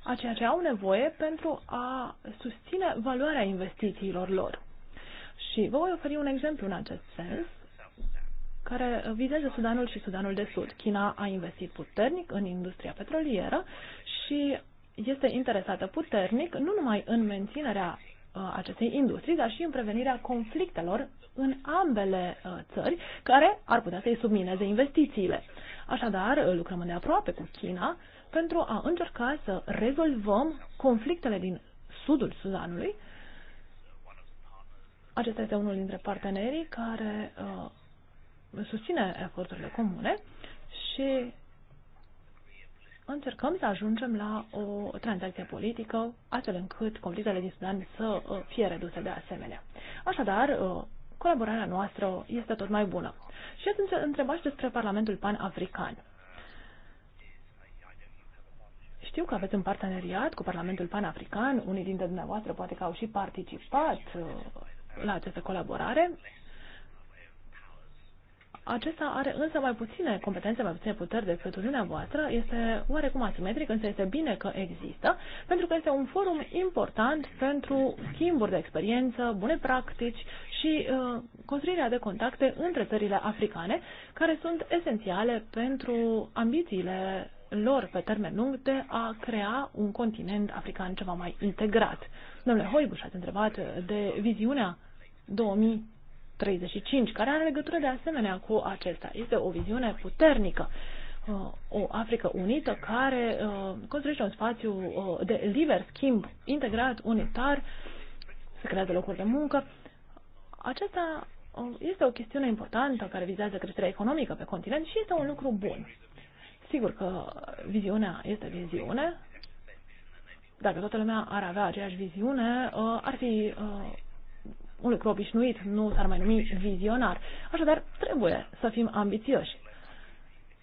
a ceea ce au nevoie pentru a susține valoarea investițiilor lor. Și vă voi oferi un exemplu în acest sens care vizează Sudanul și Sudanul de Sud. China a investit puternic în industria petrolieră și este interesată puternic nu numai în menținerea uh, acestei industrii, dar și în prevenirea conflictelor în ambele uh, țări, care ar putea să-i submineze investițiile. Așadar, lucrăm de aproape cu China pentru a încerca să rezolvăm conflictele din sudul Sudanului. Acesta este unul dintre partenerii care uh, susține eforturile comune și încercăm să ajungem la o tranzacție politică, astfel încât conflictele din Sudan să uh, fie reduse de asemenea. Așadar, uh, colaborarea noastră este tot mai bună. Și ați întrebat despre Parlamentul Pan-African. Știu că aveți un parteneriat cu Parlamentul Pan-African, unii dintre dumneavoastră poate că au și participat uh, la această colaborare. Acesta are însă mai puține competențe, mai puține puteri decât Uniunea voastră. Este oarecum asimetric, însă este bine că există, pentru că este un forum important pentru schimburi de experiență, bune practici și uh, construirea de contacte între țările africane, care sunt esențiale pentru ambițiile lor pe termen lung de a crea un continent african ceva mai integrat. Domnule Hoibuș, ați întrebat de viziunea 2000 35, care are legătură de asemenea cu acesta. Este o viziune puternică uh, o Africă unită care uh, construiește un spațiu uh, de liber schimb, integrat, unitar, se creează locuri de muncă. Aceasta este o chestiune importantă care vizează creșterea economică pe continent și este un lucru bun. Sigur că viziunea este viziune. Dacă toată lumea ar avea aceeași viziune, ar fi un lucru obișnuit, nu s-ar mai numi vizionar. Așadar, trebuie să fim ambițioși.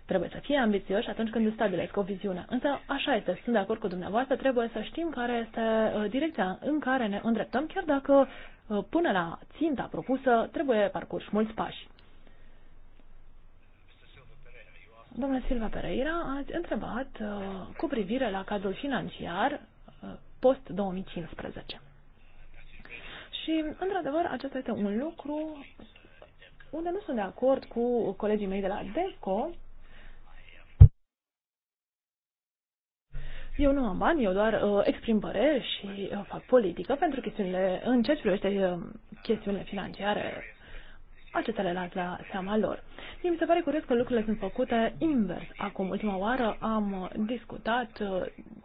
Trebuie să fie ambițioși atunci când îți stabilesc o viziune. Însă, așa este, sunt de acord cu dumneavoastră, trebuie să știm care este uh, direcția în care ne îndreptăm, chiar dacă uh, până la ținta propusă trebuie parcurs mulți pași. Domnule Silva Pereira, ați întrebat uh, cu privire la cadrul financiar uh, post-2015. Și, într-adevăr, acesta este un lucru unde nu sunt de acord cu colegii mei de la DECO. Eu nu am bani, eu doar uh, exprim păreri și uh, fac politică pentru chestiunile, în ce privește uh, chestiunile financiare face celălalt la seama lor. Mie mi se pare curios că lucrurile sunt făcute invers. Acum, ultima oară, am discutat uh,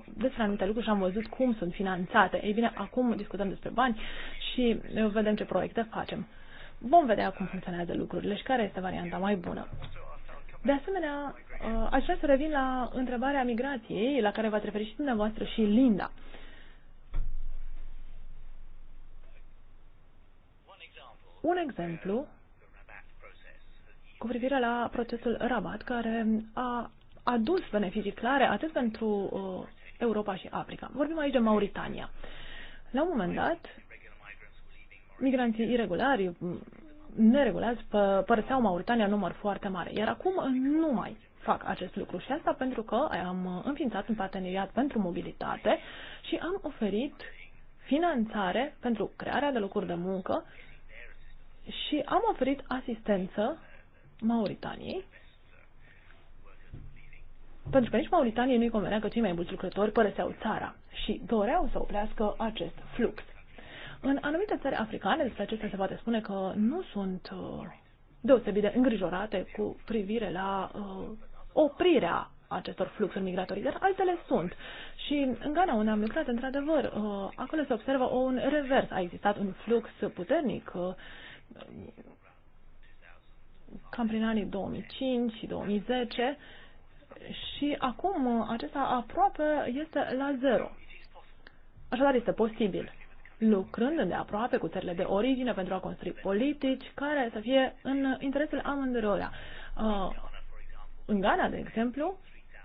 despre anumite lucruri și am văzut cum sunt finanțate. Ei bine, acum discutăm despre bani și uh, vedem ce proiecte facem. Vom vedea cum funcționează lucrurile și care este varianta mai bună. De asemenea, uh, aș vrea să revin la întrebarea migrației, la care v-ați referit și dumneavoastră și Linda. Un exemplu cu privire la procesul Rabat, care a adus beneficii clare atât pentru uh, Europa și Africa. Vorbim aici de Mauritania. La un moment dat, migranții irregulari, mm, neregulați, părăseau Mauritania în număr foarte mare, iar acum nu mai fac acest lucru și asta pentru că am înființat un parteneriat pentru mobilitate și am oferit finanțare pentru crearea de locuri de muncă și am oferit asistență Mauritaniei, pentru că nici Mauritaniei nu-i convenea că cei mai mulți lucrători părăseau țara și doreau să oprească acest flux. În anumite țări africane, despre acestea se poate spune că nu sunt uh, deosebit de îngrijorate cu privire la uh, oprirea acestor fluxuri migratorii, dar altele sunt. Și în Ghana, unde am lucrat, într-adevăr, uh, acolo se observă un revers. A existat un flux puternic uh, cam prin anii 2005 și 2010 și acum uh, acesta aproape este la zero. Așadar este posibil, lucrând de aproape cu țările de origine pentru a construi politici care să fie în interesul amândurora. Uh, în Ghana, de exemplu,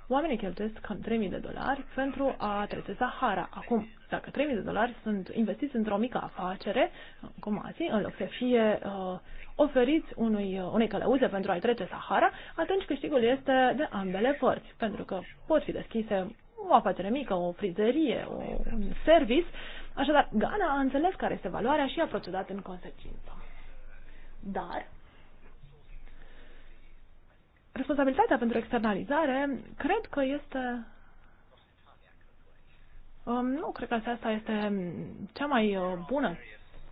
oamenii cheltuiesc cam 3.000 de dolari pentru a trece Sahara. Acum, dacă 3000 de dolari sunt investiți într-o mică afacere, cum azi, în loc să fie uh, oferiți unui, uh, unei călăuze pentru a-i trece Sahara, atunci câștigul este de ambele părți, pentru că pot fi deschise o afacere mică, o frizerie, o, un service. Așadar, Ghana a înțeles care este valoarea și a procedat în consecință. Dar, responsabilitatea pentru externalizare cred că este Um, nu cred că asta este cea mai uh, bună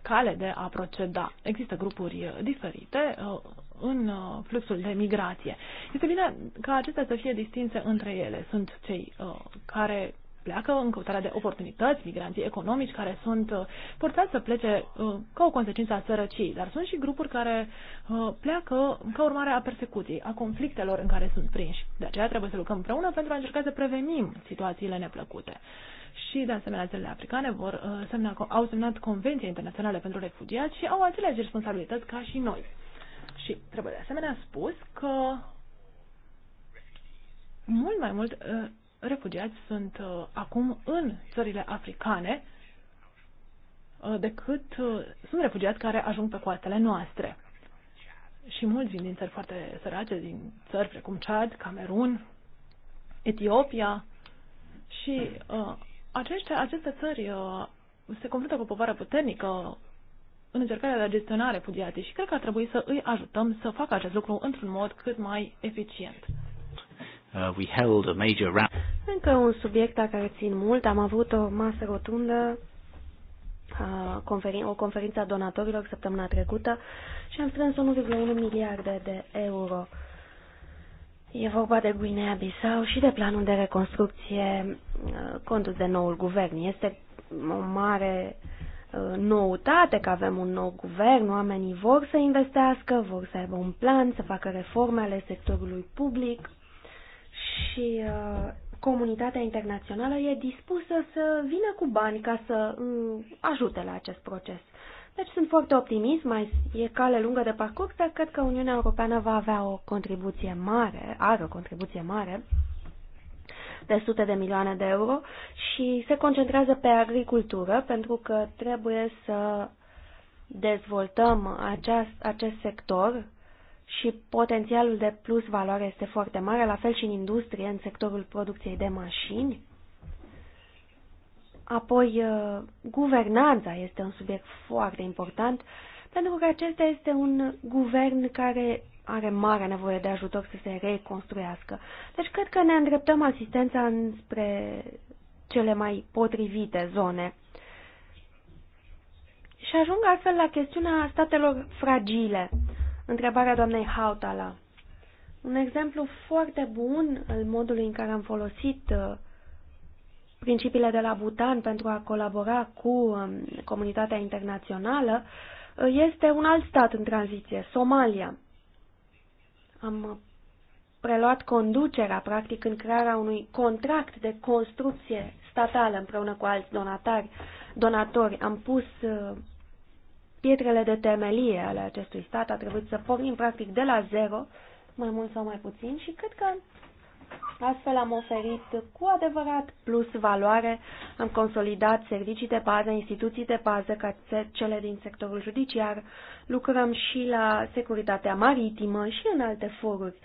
cale de a proceda. Există grupuri uh, diferite uh, în fluxul de migrație. Este bine ca acestea să fie distinse între ele. Sunt cei care pleacă în căutarea de oportunități, migranții economici care sunt uh, forțați să plece uh, ca o consecință a sărăciei, dar sunt și grupuri care uh, pleacă ca urmare a persecuției, a conflictelor în care sunt prinși. De aceea trebuie să lucrăm împreună pentru a încerca să prevenim situațiile neplăcute. Și, de asemenea, țările africane vor, semna, au semnat Convenția Internațională pentru Refugiați și au aceleași responsabilități ca și noi. Și trebuie de asemenea spus că mult mai mult refugiați sunt uh, acum în țările africane uh, decât uh, sunt refugiați care ajung pe coastele noastre. Și mulți vin din țări foarte sărace, din țări precum Chad, Camerun, Etiopia și uh, aceste, aceste țări uh, se confruntă cu o povară puternică în încercarea de a gestiona refugiații și cred că ar trebui să îi ajutăm să facă acest lucru într-un mod cât mai eficient. Uh, we held a major round. Încă un subiect la care țin mult. Am avut o masă rotundă, uh, conferin o conferință a donatorilor săptămâna trecută și am strâns 1,1 miliarde de euro. E vorba de Guinea-Bissau și de planul de reconstrucție uh, condus de noul guvern. Este o mare uh, noutate că avem un nou guvern, oamenii vor să investească, vor să aibă un plan, să facă reforme ale sectorului public și uh, comunitatea internațională e dispusă să vină cu bani ca să mm, ajute la acest proces. Deci sunt foarte optimist, mai e cale lungă de parcurs, dar cred că Uniunea Europeană va avea o contribuție mare, are o contribuție mare de sute de milioane de euro și se concentrează pe agricultură pentru că trebuie să dezvoltăm aceast, acest sector și potențialul de plus valoare este foarte mare, la fel și în industrie, în sectorul producției de mașini. Apoi, uh, guvernanța este un subiect foarte important, pentru că acesta este un guvern care are mare nevoie de ajutor să se reconstruiască. Deci cred că ne îndreptăm asistența spre cele mai potrivite zone. Și ajung astfel la chestiunea statelor fragile întrebarea doamnei Hautala. Un exemplu foarte bun al modului în care am folosit uh, principiile de la Butan pentru a colabora cu um, comunitatea internațională uh, este un alt stat în tranziție, Somalia. Am uh, preluat conducerea, practic, în crearea unui contract de construcție statală împreună cu alți donatari, donatori. Am pus pietrele de temelie ale acestui stat. A trebuit să pornim practic de la zero, mai mult sau mai puțin, și cred că astfel am oferit cu adevărat plus valoare, am consolidat servicii de bază, instituții de bază ca cele din sectorul judiciar, lucrăm și la securitatea maritimă și în alte foruri.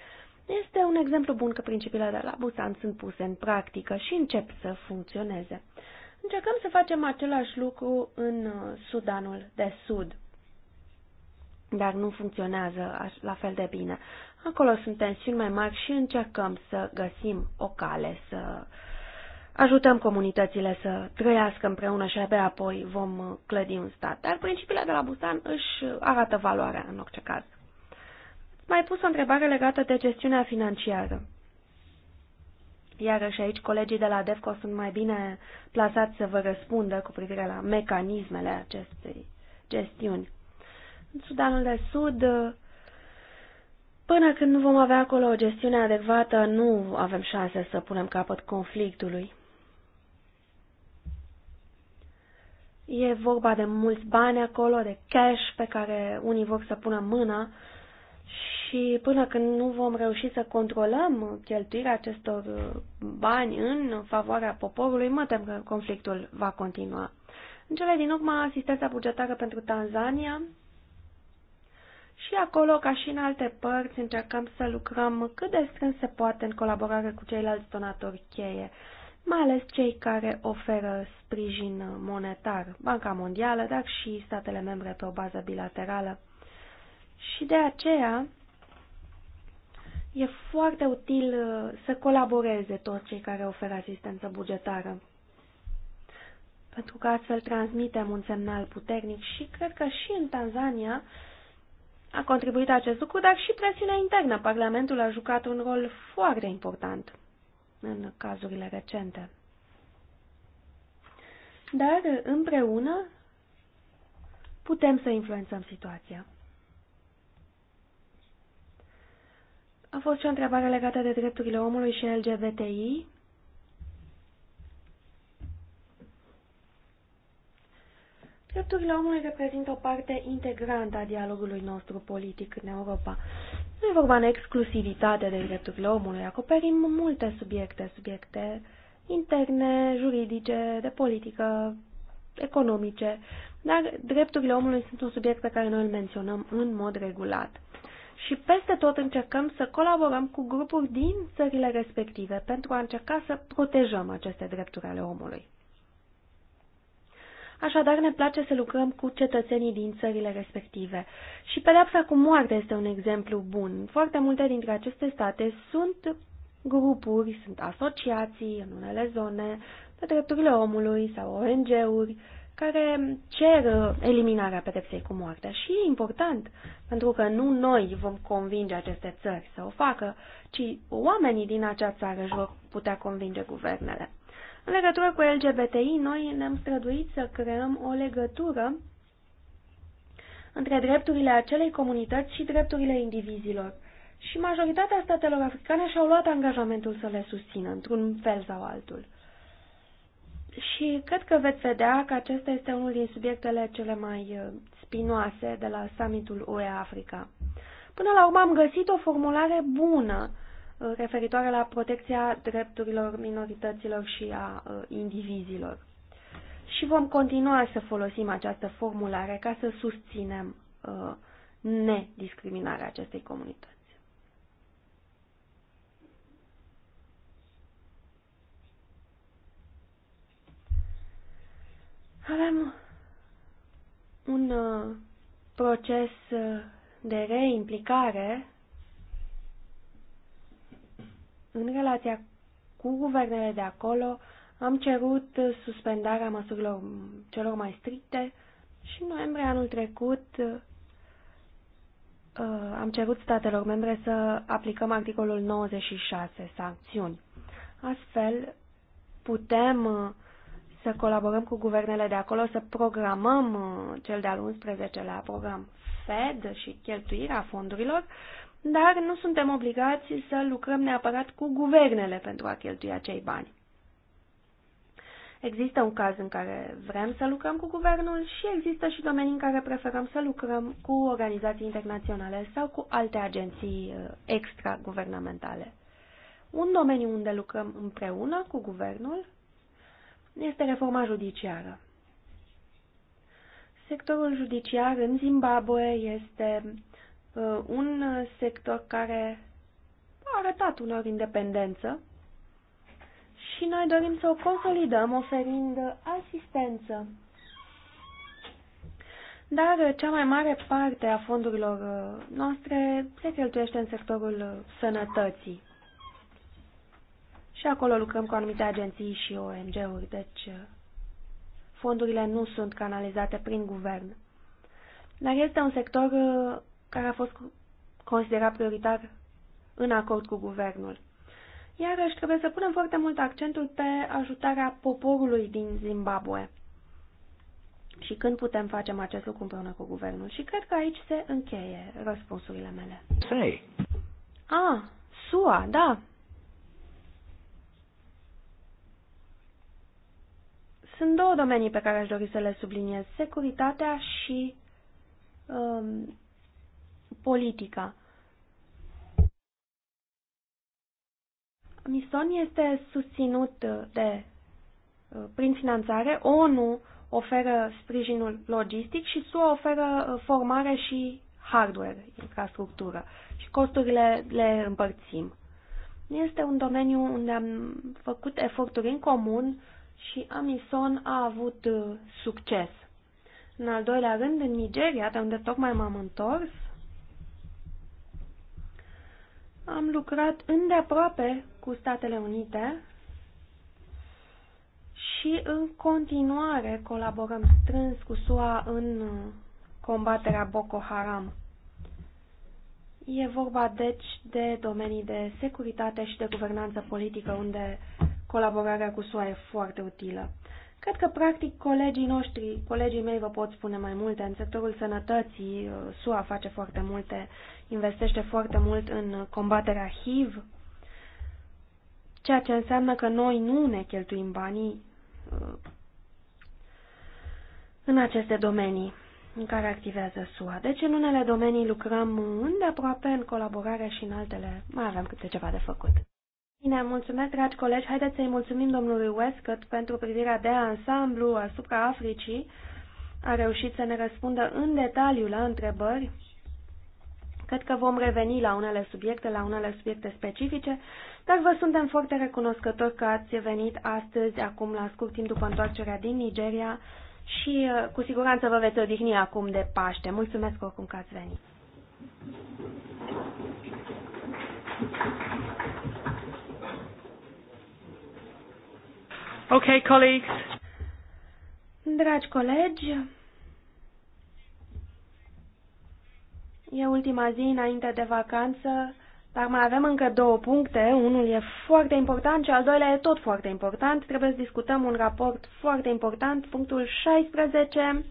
Este un exemplu bun că principiile de la Busan sunt puse în practică și încep să funcționeze. Încercăm să facem același lucru în uh, Sudanul de Sud, dar nu funcționează la fel de bine. Acolo sunt tensiuni mai mari și încercăm să găsim o cale, să ajutăm comunitățile să trăiască împreună și abia apoi vom uh, clădi un stat. Dar principiile de la Busan își uh, arată valoarea în orice caz. Mai pus o întrebare legată de gestiunea financiară. Iarăși aici colegii de la DEFCO sunt mai bine plasați să vă răspundă cu privire la mecanismele acestei gestiuni. În Sudanul de Sud, până când nu vom avea acolo o gestiune adecvată, nu avem șanse să punem capăt conflictului. E vorba de mulți bani acolo, de cash pe care unii vor să pună mâna și până când nu vom reuși să controlăm cheltuirea acestor bani în favoarea poporului, mă tem că conflictul va continua. În cele din urmă, asistența bugetară pentru Tanzania și acolo, ca și în alte părți, încercăm să lucrăm cât de strâns se poate în colaborare cu ceilalți donatori cheie, mai ales cei care oferă sprijin monetar, Banca Mondială, dar și statele membre pe o bază bilaterală. Și de aceea, E foarte util uh, să colaboreze toți cei care oferă asistență bugetară, pentru că astfel transmitem un semnal puternic și cred că și în Tanzania a contribuit acest lucru, dar și presiunea internă. Parlamentul a jucat un rol foarte important în cazurile recente. Dar uh, împreună putem să influențăm situația. A fost și o întrebare legată de drepturile omului și LGBTI. Drepturile omului reprezintă o parte integrantă a dialogului nostru politic în Europa. Nu e vorba în exclusivitate de drepturile omului, acoperim multe subiecte, subiecte interne, juridice, de politică, economice, dar drepturile omului sunt un subiect pe care noi îl menționăm în mod regulat și peste tot încercăm să colaborăm cu grupuri din țările respective pentru a încerca să protejăm aceste drepturi ale omului. Așadar, ne place să lucrăm cu cetățenii din țările respective. Și pedepsa cu moarte este un exemplu bun. Foarte multe dintre aceste state sunt grupuri, sunt asociații în unele zone, pe drepturile omului sau ONG-uri care cer uh, eliminarea pedepsei cu moartea. Și e important, pentru că nu noi vom convinge aceste țări să o facă, ci oamenii din acea țară își vor putea convinge guvernele. În legătură cu LGBTI, noi ne-am străduit să creăm o legătură între drepturile acelei comunități și drepturile indivizilor. Și majoritatea statelor africane și-au luat angajamentul să le susțină, într-un fel sau altul. Și cred că veți vedea că acesta este unul din subiectele cele mai uh, spinoase de la summitul UE-Africa. Până la urmă am găsit o formulare bună uh, referitoare la protecția drepturilor minorităților și a uh, indivizilor. Și vom continua să folosim această formulare ca să susținem nediscriminarea acestei comunități. Avem un uh, proces uh, de reimplicare în relația cu guvernele de acolo. Am cerut uh, suspendarea măsurilor celor mai stricte și în noiembrie anul trecut am cerut statelor membre să aplicăm articolul 96, sancțiuni. Astfel, putem uh, să colaborăm cu guvernele de acolo, să programăm uh, cel de-al 11-lea program Fed și cheltuirea fondurilor, dar nu suntem obligați să lucrăm neapărat cu guvernele pentru a cheltui acei bani. Există un caz în care vrem să lucrăm cu guvernul și există și domenii în care preferăm să lucrăm cu organizații internaționale sau cu alte agenții uh, extraguvernamentale. Un domeniu unde lucrăm împreună cu guvernul este reforma judiciară. Sectorul judiciar în Zimbabwe este uh, un sector care a arătat unor independență și noi dorim să o consolidăm oferind asistență. Dar cea mai mare parte a fondurilor uh, noastre se cheltuiește în sectorul uh, sănătății și acolo lucrăm cu anumite agenții și ONG-uri, deci uh, fondurile nu sunt canalizate prin guvern. Dar este un sector uh, care a fost considerat prioritar în acord cu guvernul. Iarăși trebuie să punem foarte mult accentul pe ajutarea poporului din Zimbabwe. Și când putem face acest lucru împreună cu guvernul? Și cred că aici se încheie răspunsurile mele. Say. Ah, SUA, da, Sunt două domenii pe care aș dori să le subliniez, securitatea și um, politica. Mison este susținut de, uh, prin finanțare, ONU oferă sprijinul logistic și SUA oferă uh, formare și hardware, infrastructură și costurile le împărțim. Este un domeniu unde am făcut eforturi în comun și Amison a avut uh, succes. În al doilea rând, în Nigeria, de unde tocmai m-am întors, am lucrat îndeaproape cu Statele Unite și în continuare colaborăm strâns cu SUA în uh, combaterea Boko Haram. E vorba deci de domenii de securitate și de guvernanță politică unde Colaborarea cu SUA e foarte utilă. Cred că, practic, colegii noștri, colegii mei vă pot spune mai multe. În sectorul sănătății, uh, SUA face foarte multe, investește foarte mult în combaterea HIV, ceea ce înseamnă că noi nu ne cheltuim banii uh, în aceste domenii în care activează SUA. Deci în unele domenii lucrăm îndeaproape în colaborare și în altele mai avem câte ceva de făcut. Bine, mulțumesc, dragi colegi. Haideți să-i mulțumim domnului Westcott pentru privirea de ansamblu asupra Africii. A reușit să ne răspundă în detaliu la întrebări. Cred că vom reveni la unele subiecte, la unele subiecte specifice, dar vă suntem foarte recunoscători că ați venit astăzi, acum la scurt timp după întoarcerea din Nigeria și uh, cu siguranță vă veți odihni acum de Paște. Mulțumesc oricum că ați venit. Okay, colleagues. Dragi colegi, e ultima zi înainte de vacanță, dar mai avem încă două puncte. Unul e foarte important și al doilea e tot foarte important. Trebuie să discutăm un raport foarte important, punctul 16,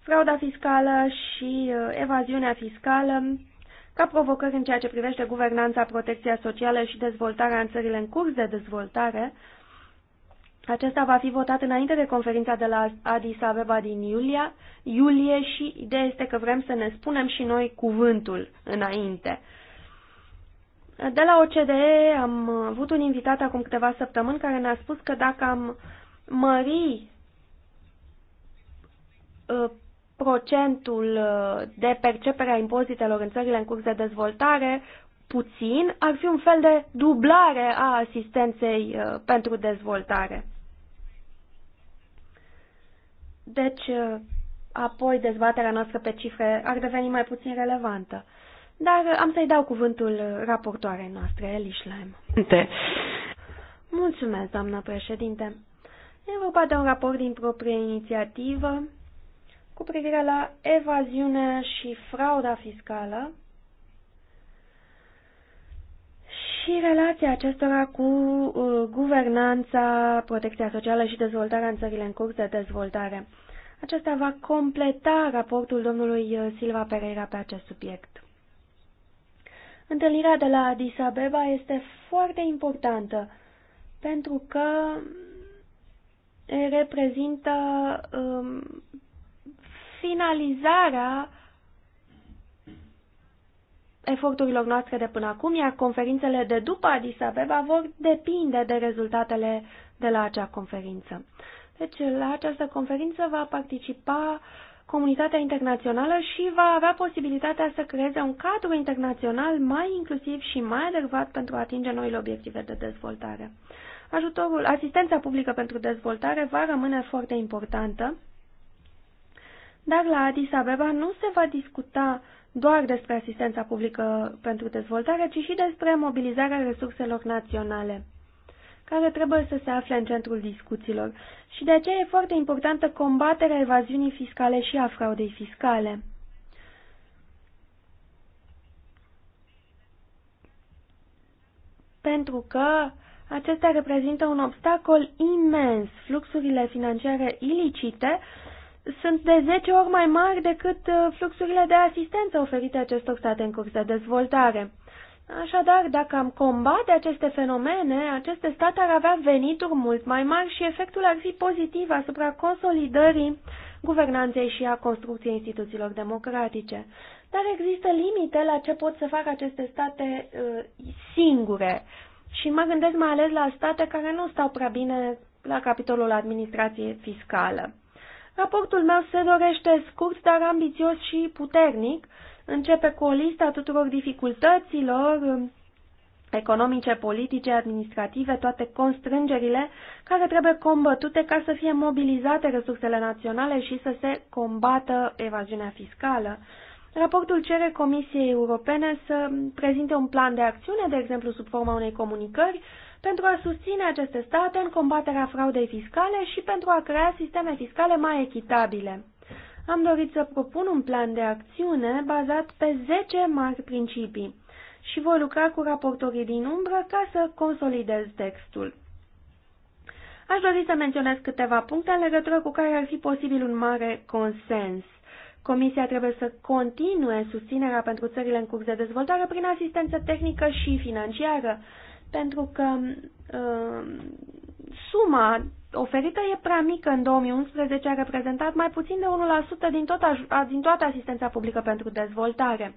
frauda fiscală și uh, evaziunea fiscală ca provocări în ceea ce privește guvernanța, protecția socială și dezvoltarea în țările în curs de dezvoltare, acesta va fi votat înainte de conferința de la Addis Abeba din iulia, iulie și ideea este că vrem să ne spunem și noi cuvântul înainte. De la OCDE am avut un invitat acum câteva săptămâni care ne-a spus că dacă am mări uh, procentul uh, de percepere a impozitelor în țările în curs de dezvoltare puțin, ar fi un fel de dublare a asistenței uh, pentru dezvoltare. Deci, uh, apoi dezbaterea noastră pe cifre ar deveni mai puțin relevantă. Dar am să-i dau cuvântul raportoarei noastre, Eli Schleim. Mulțumesc, doamnă președinte. E vorba de un raport din proprie inițiativă cu privire la evaziunea și frauda fiscală și relația acestora cu uh, guvernanța, protecția socială și dezvoltarea în țările în curs de dezvoltare. Acesta va completa raportul domnului uh, Silva Pereira pe acest subiect. Întâlnirea de la Addis Abeba este foarte importantă pentru că reprezintă um, finalizarea eforturilor noastre de până acum, iar conferințele de după Addis Abeba vor depinde de rezultatele de la acea conferință. Deci, la această conferință va participa comunitatea internațională și va avea posibilitatea să creeze un cadru internațional mai inclusiv și mai adecvat pentru a atinge noile obiective de dezvoltare. Ajutorul, asistența publică pentru dezvoltare va rămâne foarte importantă, dar la Addis Abeba nu se va discuta doar despre asistența publică pentru dezvoltare, ci și despre mobilizarea resurselor naționale, care trebuie să se afle în centrul discuțiilor. Și de aceea e foarte importantă combaterea evaziunii fiscale și a fraudei fiscale. Pentru că acestea reprezintă un obstacol imens. Fluxurile financiare ilicite uh, sunt de 10 ori mai mari decât uh, fluxurile de asistență oferite acestor state în curs de dezvoltare. Așadar, dacă am combate aceste fenomene, aceste state ar avea venituri mult mai mari și efectul ar fi pozitiv asupra consolidării guvernanței și a construcției instituțiilor democratice. Dar există limite la ce pot să facă aceste state uh, singure. Și mă gândesc mai ales la state care nu stau prea bine la capitolul administrației fiscală. Raportul meu se dorește scurt, dar ambițios și puternic. Începe cu o listă a tuturor dificultăților um, economice, politice, administrative, toate constrângerile care trebuie combătute ca să fie mobilizate resursele naționale și să se combată evaziunea fiscală. Raportul cere Comisiei Europene să prezinte un plan de acțiune, de exemplu sub forma unei comunicări, pentru a susține aceste state în combaterea fraudei fiscale și pentru a crea sisteme fiscale mai echitabile. Am dorit să propun un plan de acțiune bazat pe 10 mari principii și voi lucra cu raportorii din umbră ca să consolidez textul. Aș dori să menționez câteva puncte în legătură cu care ar fi posibil un mare consens. Comisia trebuie să continue susținerea pentru țările în curs de dezvoltare prin asistență tehnică și financiară, pentru că uh, suma oferită e prea mică în 2011, a reprezentat mai puțin de 1% din, tot aj- din toată asistența publică pentru dezvoltare.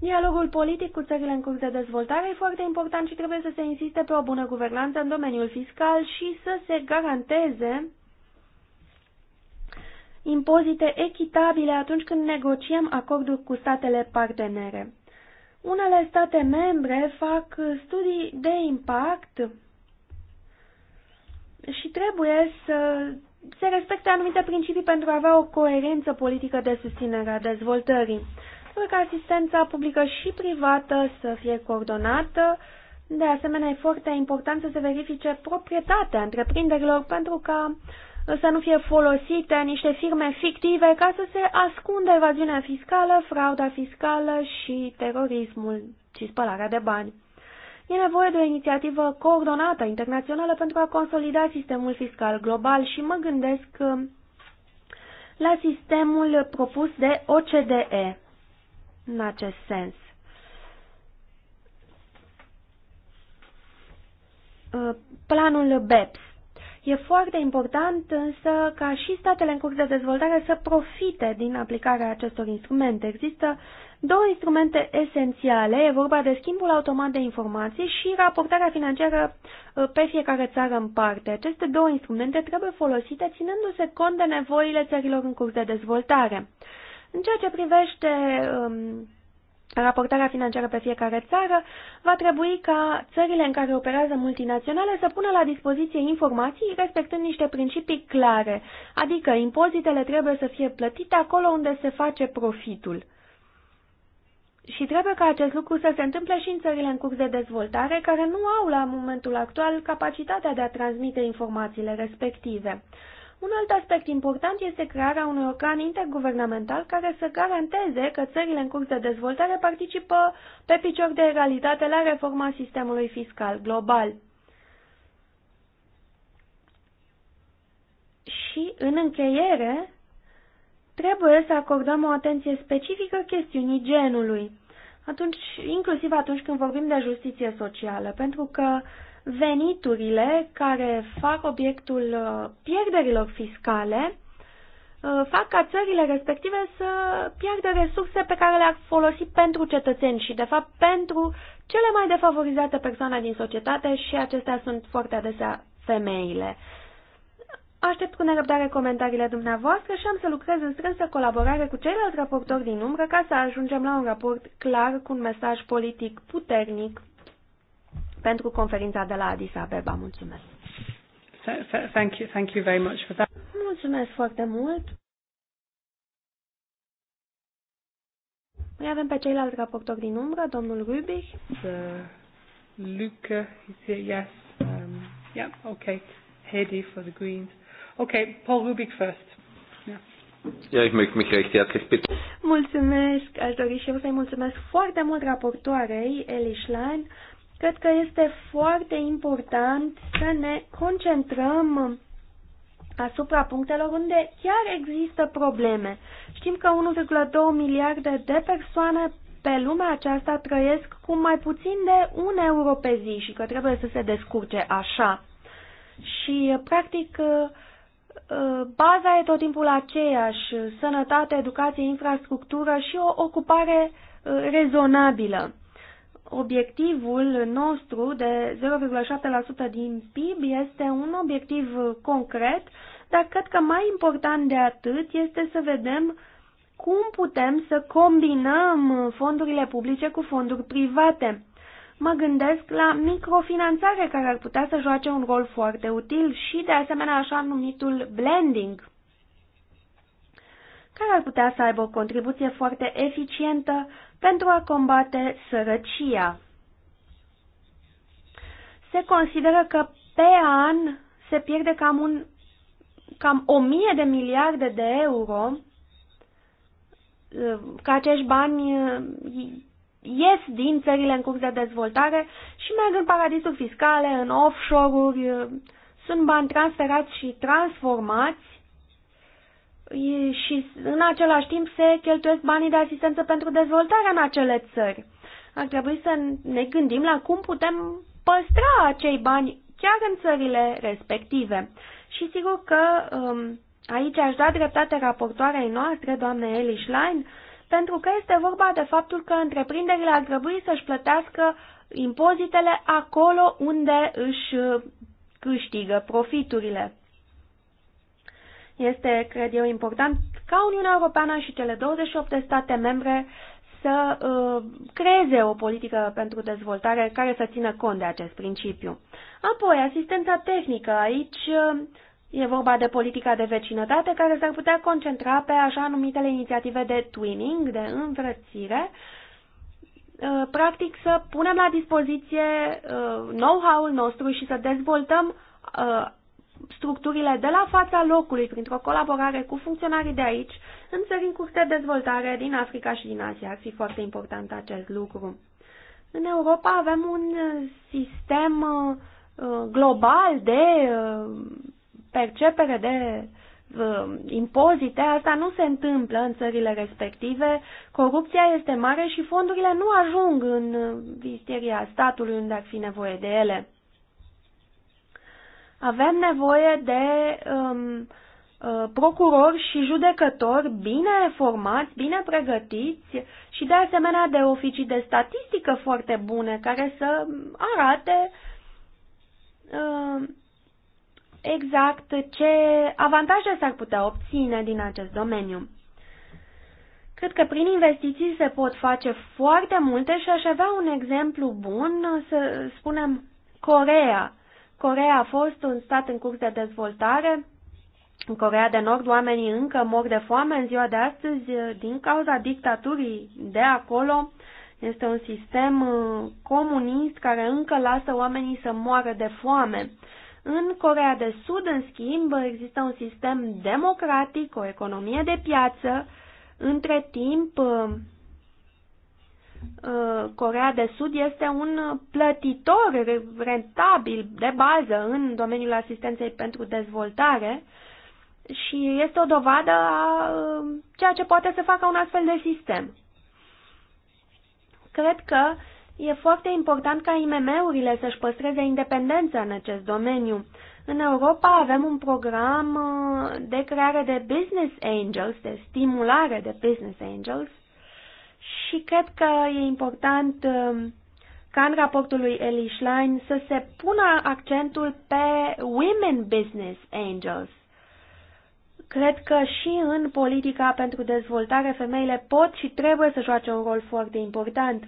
Dialogul politic cu țările în curs de dezvoltare e foarte important și trebuie să se insiste pe o bună guvernanță în domeniul fiscal și să se garanteze impozite echitabile atunci când negociem acorduri cu statele partenere. Unele state membre fac studii de impact și trebuie să se respecte anumite principii pentru a avea o coerență politică de susținere a dezvoltării. Trebuie ca asistența publică și privată să fie coordonată. De asemenea, e foarte important să se verifice proprietatea întreprinderilor pentru ca să nu fie folosite niște firme fictive ca să se ascundă evaziunea fiscală, frauda fiscală și terorismul și spălarea de bani. E nevoie de o inițiativă coordonată internațională pentru a consolida sistemul fiscal global și mă gândesc um, la sistemul propus de OCDE în acest sens. Uh, planul BEPS E foarte important însă ca și statele în curs de dezvoltare să profite din aplicarea acestor instrumente. Există două instrumente esențiale, e vorba de schimbul automat de informații și raportarea financiară ă, pe fiecare țară în parte. Aceste două instrumente trebuie folosite ținându-se cont de nevoile țărilor în curs de dezvoltare. În ceea ce privește um, raportarea financiară pe fiecare țară, va trebui ca țările în care operează multinaționale să pună la dispoziție informații respectând niște principii clare, adică impozitele trebuie să fie plătite acolo unde se face profitul. Și trebuie ca acest lucru să se întâmple și în țările în curs de dezvoltare, care nu au la momentul actual capacitatea de a transmite informațiile respective. Un alt aspect important este crearea unui organ interguvernamental care să garanteze că țările în curs de dezvoltare participă pe picior de egalitate la reforma sistemului fiscal global. Și, în încheiere, trebuie să acordăm o atenție specifică chestiunii genului, atunci, inclusiv atunci când vorbim de justiție socială, pentru că uh, veniturile care fac obiectul uh, pierderilor fiscale uh, fac ca țările respective să piardă resurse pe care le-ar folosi pentru cetățeni și, de fapt, pentru cele mai defavorizate persoane din societate și acestea sunt foarte adesea femeile. Aștept cu nerăbdare comentariile dumneavoastră și am să lucrez în strânsă colaborare cu ceilalți raportori din umbră ca să ajungem la un raport clar cu un mesaj politic puternic pentru conferința de la Addis Abeba. Mulțumesc! Thank you, thank you very much for that. Mulțumesc foarte mult! Mai avem pe ceilalți raportori din umbră, domnul Rubich. Uh, Luca, is here, yes. Um, yeah, okay. Hedy for the Greens. Okay, Paul Rubik first. Yeah. Ja, ich möchte mich recht herzlich bitten. Mulțumesc, aș dori și eu să-i mulțumesc foarte mult raportoarei, Eli Schlein. Cred că este foarte important să ne concentrăm asupra punctelor unde chiar există probleme. Știm că 1,2 miliarde de persoane pe lumea aceasta trăiesc cu mai puțin de un euro pe zi și că trebuie să se descurce așa. Și, practic, uh, uh, baza e tot timpul aceeași, sănătate, educație, infrastructură și o ocupare uh, rezonabilă obiectivul nostru de 0,7% din PIB este un obiectiv concret, dar cred că mai important de atât este să vedem cum putem să combinăm fondurile publice cu fonduri private. Mă gândesc la microfinanțare care ar putea să joace un rol foarte util și de asemenea așa numitul blending care ar putea să aibă o contribuție foarte eficientă pentru a combate sărăcia. Se consideră că pe an se pierde cam, un, cam 1000 de miliarde de euro, uh, că acești bani uh, ies din țările în curs de dezvoltare și merg în paradisuri fiscale, în offshore-uri, uh, sunt bani transferați și transformați și în același timp se cheltuiesc banii de asistență pentru dezvoltarea în acele țări. Ar trebui să ne gândim la cum putem păstra acei bani chiar în țările respective. Și sigur că um, aici aș da dreptate raportoarei noastre, doamne Eli Schlein, pentru că este vorba de faptul că întreprinderile ar trebui să-și plătească impozitele acolo unde își uh, câștigă profiturile. Este, cred eu, important ca Uniunea Europeană și cele 28 de state membre să uh, creeze o politică pentru dezvoltare care să țină cont de acest principiu. Apoi, asistența tehnică. Aici uh, e vorba de politica de vecinătate care s-ar putea concentra pe așa numitele inițiative de twinning, de învățire. Uh, practic să punem la dispoziție know-how-ul nostru și să dezvoltăm structurile de la fața locului, printr-o colaborare cu funcționarii de aici, în țări în curte de dezvoltare din Africa și din Asia. Ar fi foarte important acest lucru. În Europa avem un uh, sistem uh, uh, global de percepere de impozite, asta nu se întâmplă în țările respective, corupția este mare și fondurile nu ajung în visteria statului unde ar fi nevoie de ele. Avem nevoie de um, uh, procurori și judecători bine formați, bine pregătiți și de asemenea de oficii de statistică foarte bune care să arate uh, exact ce avantaje s-ar putea obține din acest domeniu. Cred că prin investiții se pot face foarte multe și aș avea un exemplu bun, să spunem Corea Corea a fost un stat în curs de dezvoltare. În Corea de Nord oamenii încă mor de foame în ziua de astăzi din cauza dictaturii de acolo. Este un sistem uh, comunist care încă lasă oamenii să moară de foame. În Corea de Sud, în schimb, există un sistem democratic, o economie de piață. Între timp, uh, Uh, Corea de Sud este un plătitor rentabil de bază în domeniul asistenței pentru dezvoltare și este o dovadă a uh, ceea ce poate să facă un astfel de sistem. Cred că e foarte important ca IMM-urile să-și păstreze independența în acest domeniu. În Europa avem un program uh, de creare de business angels, de stimulare de business angels, și cred că e important um, ca în raportul lui Eli Schlein să se pună accentul pe Women Business Angels. Cred că și în politica pentru dezvoltare femeile pot și trebuie să joace un rol foarte important.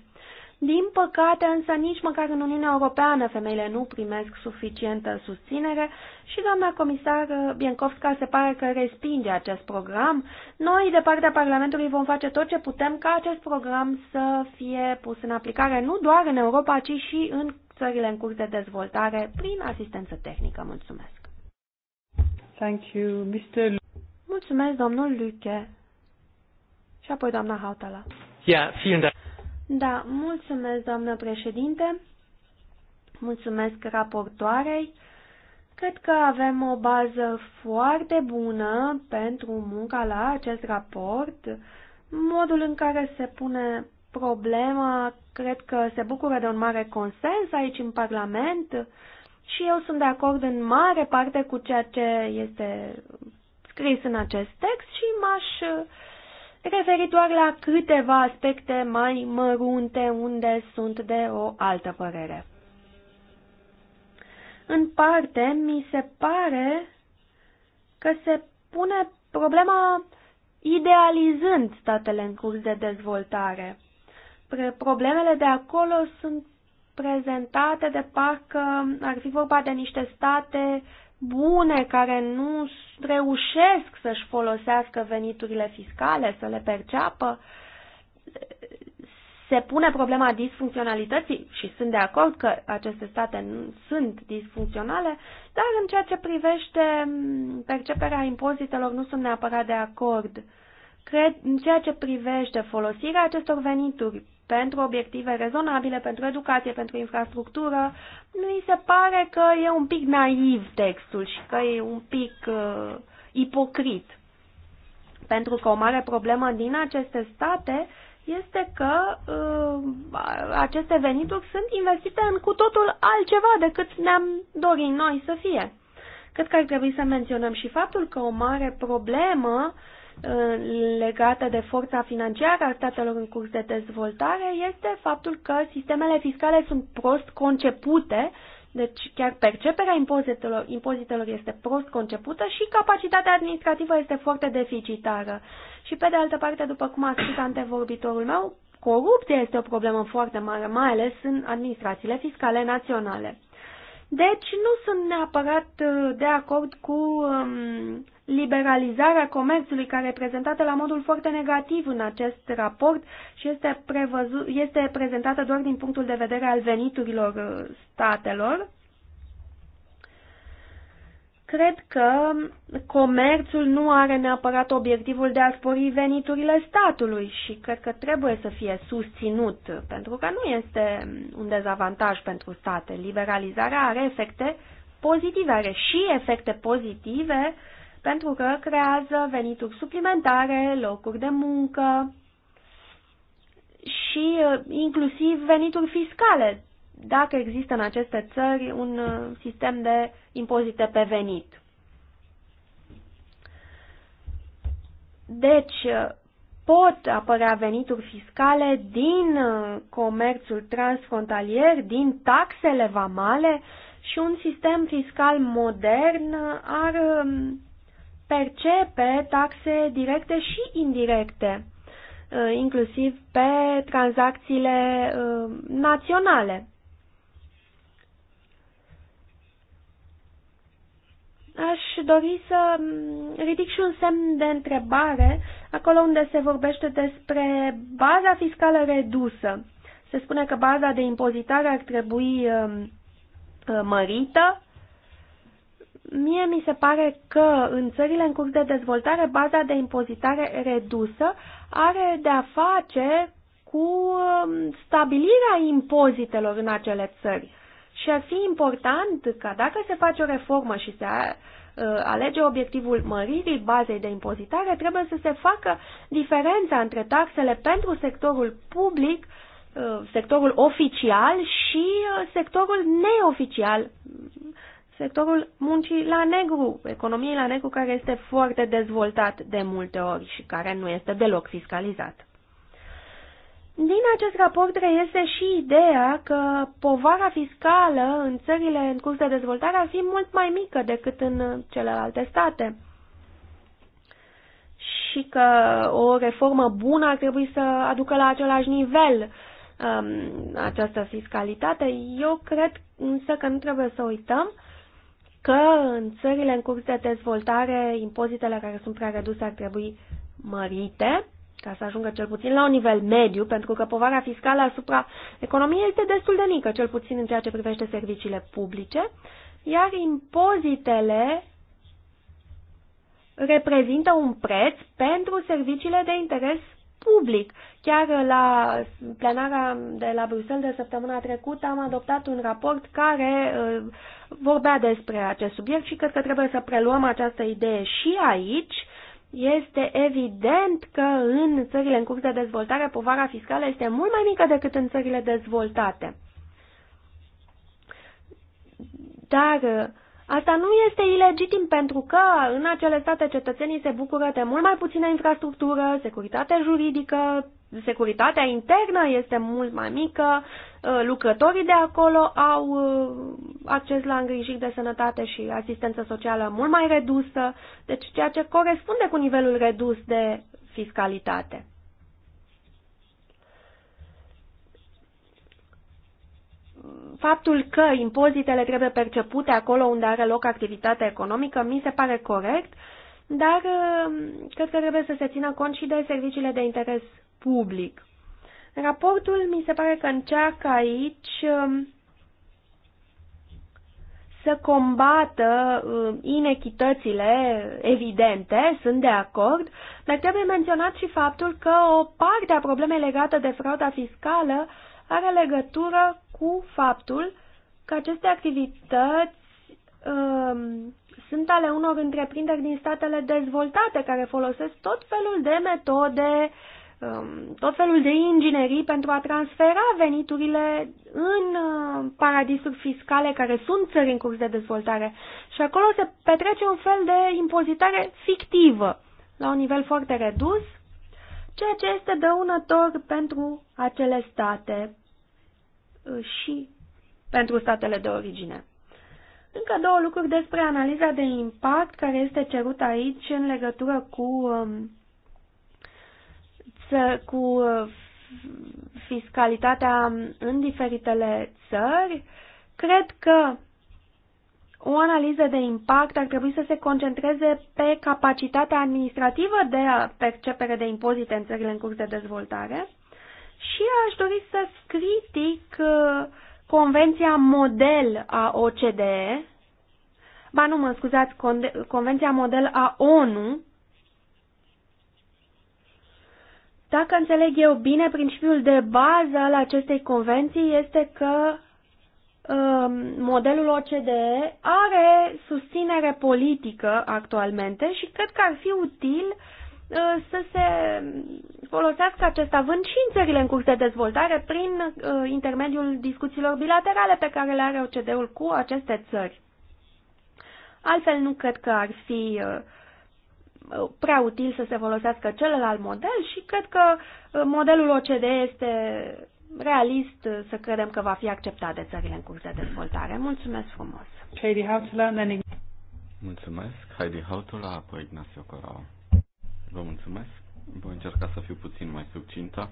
Din păcate, însă, nici măcar în Uniunea Europeană femeile nu primesc suficientă susținere și doamna comisar Biencovska se pare că respinge acest program. Noi, de partea Parlamentului, vom face tot ce putem ca acest program să fie pus în aplicare nu doar în Europa, ci și în țările în curs de dezvoltare prin asistență tehnică. Mulțumesc! Thank you, Mr. Mulțumesc, domnul Luche. Și apoi doamna Hautala. Yeah, vielen Dank. Da, mulțumesc, doamnă președinte. Mulțumesc raportoarei. Cred că avem o bază foarte bună pentru munca la acest raport. Modul în care se pune problema, cred că se bucură de un mare consens aici în Parlament și eu sunt de acord în mare parte cu ceea ce este scris în acest text și m-aș referitoare la câteva aspecte mai mărunte unde sunt de o altă părere. În parte, mi se pare că se pune problema idealizând statele în curs de dezvoltare. Problemele de acolo sunt prezentate de parcă ar fi vorba de niște state bune care nu reușesc să-și folosească veniturile fiscale, să le perceapă. Se pune problema disfuncționalității și sunt de acord că aceste state nu sunt disfuncționale, dar în ceea ce privește perceperea impozitelor nu sunt neapărat de acord. Cred, în ceea ce privește folosirea acestor venituri pentru obiective rezonabile, pentru educație, pentru infrastructură, mi se pare că e un pic naiv textul și că e un pic uh, ipocrit. Pentru că o mare problemă din aceste state este că uh, aceste venituri sunt investite în cu totul altceva decât ne-am dorit noi să fie. Cred că ar trebui să menționăm și faptul că o mare problemă uh, Uh, legată de forța financiară a statelor în curs de dezvoltare este faptul că sistemele fiscale sunt prost concepute, deci chiar perceperea impozitelor, impozitelor este prost concepută și capacitatea administrativă este foarte deficitară. Și pe de altă parte, după cum a spus antevorbitorul meu, corupția este o problemă foarte mare, mai ales în administrațiile fiscale naționale. Deci nu sunt neapărat uh, de acord cu um, liberalizarea comerțului care e prezentată la modul foarte negativ în acest raport și este, prevăzut, este prezentată doar din punctul de vedere al veniturilor uh, statelor. Cred că comerțul nu are neapărat obiectivul de a spori veniturile statului și cred că trebuie să fie susținut, pentru că nu este un dezavantaj pentru state. Liberalizarea are efecte pozitive, are și efecte pozitive pentru că creează venituri suplimentare, locuri de muncă și uh, inclusiv venituri fiscale dacă există în aceste țări un uh, sistem de impozite pe venit. Deci, uh, pot apărea venituri fiscale din uh, comerțul transfrontalier, din taxele vamale și un sistem fiscal modern ar um, percepe taxe directe și indirecte, inclusiv pe tranzacțiile naționale. aș dori să mm, ridic și un semn de întrebare acolo unde se vorbește despre baza fiscală redusă. Se spune că baza de impozitare ar trebui um, uh, mărită. Mie mi se pare că în țările în curs de dezvoltare baza de impozitare redusă are de a face cu um, stabilirea impozitelor în acele țări. Și ar fi important ca dacă se face o reformă și se uh, alege obiectivul măririi bazei de impozitare, trebuie să se facă diferența între taxele pentru sectorul public, uh, sectorul oficial și uh, sectorul neoficial, sectorul muncii la negru, economiei la negru care este foarte dezvoltat de multe ori și care nu este deloc fiscalizat. Din acest raport reiese și ideea că povara fiscală în țările în curs de dezvoltare ar fi mult mai mică decât în celelalte state și că o reformă bună ar trebui să aducă la același nivel um, această fiscalitate. Eu cred însă că nu trebuie să uităm că în țările în curs de dezvoltare impozitele care sunt prea reduse ar trebui mărite ca să ajungă cel puțin la un nivel mediu, pentru că povara fiscală asupra economiei este destul de mică, cel puțin în ceea ce privește serviciile publice, iar impozitele reprezintă un preț pentru serviciile de interes public. Chiar la plenara de la Bruxelles de săptămâna trecută am adoptat un raport care uh, vorbea despre acest subiect și cred că trebuie să preluăm această idee și aici este evident că în țările în curs de dezvoltare povara fiscală este mult mai mică decât în țările dezvoltate. Dar Asta nu este ilegitim pentru că în acele state cetățenii se bucură de mult mai puțină infrastructură, securitate juridică, securitatea internă este mult mai mică, ă, lucrătorii de acolo au ă, acces la îngrijiri de sănătate și asistență socială mult mai redusă, deci ceea ce corespunde cu nivelul redus de fiscalitate. faptul că impozitele trebuie percepute acolo unde are loc activitatea economică mi se pare corect, dar uh, cred că trebuie să se țină cont și de serviciile de interes public. Raportul mi se pare că încearcă aici um, să combată uh, inechitățile evidente, sunt de acord, dar trebuie menționat și faptul că o parte a problemei legată de frauda fiscală are legătură cu faptul că aceste activități um, sunt ale unor întreprinderi din statele dezvoltate care folosesc tot felul de metode, um, tot felul de inginerii pentru a transfera veniturile în uh, paradisuri fiscale care sunt țări în curs de dezvoltare. Și acolo se petrece un fel de impozitare fictivă, la un nivel foarte redus, ceea ce este dăunător pentru acele state și pentru statele de origine. Încă două lucruri despre analiza de impact care este cerută aici în legătură cu, um, cu uh, fiscalitatea în diferitele țări. Cred că o analiză de impact ar trebui să se concentreze pe capacitatea administrativă de percepere de impozite în țările în curs de dezvoltare și aș dori să critic uh, convenția model a OCDE, ba nu mă scuzați, convenția model a ONU, Dacă înțeleg eu bine, principiul de bază al acestei convenții este că um, modelul OCDE are susținere politică actualmente și cred că ar fi util uh, să se folosească acest avânt și în țările în curs de dezvoltare prin uh, intermediul discuțiilor bilaterale pe care le are OCDE-ul cu aceste țări. Altfel, nu cred că ar fi uh, uh, prea util să se folosească celălalt model și cred că uh, modelul OCDE este realist uh, să credem că va fi acceptat de țările în curs de dezvoltare. Mulțumesc frumos! Mulțumesc, Heidi Hautula, apoi Ignacio Corau. Vă mulțumesc! Voi încerca să fiu puțin mai subcintă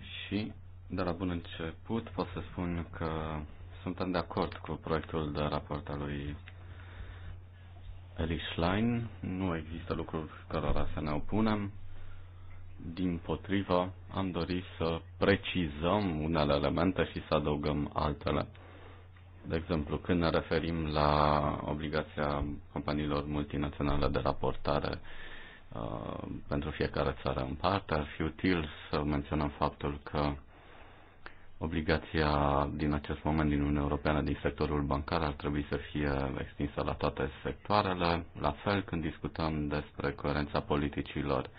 și de la bun început pot să spun că suntem de acord cu proiectul de raport al lui Eli Schlein. Nu există lucruri cărora să ne opunem. Din potrivă, am dorit să precizăm unele elemente și să adăugăm altele. De exemplu, când ne referim la obligația companiilor multinaționale de raportare Uh, pentru fiecare țară în parte. Ar fi util să menționăm faptul că obligația din acest moment din Uniunea Europeană din sectorul bancar ar trebui să fie extinsă la toate sectoarele, la fel când discutăm despre coerența politicilor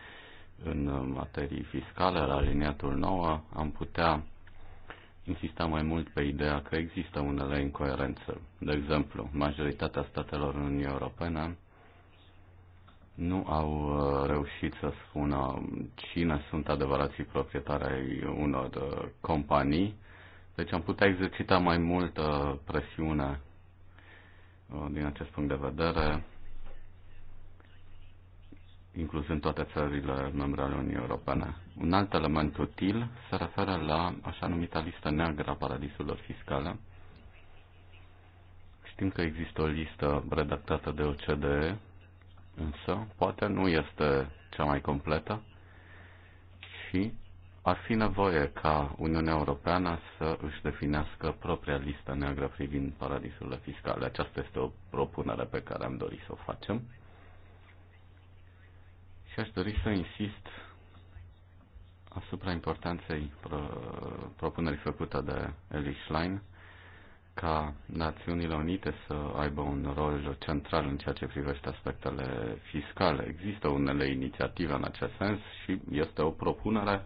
în materii fiscale, la aliniatul 9, am putea insista mai mult pe ideea că există unele incoerențe. De exemplu, majoritatea statelor în Uniunea Europeană nu au uh, reușit să spună cine sunt adevărații proprietari ai unor uh, companii, deci am putea exercita mai multă presiune uh, din acest punct de vedere, incluzând toate țările membre ale Uniunii Europene. Un alt element util se referă la așa numita listă neagră a paradisurilor fiscale. Știm că există o listă redactată de OCDE însă poate nu este cea mai completă și ar fi nevoie ca Uniunea Europeană să își definească propria listă neagră privind paradisurile fiscale. Aceasta este o propunere pe care am dorit să o facem. Și aș dori să insist asupra importanței pro- propunerii făcute de Eli Schlein ca Națiunile Unite să aibă un rol central în ceea ce privește aspectele fiscale. Există unele inițiative în acest sens și este o propunere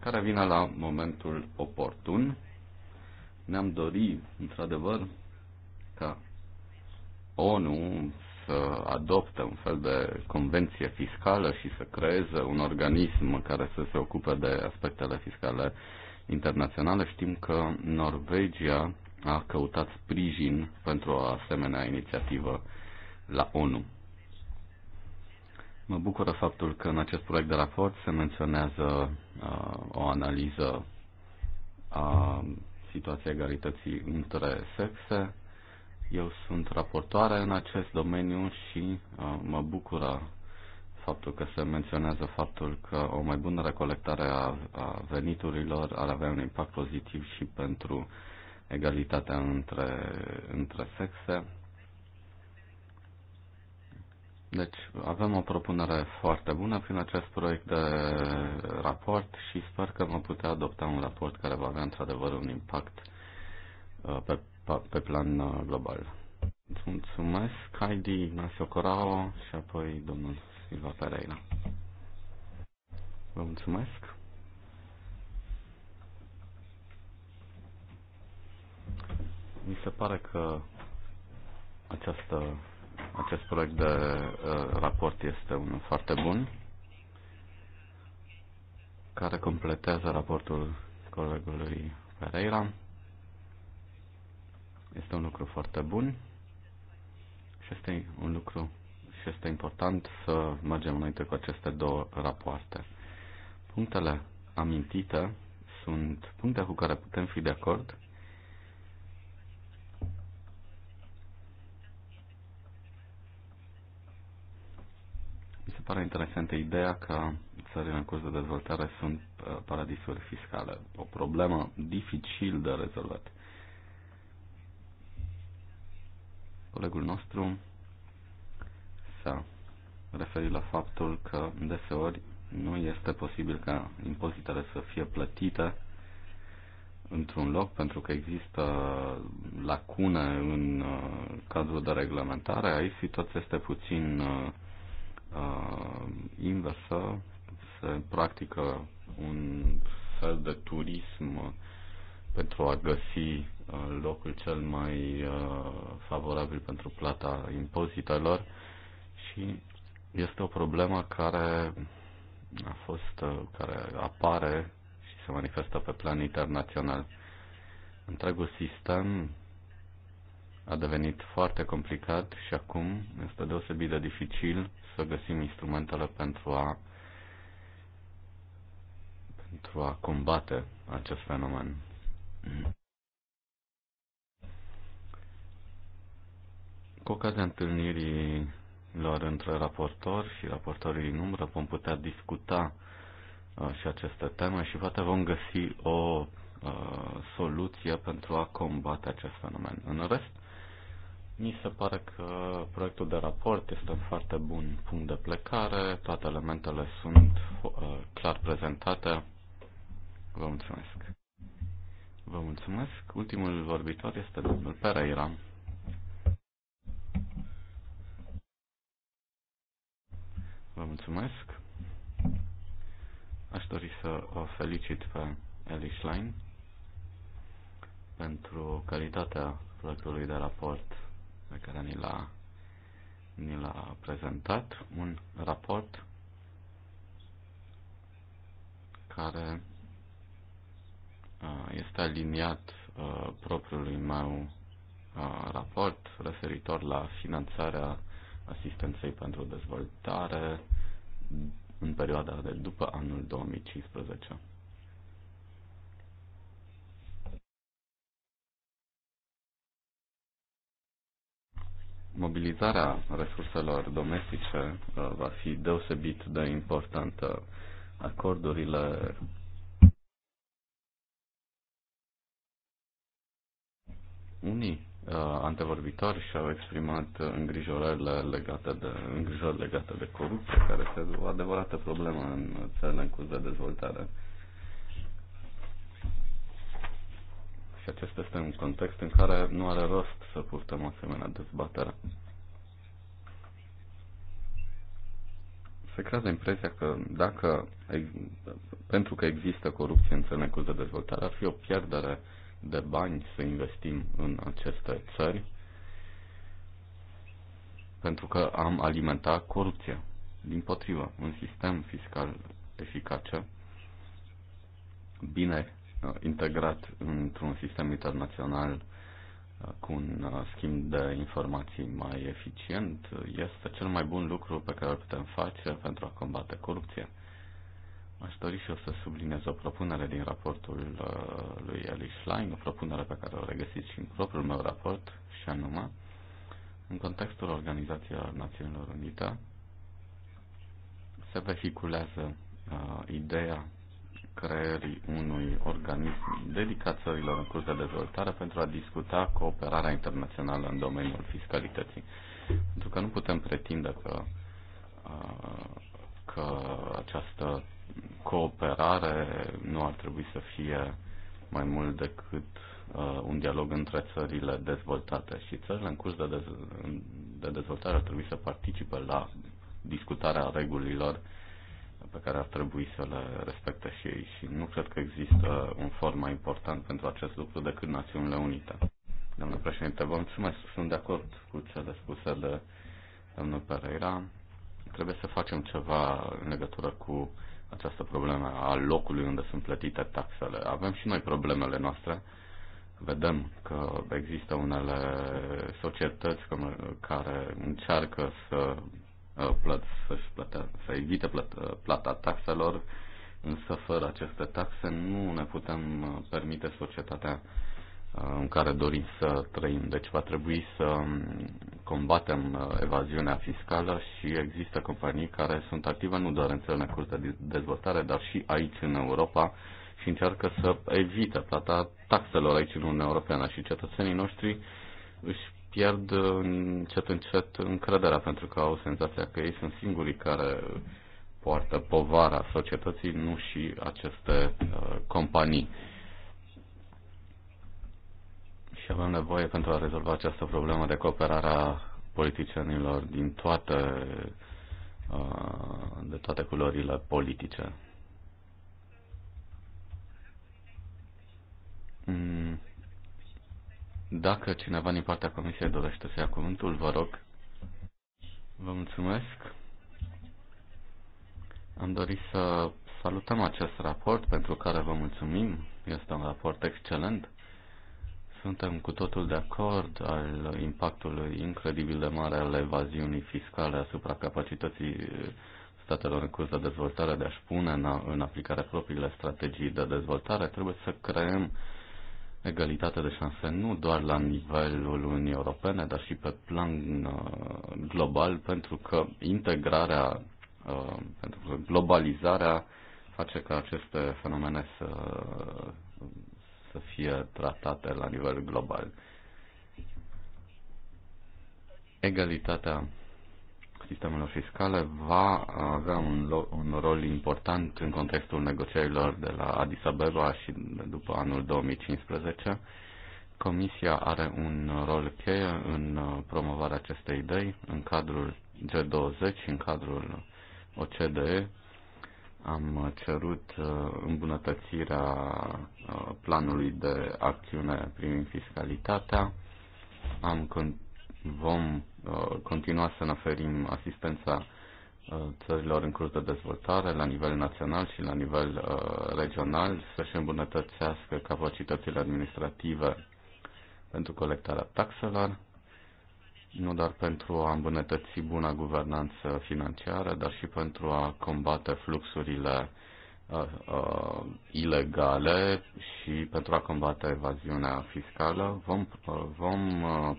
care vine la momentul oportun. Ne-am dorit, într-adevăr, ca ONU să adopte un fel de convenție fiscală și să creeze un organism care să se ocupe de aspectele fiscale internaționale. Știm că Norvegia a căutat sprijin pentru o asemenea inițiativă la ONU. Mă bucură faptul că în acest proiect de raport se menționează uh, o analiză a situației egalității între sexe. Eu sunt raportoare în acest domeniu și uh, mă bucură faptul că se menționează faptul că o mai bună recolectare a, a veniturilor ar avea un impact pozitiv și pentru egalitatea între, între sexe. Deci avem o propunere foarte bună prin acest proiect de raport și sper că vom putea adopta un raport care va avea într-adevăr un impact uh, pe, pe plan uh, global. Îți mulțumesc, Heidi Ignacio Corao și apoi domnul Silva Pereira. Vă mulțumesc. Mi se pare că această, acest proiect de uh, raport este unul foarte bun, care completează raportul colegului Pereira. Este un lucru foarte bun și este un lucru și este important să mergem înainte cu aceste două rapoarte. Punctele amintite sunt puncte cu care putem fi de acord pare interesantă ideea că țările în curs de dezvoltare sunt uh, paradisuri fiscale. O problemă dificil de rezolvat. Colegul nostru s-a referit la faptul că deseori nu este posibil ca impozitele să fie plătite într-un loc pentru că există lacune în uh, cadrul de reglementare. Aici situația este puțin uh, uh, inversă se practică un fel de turism pentru a găsi uh, locul cel mai uh, favorabil pentru plata impozitelor și este o problemă care a fost, uh, care apare și se manifestă pe plan internațional. Întregul sistem a devenit foarte complicat și acum este deosebit de dificil să găsim instrumentele pentru a pentru a combate acest fenomen. Cu ocazia întâlnirii lor între raportori și raportorii în umbră vom putea discuta uh, și aceste teme și poate vom găsi o uh, soluție pentru a combate acest fenomen. În rest, mi se pare că proiectul de raport este un foarte bun punct de plecare, toate elementele sunt uh, clar prezentate. Vă mulțumesc. Vă mulțumesc. Ultimul vorbitor este domnul Pereira. Vă mulțumesc. Aș dori să o felicit pe Eli pentru calitatea proiectului de raport pe care ni l-a, ni l-a prezentat, un raport care uh, este aliniat uh, propriului meu uh, raport referitor la finanțarea asistenței pentru dezvoltare în perioada de după anul 2015. mobilizarea resurselor domestice uh, va fi deosebit de importantă. Acordurile unii uh, antevorbitori și-au exprimat îngrijorările legate de, îngrijorări legate de corupție, care este o adevărată problemă în țările în curs de dezvoltare. Și acesta este un context în care nu are rost să purtăm o asemenea dezbatere. se creează impresia că dacă, pentru că există corupție în țările cu de dezvoltare, ar fi o pierdere de bani să investim în aceste țări, pentru că am alimentat corupția. Din potrivă, un sistem fiscal eficace, bine Uh, integrat într-un sistem internațional uh, cu un uh, schimb de informații mai eficient este cel mai bun lucru pe care îl putem face pentru a combate corupția. Aș dori și eu să subliniez o propunere din raportul lui Eli Schlein, o propunere pe care o regăsiți și în propriul meu raport, și anume, în contextul Organizației Națiunilor Unite, se vehiculează uh, ideea creării unui organism dedicat țărilor în curs de dezvoltare pentru a discuta cooperarea internațională în domeniul fiscalității. Pentru că nu putem pretinde că, că această cooperare nu ar trebui să fie mai mult decât uh, un dialog între țările dezvoltate și țările în curs de, dez- de dezvoltare ar trebui să participe la discutarea regulilor pe care ar trebui să le respecte și ei și nu cred că există un for mai important pentru acest lucru decât Națiunile Unite. Doamnă președinte, vă mulțumesc. Sunt de acord cu cele spuse de domnul Pereira. Trebuie să facem ceva în legătură cu această problemă a locului unde sunt plătite taxele. Avem și noi problemele noastre. Vedem că există unele societăți care încearcă să Uh, plăt, să-și să evite plăt, uh, plata taxelor, însă fără aceste taxe nu ne putem uh, permite societatea în care dorim să trăim. Deci va trebui să um, combatem evaziunea fiscală și există companii care sunt active nu doar în țările în curs de dezvoltare, dar și aici în Europa și încearcă să evite plata taxelor aici în Uniunea Europeană și cetățenii noștri își pierd încet încet încrederea pentru că au senzația că ei sunt singurii care poartă povara societății, nu și aceste uh, companii. Și avem nevoie pentru a rezolva această problemă de cooperarea politicienilor din toate, uh, de toate culorile politice. Mm. Dacă cineva din partea Comisiei dorește să ia cuvântul, vă rog. Vă mulțumesc. Am dorit să salutăm acest raport pentru care vă mulțumim. Este un raport excelent. Suntem cu totul de acord al impactului incredibil de mare al evaziunii fiscale asupra capacității statelor în curs de dezvoltare de a-și pune în, aplicarea aplicare propriile strategii de dezvoltare. Trebuie să creăm egalitate de șanse nu doar la nivelul Uniunii Europene, dar și pe plan uh, global, pentru că integrarea, uh, pentru că globalizarea face ca aceste fenomene să, să fie tratate la nivel global. Egalitatea sistemelor fiscale va avea un, un rol important în contextul negocierilor de la Addis Abeba și după anul 2015. Comisia are un rol cheie în promovarea acestei idei în cadrul G20 și în cadrul OCDE. Am cerut uh, îmbunătățirea uh, planului de acțiune privind fiscalitatea. Am, vom Uh, continua să ne oferim asistența uh, țărilor în curs de dezvoltare la nivel național și la nivel uh, regional să-și îmbunătățească capacitățile administrative pentru colectarea taxelor, nu doar pentru a îmbunătăți buna guvernanță financiară, dar și pentru a combate fluxurile ilegale și pentru a combate evaziunea fiscală. Vom, vom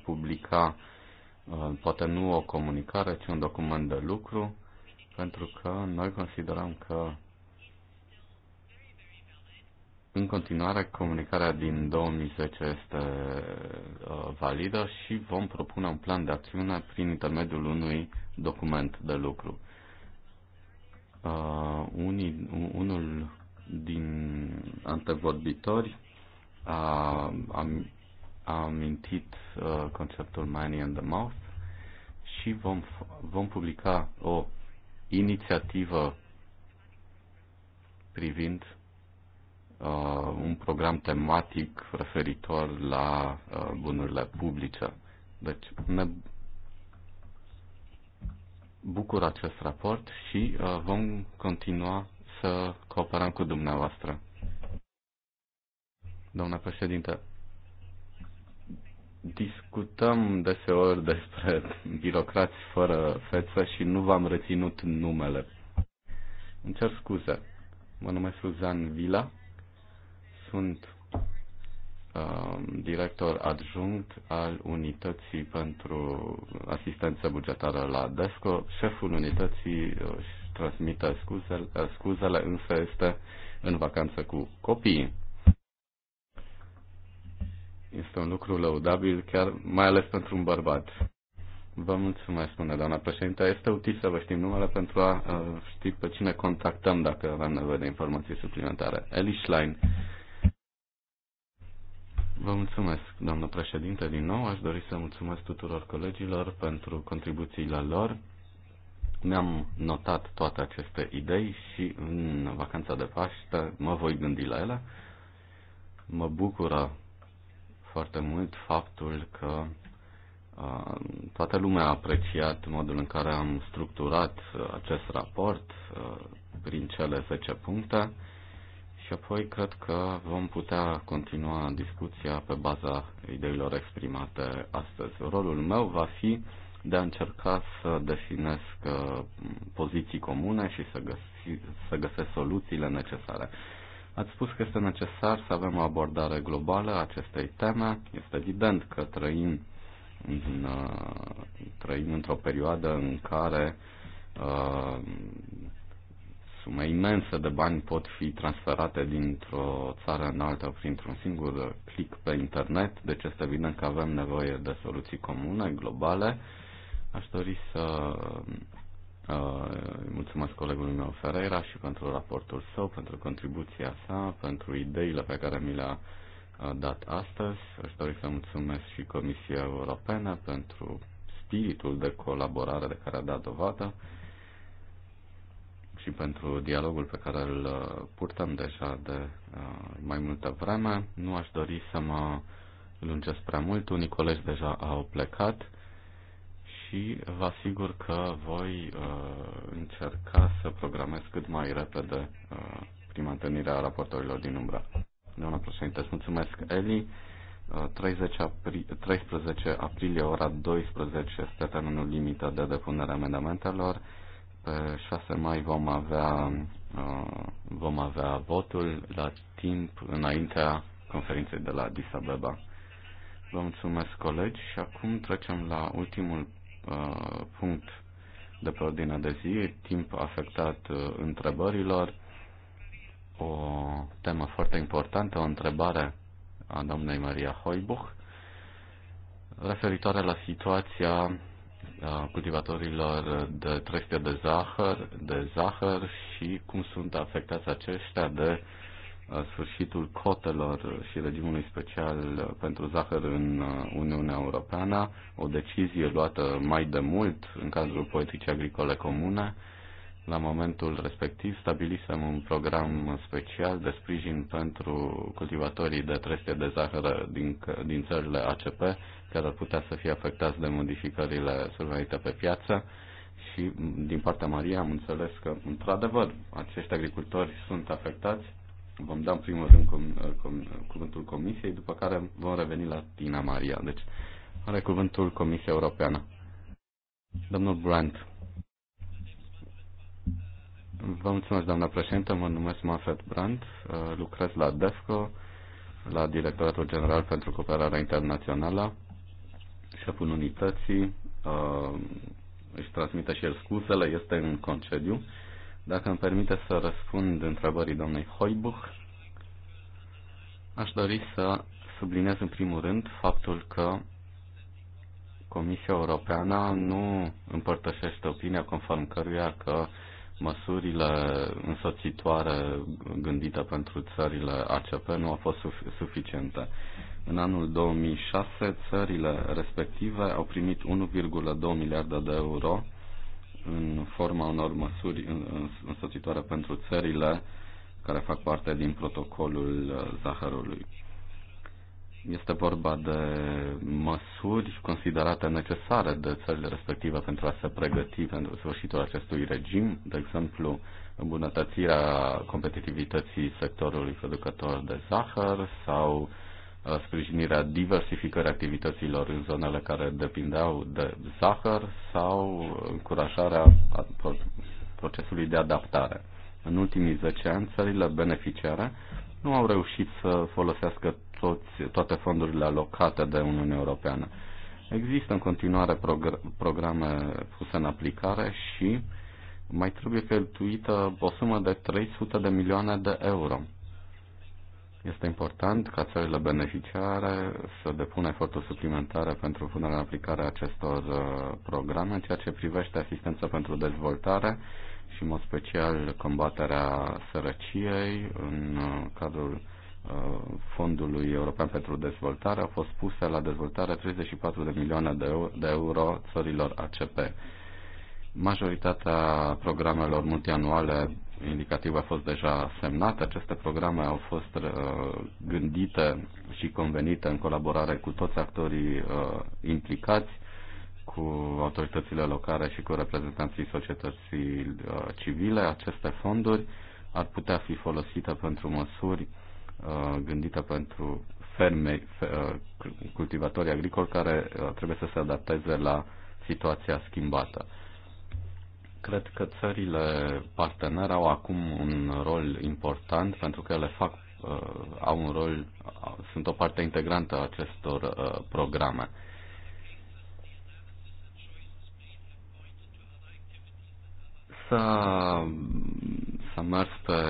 publica uh, Uh, poate nu o comunicare, ci un document de lucru, pentru că noi considerăm că în continuare comunicarea din 2010 este uh, validă și vom propune un plan de acțiune prin intermediul unui document de lucru. Uh, unii, unul din antevorbitori a, a a uh, conceptul Money in the Mouth și vom, vom publica o inițiativă privind uh, un program tematic referitor la uh, bunurile publice. Deci ne bucur acest raport și uh, vom continua să cooperăm cu dumneavoastră. Domnule președinte, Discutăm deseori despre birocrați fără feță și nu v-am reținut numele. Îmi cer scuze. Mă numesc Suzan Vila. Sunt uh, director adjunct al unității pentru asistență bugetară la DESCO. Șeful unității uh, își transmite scuzele, scuzele însă este în vacanță cu copiii. Este un lucru lăudabil, chiar mai ales pentru un bărbat. Vă mulțumesc, spune doamna președinte. Este util să vă știm numele pentru a ști pe cine contactăm dacă avem nevoie de informații suplimentare. Eli Schlein. Vă mulțumesc, doamnă președinte, din nou. Aș dori să mulțumesc tuturor colegilor pentru contribuțiile lor. Mi-am notat toate aceste idei și în vacanța de Paște mă voi gândi la ele. Mă bucură foarte mult faptul că uh, toată lumea a apreciat modul în care am structurat uh, acest raport uh, prin cele 10 puncte și apoi cred că vom putea continua discuția pe baza ideilor exprimate astăzi. Rolul meu va fi de a încerca să definesc poziții comune și să, găsi, să găsesc soluțiile necesare. Ați spus că este necesar să avem o abordare globală a acestei teme. Este evident că trăim, în, uh, trăim într-o perioadă în care uh, sume imense de bani pot fi transferate dintr-o țară în alta printr-un singur click pe internet, deci este evident că avem nevoie de soluții comune, globale. Aș dori să Uh, mulțumesc colegului meu Ferreira și pentru raportul său, pentru contribuția sa, pentru ideile pe care mi le-a uh, dat astăzi. Aș dori să mulțumesc și Comisia Europeană pentru spiritul de colaborare de care a dat dovadă și pentru dialogul pe care îl uh, purtăm deja de uh, mai multă vreme. Nu aș dori să mă lungesc prea mult, unii colegi deja au plecat și vă asigur că voi uh, încerca să programez cât mai repede uh, prima întâlnire a raportorilor din umbra. Doamna președinte, îți mulțumesc, Eli. 30 uh, apri, 13 aprilie, ora 12, este termenul limită de depunere amendamentelor. Pe 6 mai vom avea, vom avea votul la timp înaintea conferinței de la Disabeba. Vă mulțumesc, colegi, și acum trecem la ultimul Uh, punct de pe ordinea de zi, timp afectat uh, întrebărilor, o temă foarte importantă, o întrebare a doamnei Maria Hoibuch referitoare la situația uh, cultivatorilor de trestie de zahăr, de zahăr și cum sunt afectați aceștia de Uh, sfârșitul cotelor și regimului special pentru zahăr în uh, Uniunea Europeană, o decizie luată mai de mult în cadrul politicii agricole comune. La momentul respectiv stabilisem un program special de sprijin pentru cultivatorii de trestie de zahăr din, din țările ACP, care ar putea să fie afectați de modificările survenite pe piață și din partea Maria am înțeles că, într-adevăr, acești agricultori sunt afectați Vom da în primul rând com, uh, com, uh, cuvântul Comisiei, după care vom reveni la Tina Maria. Deci are cuvântul Comisia Europeană. Domnul Brandt. Vă mulțumesc, doamna președintă. Mă numesc Manfred Brandt. Uh, lucrez la DEFCO, la Directoratul General pentru Cooperarea Internațională, șeful unității. Își transmite și el scuzele, este în concediu dacă îmi permite să răspund întrebării domnului Hoibuch, aș dori să subliniez în primul rând faptul că Comisia Europeană nu împărtășește opinia conform căruia că măsurile însoțitoare gândite pentru țările ACP nu au fost suficiente. În anul 2006, țările respective au primit 1,2 miliarde de euro în forma unor măsuri însoțitoare pentru țările care fac parte din protocolul uh, zahărului. Este vorba de măsuri considerate necesare de țările respective pentru a se pregăti pentru sfârșitul acestui regim, de exemplu, îmbunătățirea competitivității sectorului producător de zahăr sau Uh, sprijinirea diversificării activităților în zonele care depindeau de zahăr sau încurajarea procesului de adaptare. În ultimii 10 ani, țările beneficiare nu au reușit să folosească toți, toate fondurile alocate de Uniunea Europeană. Există în continuare progr- programe puse în aplicare și mai trebuie cheltuită o sumă de 300 de milioane de euro. Este important ca țările beneficiare să depună eforturi suplimentare pentru punerea în aplicare acestor uh, programe în ceea ce privește asistența pentru dezvoltare și, în mod special, combaterea sărăciei în uh, cadrul uh, Fondului European pentru Dezvoltare au fost puse la dezvoltare 34 de milioane de euro țărilor ACP Majoritatea programelor multianuale indicative a fost deja semnată. Aceste programe au fost uh, gândite și convenite în colaborare cu toți actorii uh, implicați, cu autoritățile locale și cu reprezentanții societății uh, civile. Aceste fonduri ar putea fi folosite pentru măsuri uh, gândite pentru fermei, uh, cultivatorii agricoli care uh, trebuie să se adapteze la situația schimbată. Cred că țările partenere au acum un rol important pentru că ele fac, uh, au un rol, uh, sunt o parte integrantă a acestor uh, programe. s-a, s-a mers pe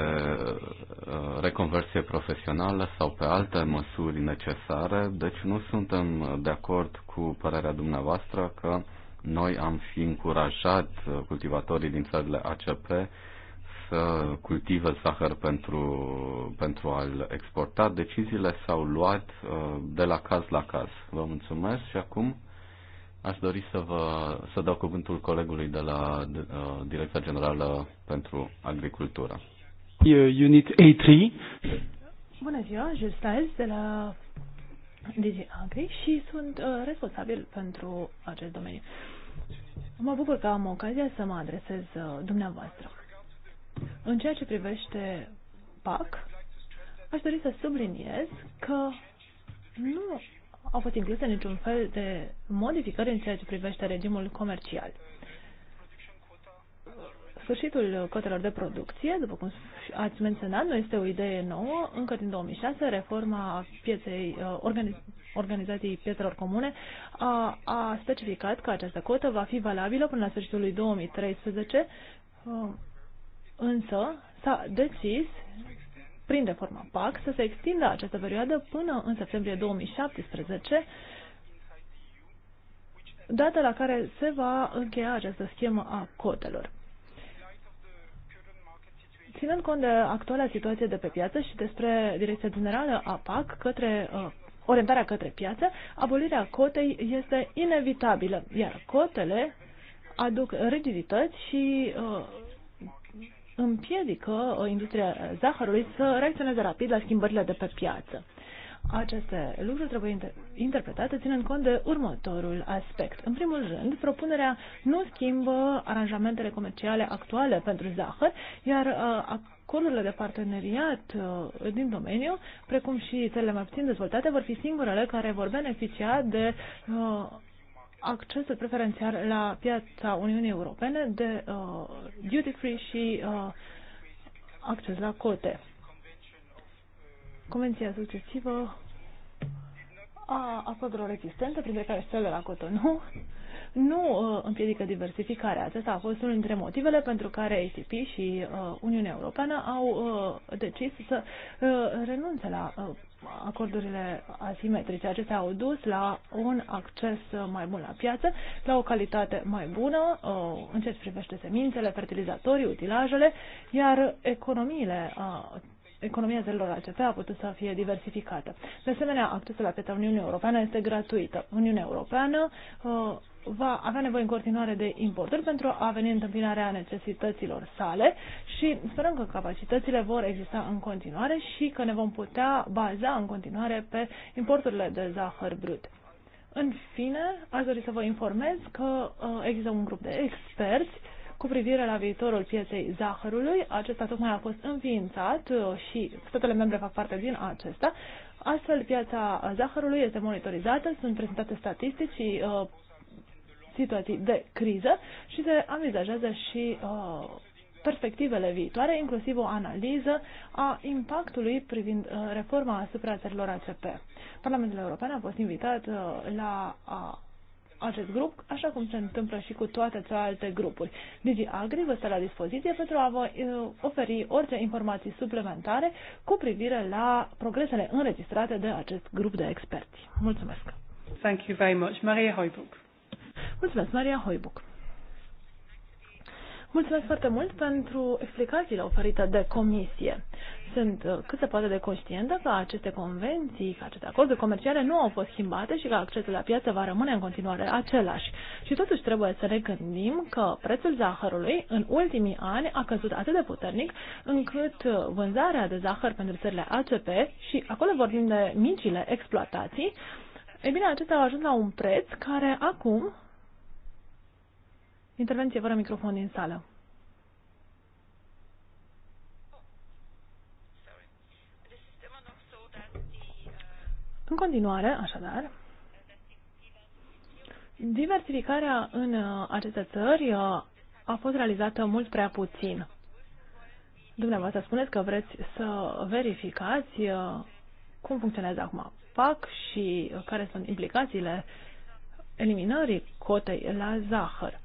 reconversie profesională sau pe alte măsuri necesare, deci nu suntem de acord cu părerea dumneavoastră că noi am fi încurajat uh, cultivatorii din țările ACP să cultive zahăr pentru, pentru a-l exporta. Deciziile s-au luat uh, de la caz la caz. Vă mulțumesc și acum aș dori să, vă, să dau cuvântul colegului de la uh, Direcția Generală pentru Agricultură. Unit A3. Bună ziua, Jules de la DG Agri și sunt uh, responsabil pentru acest domeniu. Mă bucur că am ocazia să mă adresez uh, dumneavoastră. În ceea ce privește PAC, aș dori să subliniez că nu au fost incluse niciun fel de modificări în ceea ce privește regimul comercial sfârșitul cotelor de producție, după cum ați menționat, nu este o idee nouă. Încă din 2006, reforma pieței, uh, organiz, Organizației pietelor Comune a, a specificat că această cotă va fi valabilă până la sfârșitul lui 2013, uh, însă s-a decis prin reforma PAC să se extindă această perioadă până în septembrie 2017, data la care se va încheia această schemă a cotelor. Ținând cont de actuala situație de pe piață și despre Direcția Generală a PAC către uh, orientarea către piață, abolirea cotei este inevitabilă, iar cotele aduc rigidități și uh, împiedică uh, industria zahărului să reacționeze rapid la schimbările de pe piață. Aceste lucruri trebuie inter interpretate ținând cont de următorul aspect. În primul rând, propunerea nu schimbă aranjamentele comerciale actuale pentru zahăr, iar uh, acordurile de parteneriat uh, din domeniu, precum și țările mai puțin dezvoltate, vor fi singurele care vor beneficia de uh, accesul preferențial la piața Uniunii Europene, de uh, duty-free și uh, acces la cote. Convenția succesivă a acordurilor rezistentă, printre care și de la Cotonou, nu uh, împiedică diversificarea. Acesta a fost unul dintre motivele pentru care ACP și uh, Uniunea Europeană au uh, decis să uh, renunțe la uh, acordurile asimetrice. Acestea au dus la un acces mai bun la piață, la o calitate mai bună uh, în ce privește semințele, fertilizatorii, utilajele, iar economiile uh, economia zelor ACP a putut să fie diversificată. De asemenea, accesul la piața Uniunii Europeană este gratuită. Uniunea Europeană uh, va avea nevoie în continuare de importuri pentru a veni întâmpinarea necesităților sale și sperăm că capacitățile vor exista în continuare și că ne vom putea baza în continuare pe importurile de zahăr brut. În fine, aș dori să vă informez că uh, există un grup de experți cu privire la viitorul pieței zahărului. Acesta tocmai a fost înființat uh, și statele membre fac parte din acesta. Astfel, piața zahărului este monitorizată, sunt prezentate statistici și uh, situații de criză și se amizajează și uh, perspectivele viitoare, inclusiv o analiză a impactului privind uh, reforma asupra țărilor ACP. Parlamentul European a fost invitat uh, la a acest grup, așa cum se întâmplă și cu toate celelalte grupuri. Digi Agri vă stă la dispoziție pentru a vă uh, oferi orice informații suplimentare cu privire la progresele înregistrate de acest grup de experți. Mulțumesc! Thank you very much. Maria Hoibuch. Mulțumesc, Maria Hoibuch. Mulțumesc foarte mult pentru explicațiile oferite de comisie. Sunt uh, cât se poate de conștientă că aceste convenții, că aceste acorduri comerciale nu au fost schimbate și că accesul la piață va rămâne în continuare același. Și totuși trebuie să ne gândim că prețul zahărului în ultimii ani a căzut atât de puternic încât uh, vânzarea de zahăr pentru țările ACP și acolo vorbim de micile exploatații, e bine, acestea au ajuns la un preț care acum Intervenție fără microfon din sală. În continuare, așadar, diversificarea în uh, aceste țări uh, a fost realizată mult prea puțin. Dumneavoastră spuneți că vreți să verificați uh, cum funcționează acum PAC și care sunt implicațiile eliminării cotei la zahăr.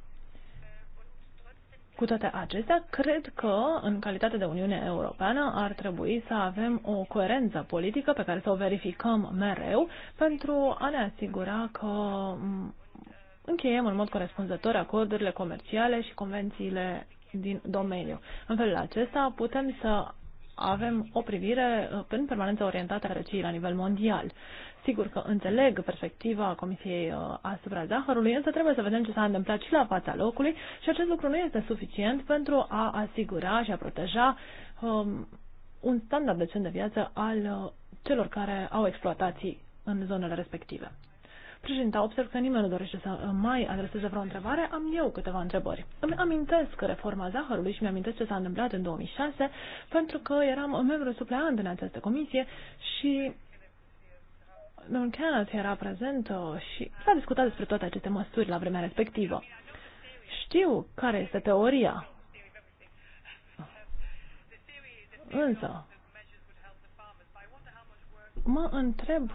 Cu toate acestea, cred că, în calitate de Uniune Europeană, ar trebui să avem o coerență politică pe care să o verificăm mereu pentru a ne asigura că încheiem în mod corespunzător acordurile comerciale și convențiile din domeniu. În felul acesta putem să avem o privire uh, în permanență orientată a la nivel mondial. Sigur că înțeleg perspectiva Comisiei uh, asupra zahărului, însă trebuie să vedem ce s-a întâmplat și la fața locului și acest lucru nu este suficient pentru a asigura și a proteja um, un standard decent de viață al uh, celor care au exploatații în zonele respective. Președinte, observ că nimeni nu dorește să mai adreseze vreo întrebare, am eu câteva întrebări. Îmi amintesc reforma zahărului și mi-amintesc ce s-a întâmplat în 2006, pentru că eram membru supleant în această comisie și domnul Kenneth era prezent uh, și s-a discutat despre toate aceste măsuri la vremea respectivă. Știu care este teoria. Însă, mă întreb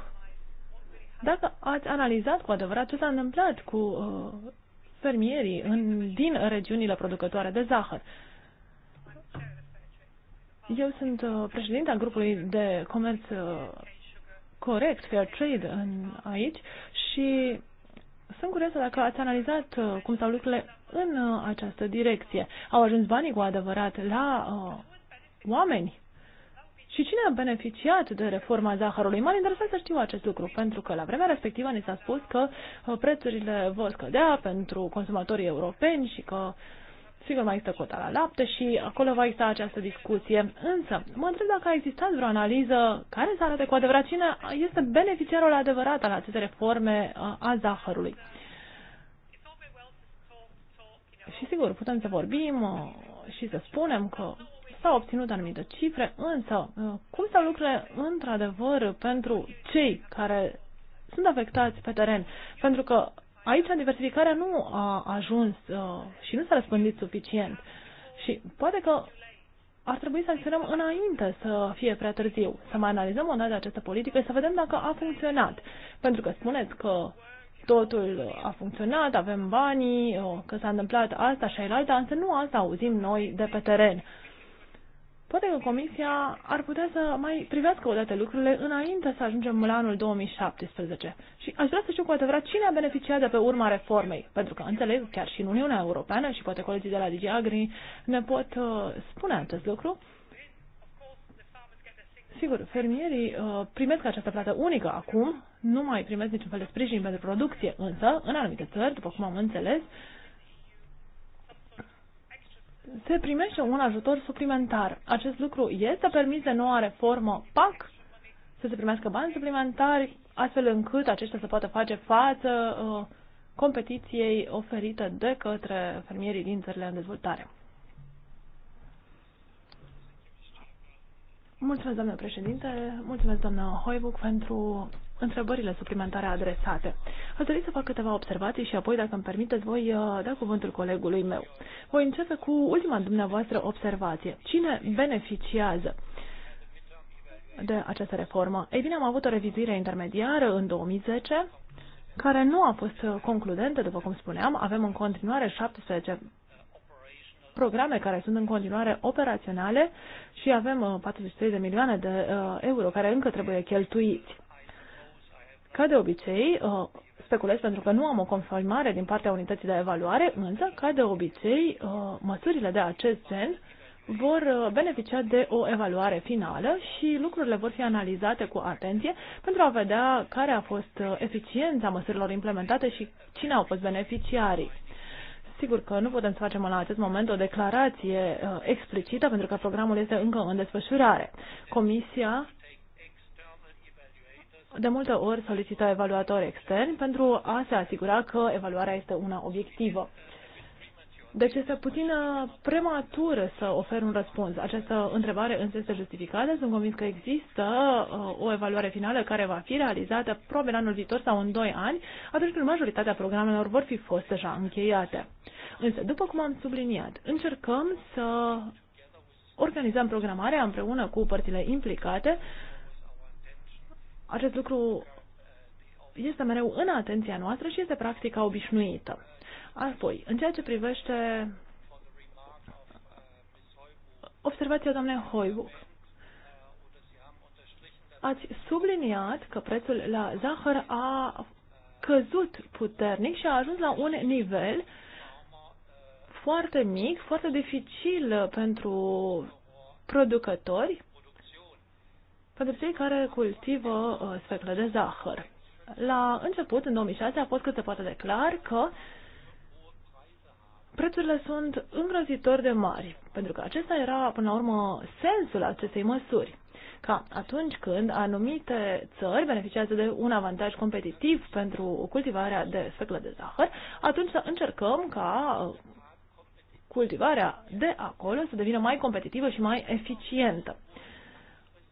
dacă ați analizat cu adevărat ce s-a întâmplat cu uh, fermierii în, din regiunile producătoare de zahăr. Eu sunt uh, președinta grupului de comerț uh, corect fair trade în, aici și sunt curioasă dacă ați analizat uh, cum stau lucrurile în uh, această direcție. Au ajuns banii cu adevărat la uh, oameni? Și cine a beneficiat de reforma zahărului? M-ar interesa să știu acest lucru, pentru că la vremea respectivă ni s-a spus că uh, prețurile vor scădea pentru consumatorii europeni și că uh, Sigur, mai există cota la lapte și acolo va exista această discuție. Însă, mă întreb dacă a existat vreo analiză care să arate cu adevărat cine este beneficiarul adevărat al acestei reforme uh, a zahărului. Și sigur, putem să vorbim uh, și să spunem că s-au obținut anumite cifre, însă uh, cum stau lucrurile într-adevăr pentru cei care sunt afectați pe teren? Pentru că aici diversificarea nu a ajuns uh, și nu s-a răspândit suficient. Și poate că ar trebui să acționăm înainte să fie prea târziu, să mai analizăm o dată această politică și să vedem dacă a funcționat. Pentru că spuneți că totul a funcționat, avem banii, uh, că s-a întâmplat asta și aia, însă nu asta auzim noi de pe teren. Poate că Comisia ar putea să mai privească o dată lucrurile înainte să ajungem la anul 2017. Și aș vrea să știu cu adevărat cine a beneficiat de pe urma reformei. Pentru că înțeleg chiar și în Uniunea Europeană și poate colegii de la DG Agri ne pot uh, spune acest lucru. Sigur, fermierii uh, primesc această plată unică acum, nu mai primesc niciun fel de sprijin pentru producție, însă, în anumite țări, după cum am înțeles, uh, se primește un ajutor suplimentar. Acest lucru este permis de noua reformă PAC, să se primească bani suplimentari, astfel încât aceștia să poată face față uh, competiției oferite de către fermierii din țările în dezvoltare. Mulțumesc, doamnă președinte, mulțumesc, doamnă Hoibuc, pentru întrebările suplimentare adresate. Aș dori să fac câteva observații și apoi, dacă îmi permiteți, voi uh, da cuvântul colegului meu. Voi începe cu ultima dumneavoastră observație. Cine beneficiază de această reformă? Ei bine, am avut o revizuire intermediară în 2010 care nu a fost uh, concludentă, după cum spuneam. Avem în continuare 17 programe care sunt în continuare operaționale și avem 43 uh, de milioane de euro care încă trebuie cheltuiți. Ca de obicei, uh, speculez pentru că nu am o confirmare din partea unității de evaluare, însă, ca de obicei, uh, măsurile de acest gen vor uh, beneficia de o evaluare finală și lucrurile vor fi analizate cu atenție pentru a vedea care a fost eficiența măsurilor implementate și cine au fost beneficiarii. Sigur că nu putem să facem la acest moment o declarație explicită pentru că programul este încă în desfășurare. Comisia de multe ori solicită evaluatori externi pentru a se asigura că evaluarea este una obiectivă. Deci este puțin uh, prematur să ofer un răspuns. Această întrebare însă este justificată. Sunt convins că există uh, o evaluare finală care va fi realizată probabil anul viitor sau în 2 ani, atunci când majoritatea programelor vor fi fost deja încheiate. Însă, după cum am subliniat, încercăm să organizăm programarea împreună cu părțile implicate acest lucru este mereu în atenția noastră și este practica obișnuită. Apoi, în ceea ce privește observația doamnei Hoibuch, ați subliniat că prețul la zahăr a căzut puternic și a ajuns la un nivel foarte mic, foarte dificil pentru producători pentru cei care cultivă uh, sfeclă de zahăr. La început, în 2006, a fost cât se poate de clar că prețurile sunt îngrozitor de mari, pentru că acesta era, până la urmă, sensul acestei măsuri. Ca atunci când anumite țări beneficiază de un avantaj competitiv pentru cultivarea de sfeclă de zahăr, atunci să încercăm ca uh, cultivarea de acolo să devină mai competitivă și mai eficientă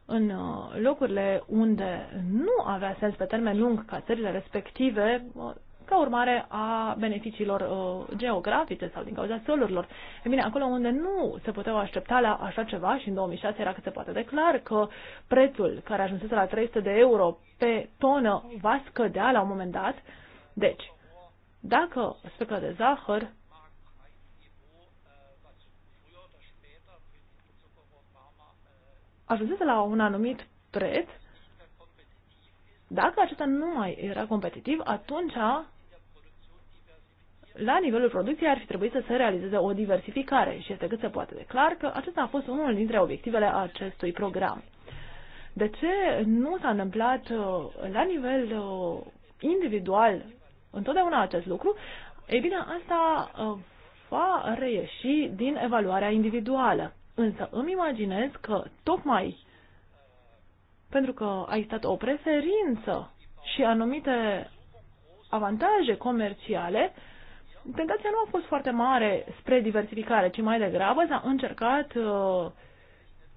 în uh, locurile unde nu avea sens pe termen lung ca țările respective, uh, ca urmare a beneficiilor uh, geografice sau din cauza solurilor. E bine, acolo unde nu se puteau aștepta la așa ceva și în 2006 era cât se poate declar că prețul care ajunsese la 300 de euro pe tonă va scădea la un moment dat. Deci, dacă speca de zahăr ajunsese la un anumit preț, dacă acesta nu mai era competitiv, atunci la nivelul producției ar fi trebuit să se realizeze o diversificare și este cât se poate de clar că acesta a fost unul dintre obiectivele acestui program. De ce nu s-a întâmplat uh, la nivel uh, individual întotdeauna acest lucru? Ei bine, asta uh, va reieși din evaluarea individuală. Însă îmi imaginez că tocmai pentru că a existat o preferință și anumite avantaje comerciale, tentația nu a fost foarte mare spre diversificare, ci mai degrabă s-a încercat uh,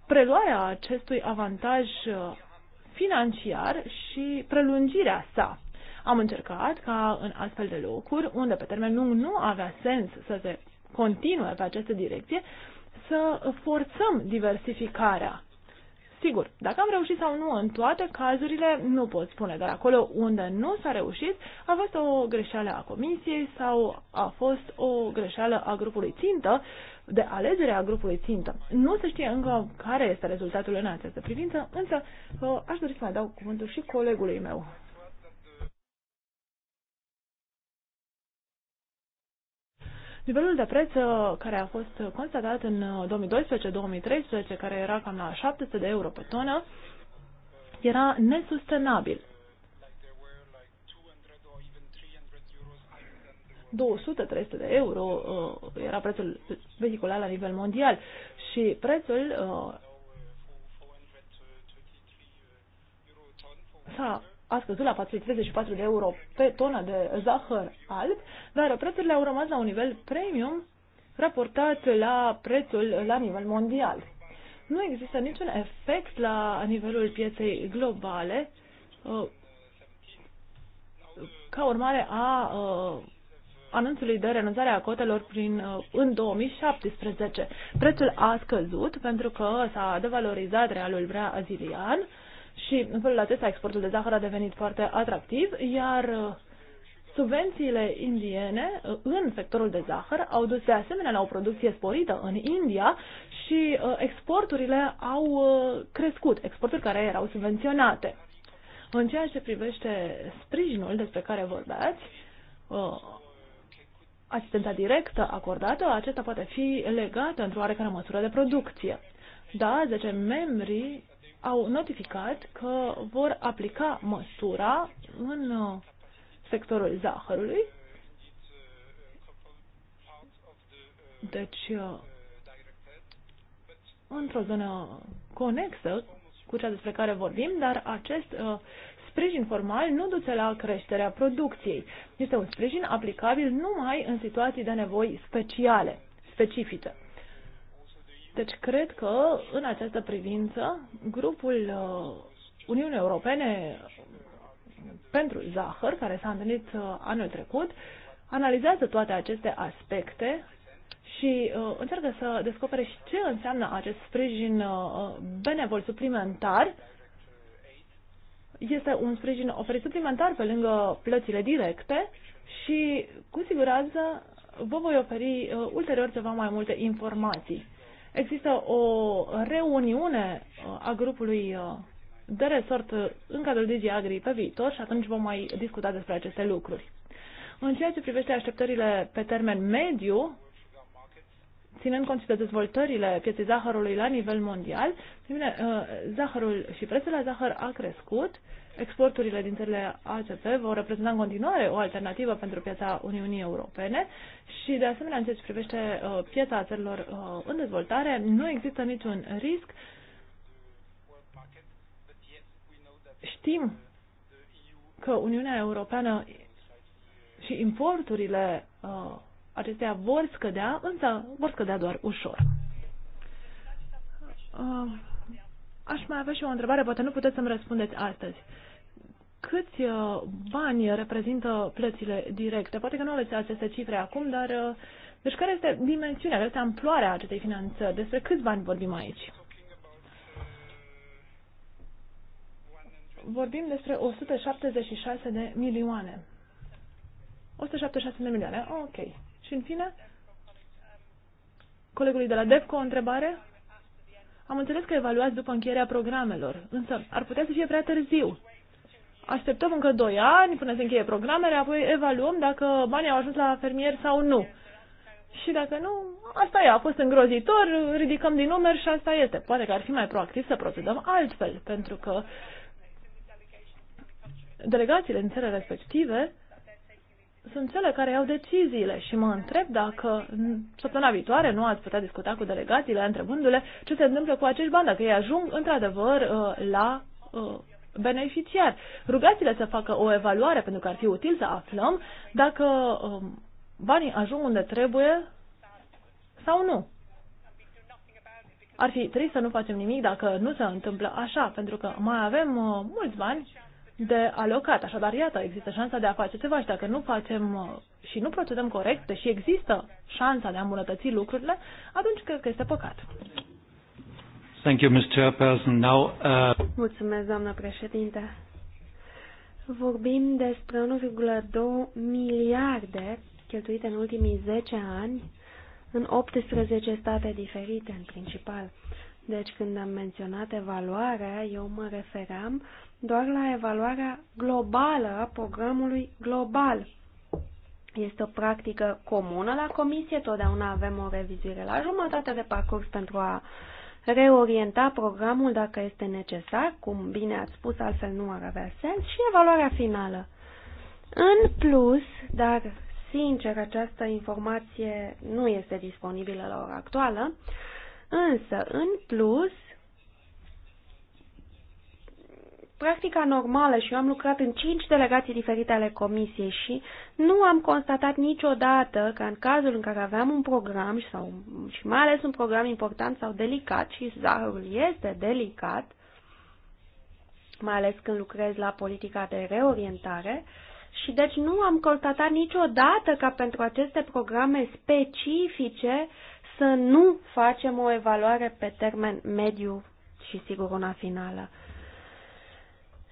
preluarea acestui avantaj uh, financiar și prelungirea sa. Am încercat ca în astfel de locuri, unde pe termen lung nu avea sens să se continue pe această direcție, să forțăm diversificarea. Sigur, dacă am reușit sau nu în toate cazurile, nu pot spune, dar acolo unde nu s-a reușit, a fost o greșeală a comisiei sau a fost o greșeală a grupului țintă, de alegere a grupului țintă. Nu se știe încă care este rezultatul în această privință, însă aș dori să mai dau cuvântul și colegului meu, Nivelul de preț uh, care a fost constatat în 2012-2013, uh, care era cam la 700 de euro pe tonă, era nesustenabil. 200-300 de euro uh, era prețul vehicular la nivel mondial și prețul uh, s-a a scăzut la 434 de euro pe tonă de zahăr alb, dar prețurile au rămas la un nivel premium raportat la prețul la nivel mondial. Nu există niciun efect la nivelul pieței globale uh, ca urmare a uh, anunțului de renunțare a cotelor prin, uh, în 2017. Prețul a scăzut pentru că s-a devalorizat realul brazilian și în felul acesta exportul de zahăr a devenit foarte atractiv, iar uh, subvențiile indiene uh, în sectorul de zahăr au dus de asemenea la o producție sporită în India și uh, exporturile au crescut, exporturi care erau subvenționate. În ceea ce privește sprijinul despre care vorbeați, asistența directă acordată, acesta poate fi legată într-o oarecare măsură de producție. Da, 10 membri au notificat că vor aplica măsura în uh, sectorul zahărului. Deci, uh, într-o zonă conexă cu cea despre care vorbim, dar acest uh, sprijin formal nu duce la creșterea producției. Este un sprijin aplicabil numai în situații de nevoi speciale, specifice. Deci cred că în această privință grupul uh, Uniunii Europene uh, pentru zahăr, care s-a întâlnit uh, anul trecut, analizează toate aceste aspecte și uh, încearcă să descopere și ce înseamnă acest sprijin uh, benevol suplimentar. Este un sprijin oferit suplimentar pe lângă plățile directe și cu siguranță vă voi oferi uh, ulterior ceva mai multe informații. Există o reuniune uh, a grupului uh, de resort uh, în cadrul DG Agri pe viitor și atunci vom mai discuta despre aceste lucruri. În ceea ce privește așteptările pe termen mediu, ținând cont și de dezvoltările pieței zahărului la nivel mondial, bine, uh, zahărul și prețul la zahăr a crescut, exporturile din țările ACP vor reprezenta în continuare o alternativă pentru piața Uniunii Europene și, de asemenea, în ceea ce privește uh, piața țărilor uh, în dezvoltare, nu există niciun risc. Știm că Uniunea Europeană și importurile uh, acestea vor scădea, însă vor scădea doar ușor. Uh, aș mai avea și o întrebare, poate nu puteți să-mi răspundeți astăzi. Câți uh, bani reprezintă plățile directe? Poate că nu aveți aceste cifre acum, dar uh, deci care este dimensiunea, care este amploarea acestei finanțări? Despre câți bani vorbim aici? Vorbim despre 176 de milioane. 176 de milioane, ok. Și în fine, colegului de la DEFCO o întrebare? Am înțeles că evaluați după încheierea programelor, însă ar putea să fie prea târziu. Așteptăm încă doi ani până se încheie programele, apoi evaluăm dacă banii au ajuns la fermier sau nu. Și dacă nu, asta e, a fost îngrozitor, ridicăm din numeri și asta este. Poate că ar fi mai proactiv să procedăm altfel, pentru că delegațiile în țările respective sunt cele care iau deciziile și mă întreb dacă săptămâna viitoare nu ați putea discuta cu delegațiile întrebându-le ce se întâmplă cu acești bani, dacă ei ajung într-adevăr uh, la uh, beneficiar. Rugați-le să facă o evaluare pentru că ar fi util să aflăm dacă um, banii ajung unde trebuie sau nu. Ar fi trist să nu facem nimic dacă nu se întâmplă așa, pentru că mai avem uh, mulți bani de alocat. Așadar, iată, există șansa de a face ceva și dacă nu facem uh, și nu procedăm corect, deși există șansa de a îmbunătăți lucrurile, atunci cred că este păcat. Thank you, Mr. Chairperson. Now, uh... Mulțumesc, doamnă președinte. Vorbim despre 1,2 miliarde cheltuite în ultimii 10 ani în 18 state diferite, în principal. Deci când am menționat evaluarea, eu mă refeream doar la evaluarea globală a programului global. Este o practică comună la comisie, totdeauna avem o revizuire la jumătate de parcurs pentru a reorienta programul dacă este necesar, cum bine ați spus, altfel nu ar avea sens, și evaluarea finală. În plus, dar sincer, această informație nu este disponibilă la ora actuală, Însă, în plus, practica normală și eu am lucrat în cinci delegații diferite ale comisiei și nu am constatat niciodată că în cazul în care aveam un program sau, și mai ales un program important sau delicat și zahărul este delicat, mai ales când lucrez la politica de reorientare, și deci nu am constatat niciodată ca pentru aceste programe specifice să nu facem o evaluare pe termen mediu și sigur una finală.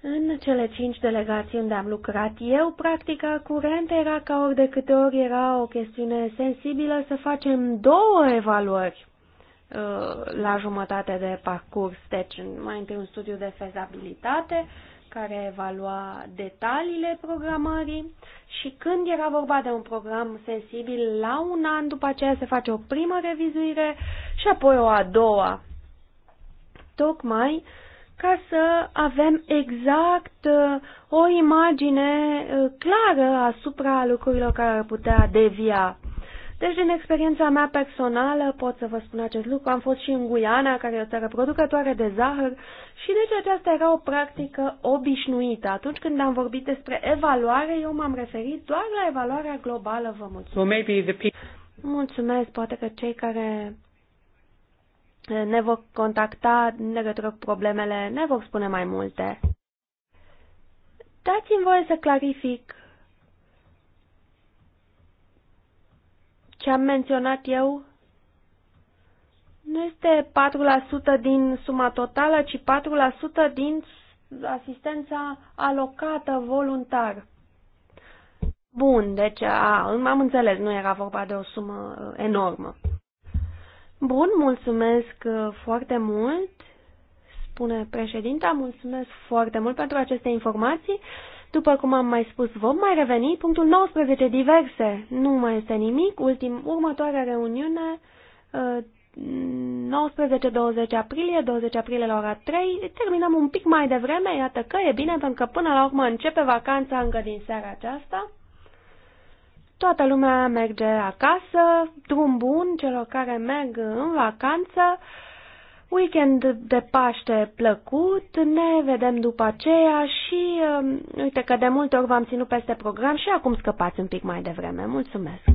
În cele cinci delegații unde am lucrat eu, practica curentă era ca ori de câte ori era o chestiune sensibilă să facem două evaluări uh, la jumătate de parcurs, deci mai întâi un studiu de fezabilitate care evalua detaliile programării și când era vorba de un program sensibil, la un an după aceea se face o primă revizuire și apoi o a doua. Tocmai ca să avem exact uh, o imagine uh, clară asupra lucrurilor care ar putea devia deci, din experiența mea personală, pot să vă spun acest lucru. Am fost și în Guiana, care e o țară producătoare de zahăr, și deci aceasta era o practică obișnuită. Atunci când am vorbit despre evaluare, eu m-am referit doar la evaluarea globală, vă mulțumesc. Well, the... Mulțumesc, poate că cei care ne vor contacta în legătură cu problemele, ne vor spune mai multe. Dați-mi voie să clarific ce am menționat eu nu este 4% din suma totală, ci 4% din asistența alocată voluntar. Bun, deci a, am înțeles, nu era vorba de o sumă uh, enormă. Bun, mulțumesc uh, foarte mult, spune președinta, mulțumesc foarte mult pentru aceste informații. După cum am mai spus, vom mai reveni. Punctul 19, diverse. Nu mai este nimic. Ultim, următoarea reuniune, 19-20 uh, aprilie, 20 aprilie la ora 3. Terminăm un pic mai devreme, iată că e bine, pentru că până la urmă începe vacanța încă din seara aceasta. Toată lumea merge acasă, drum bun celor care merg în vacanță. Weekend de Paște plăcut, ne vedem după aceea și uh, uite că de multe ori v-am ținut peste program și acum scăpați un pic mai devreme. Mulțumesc!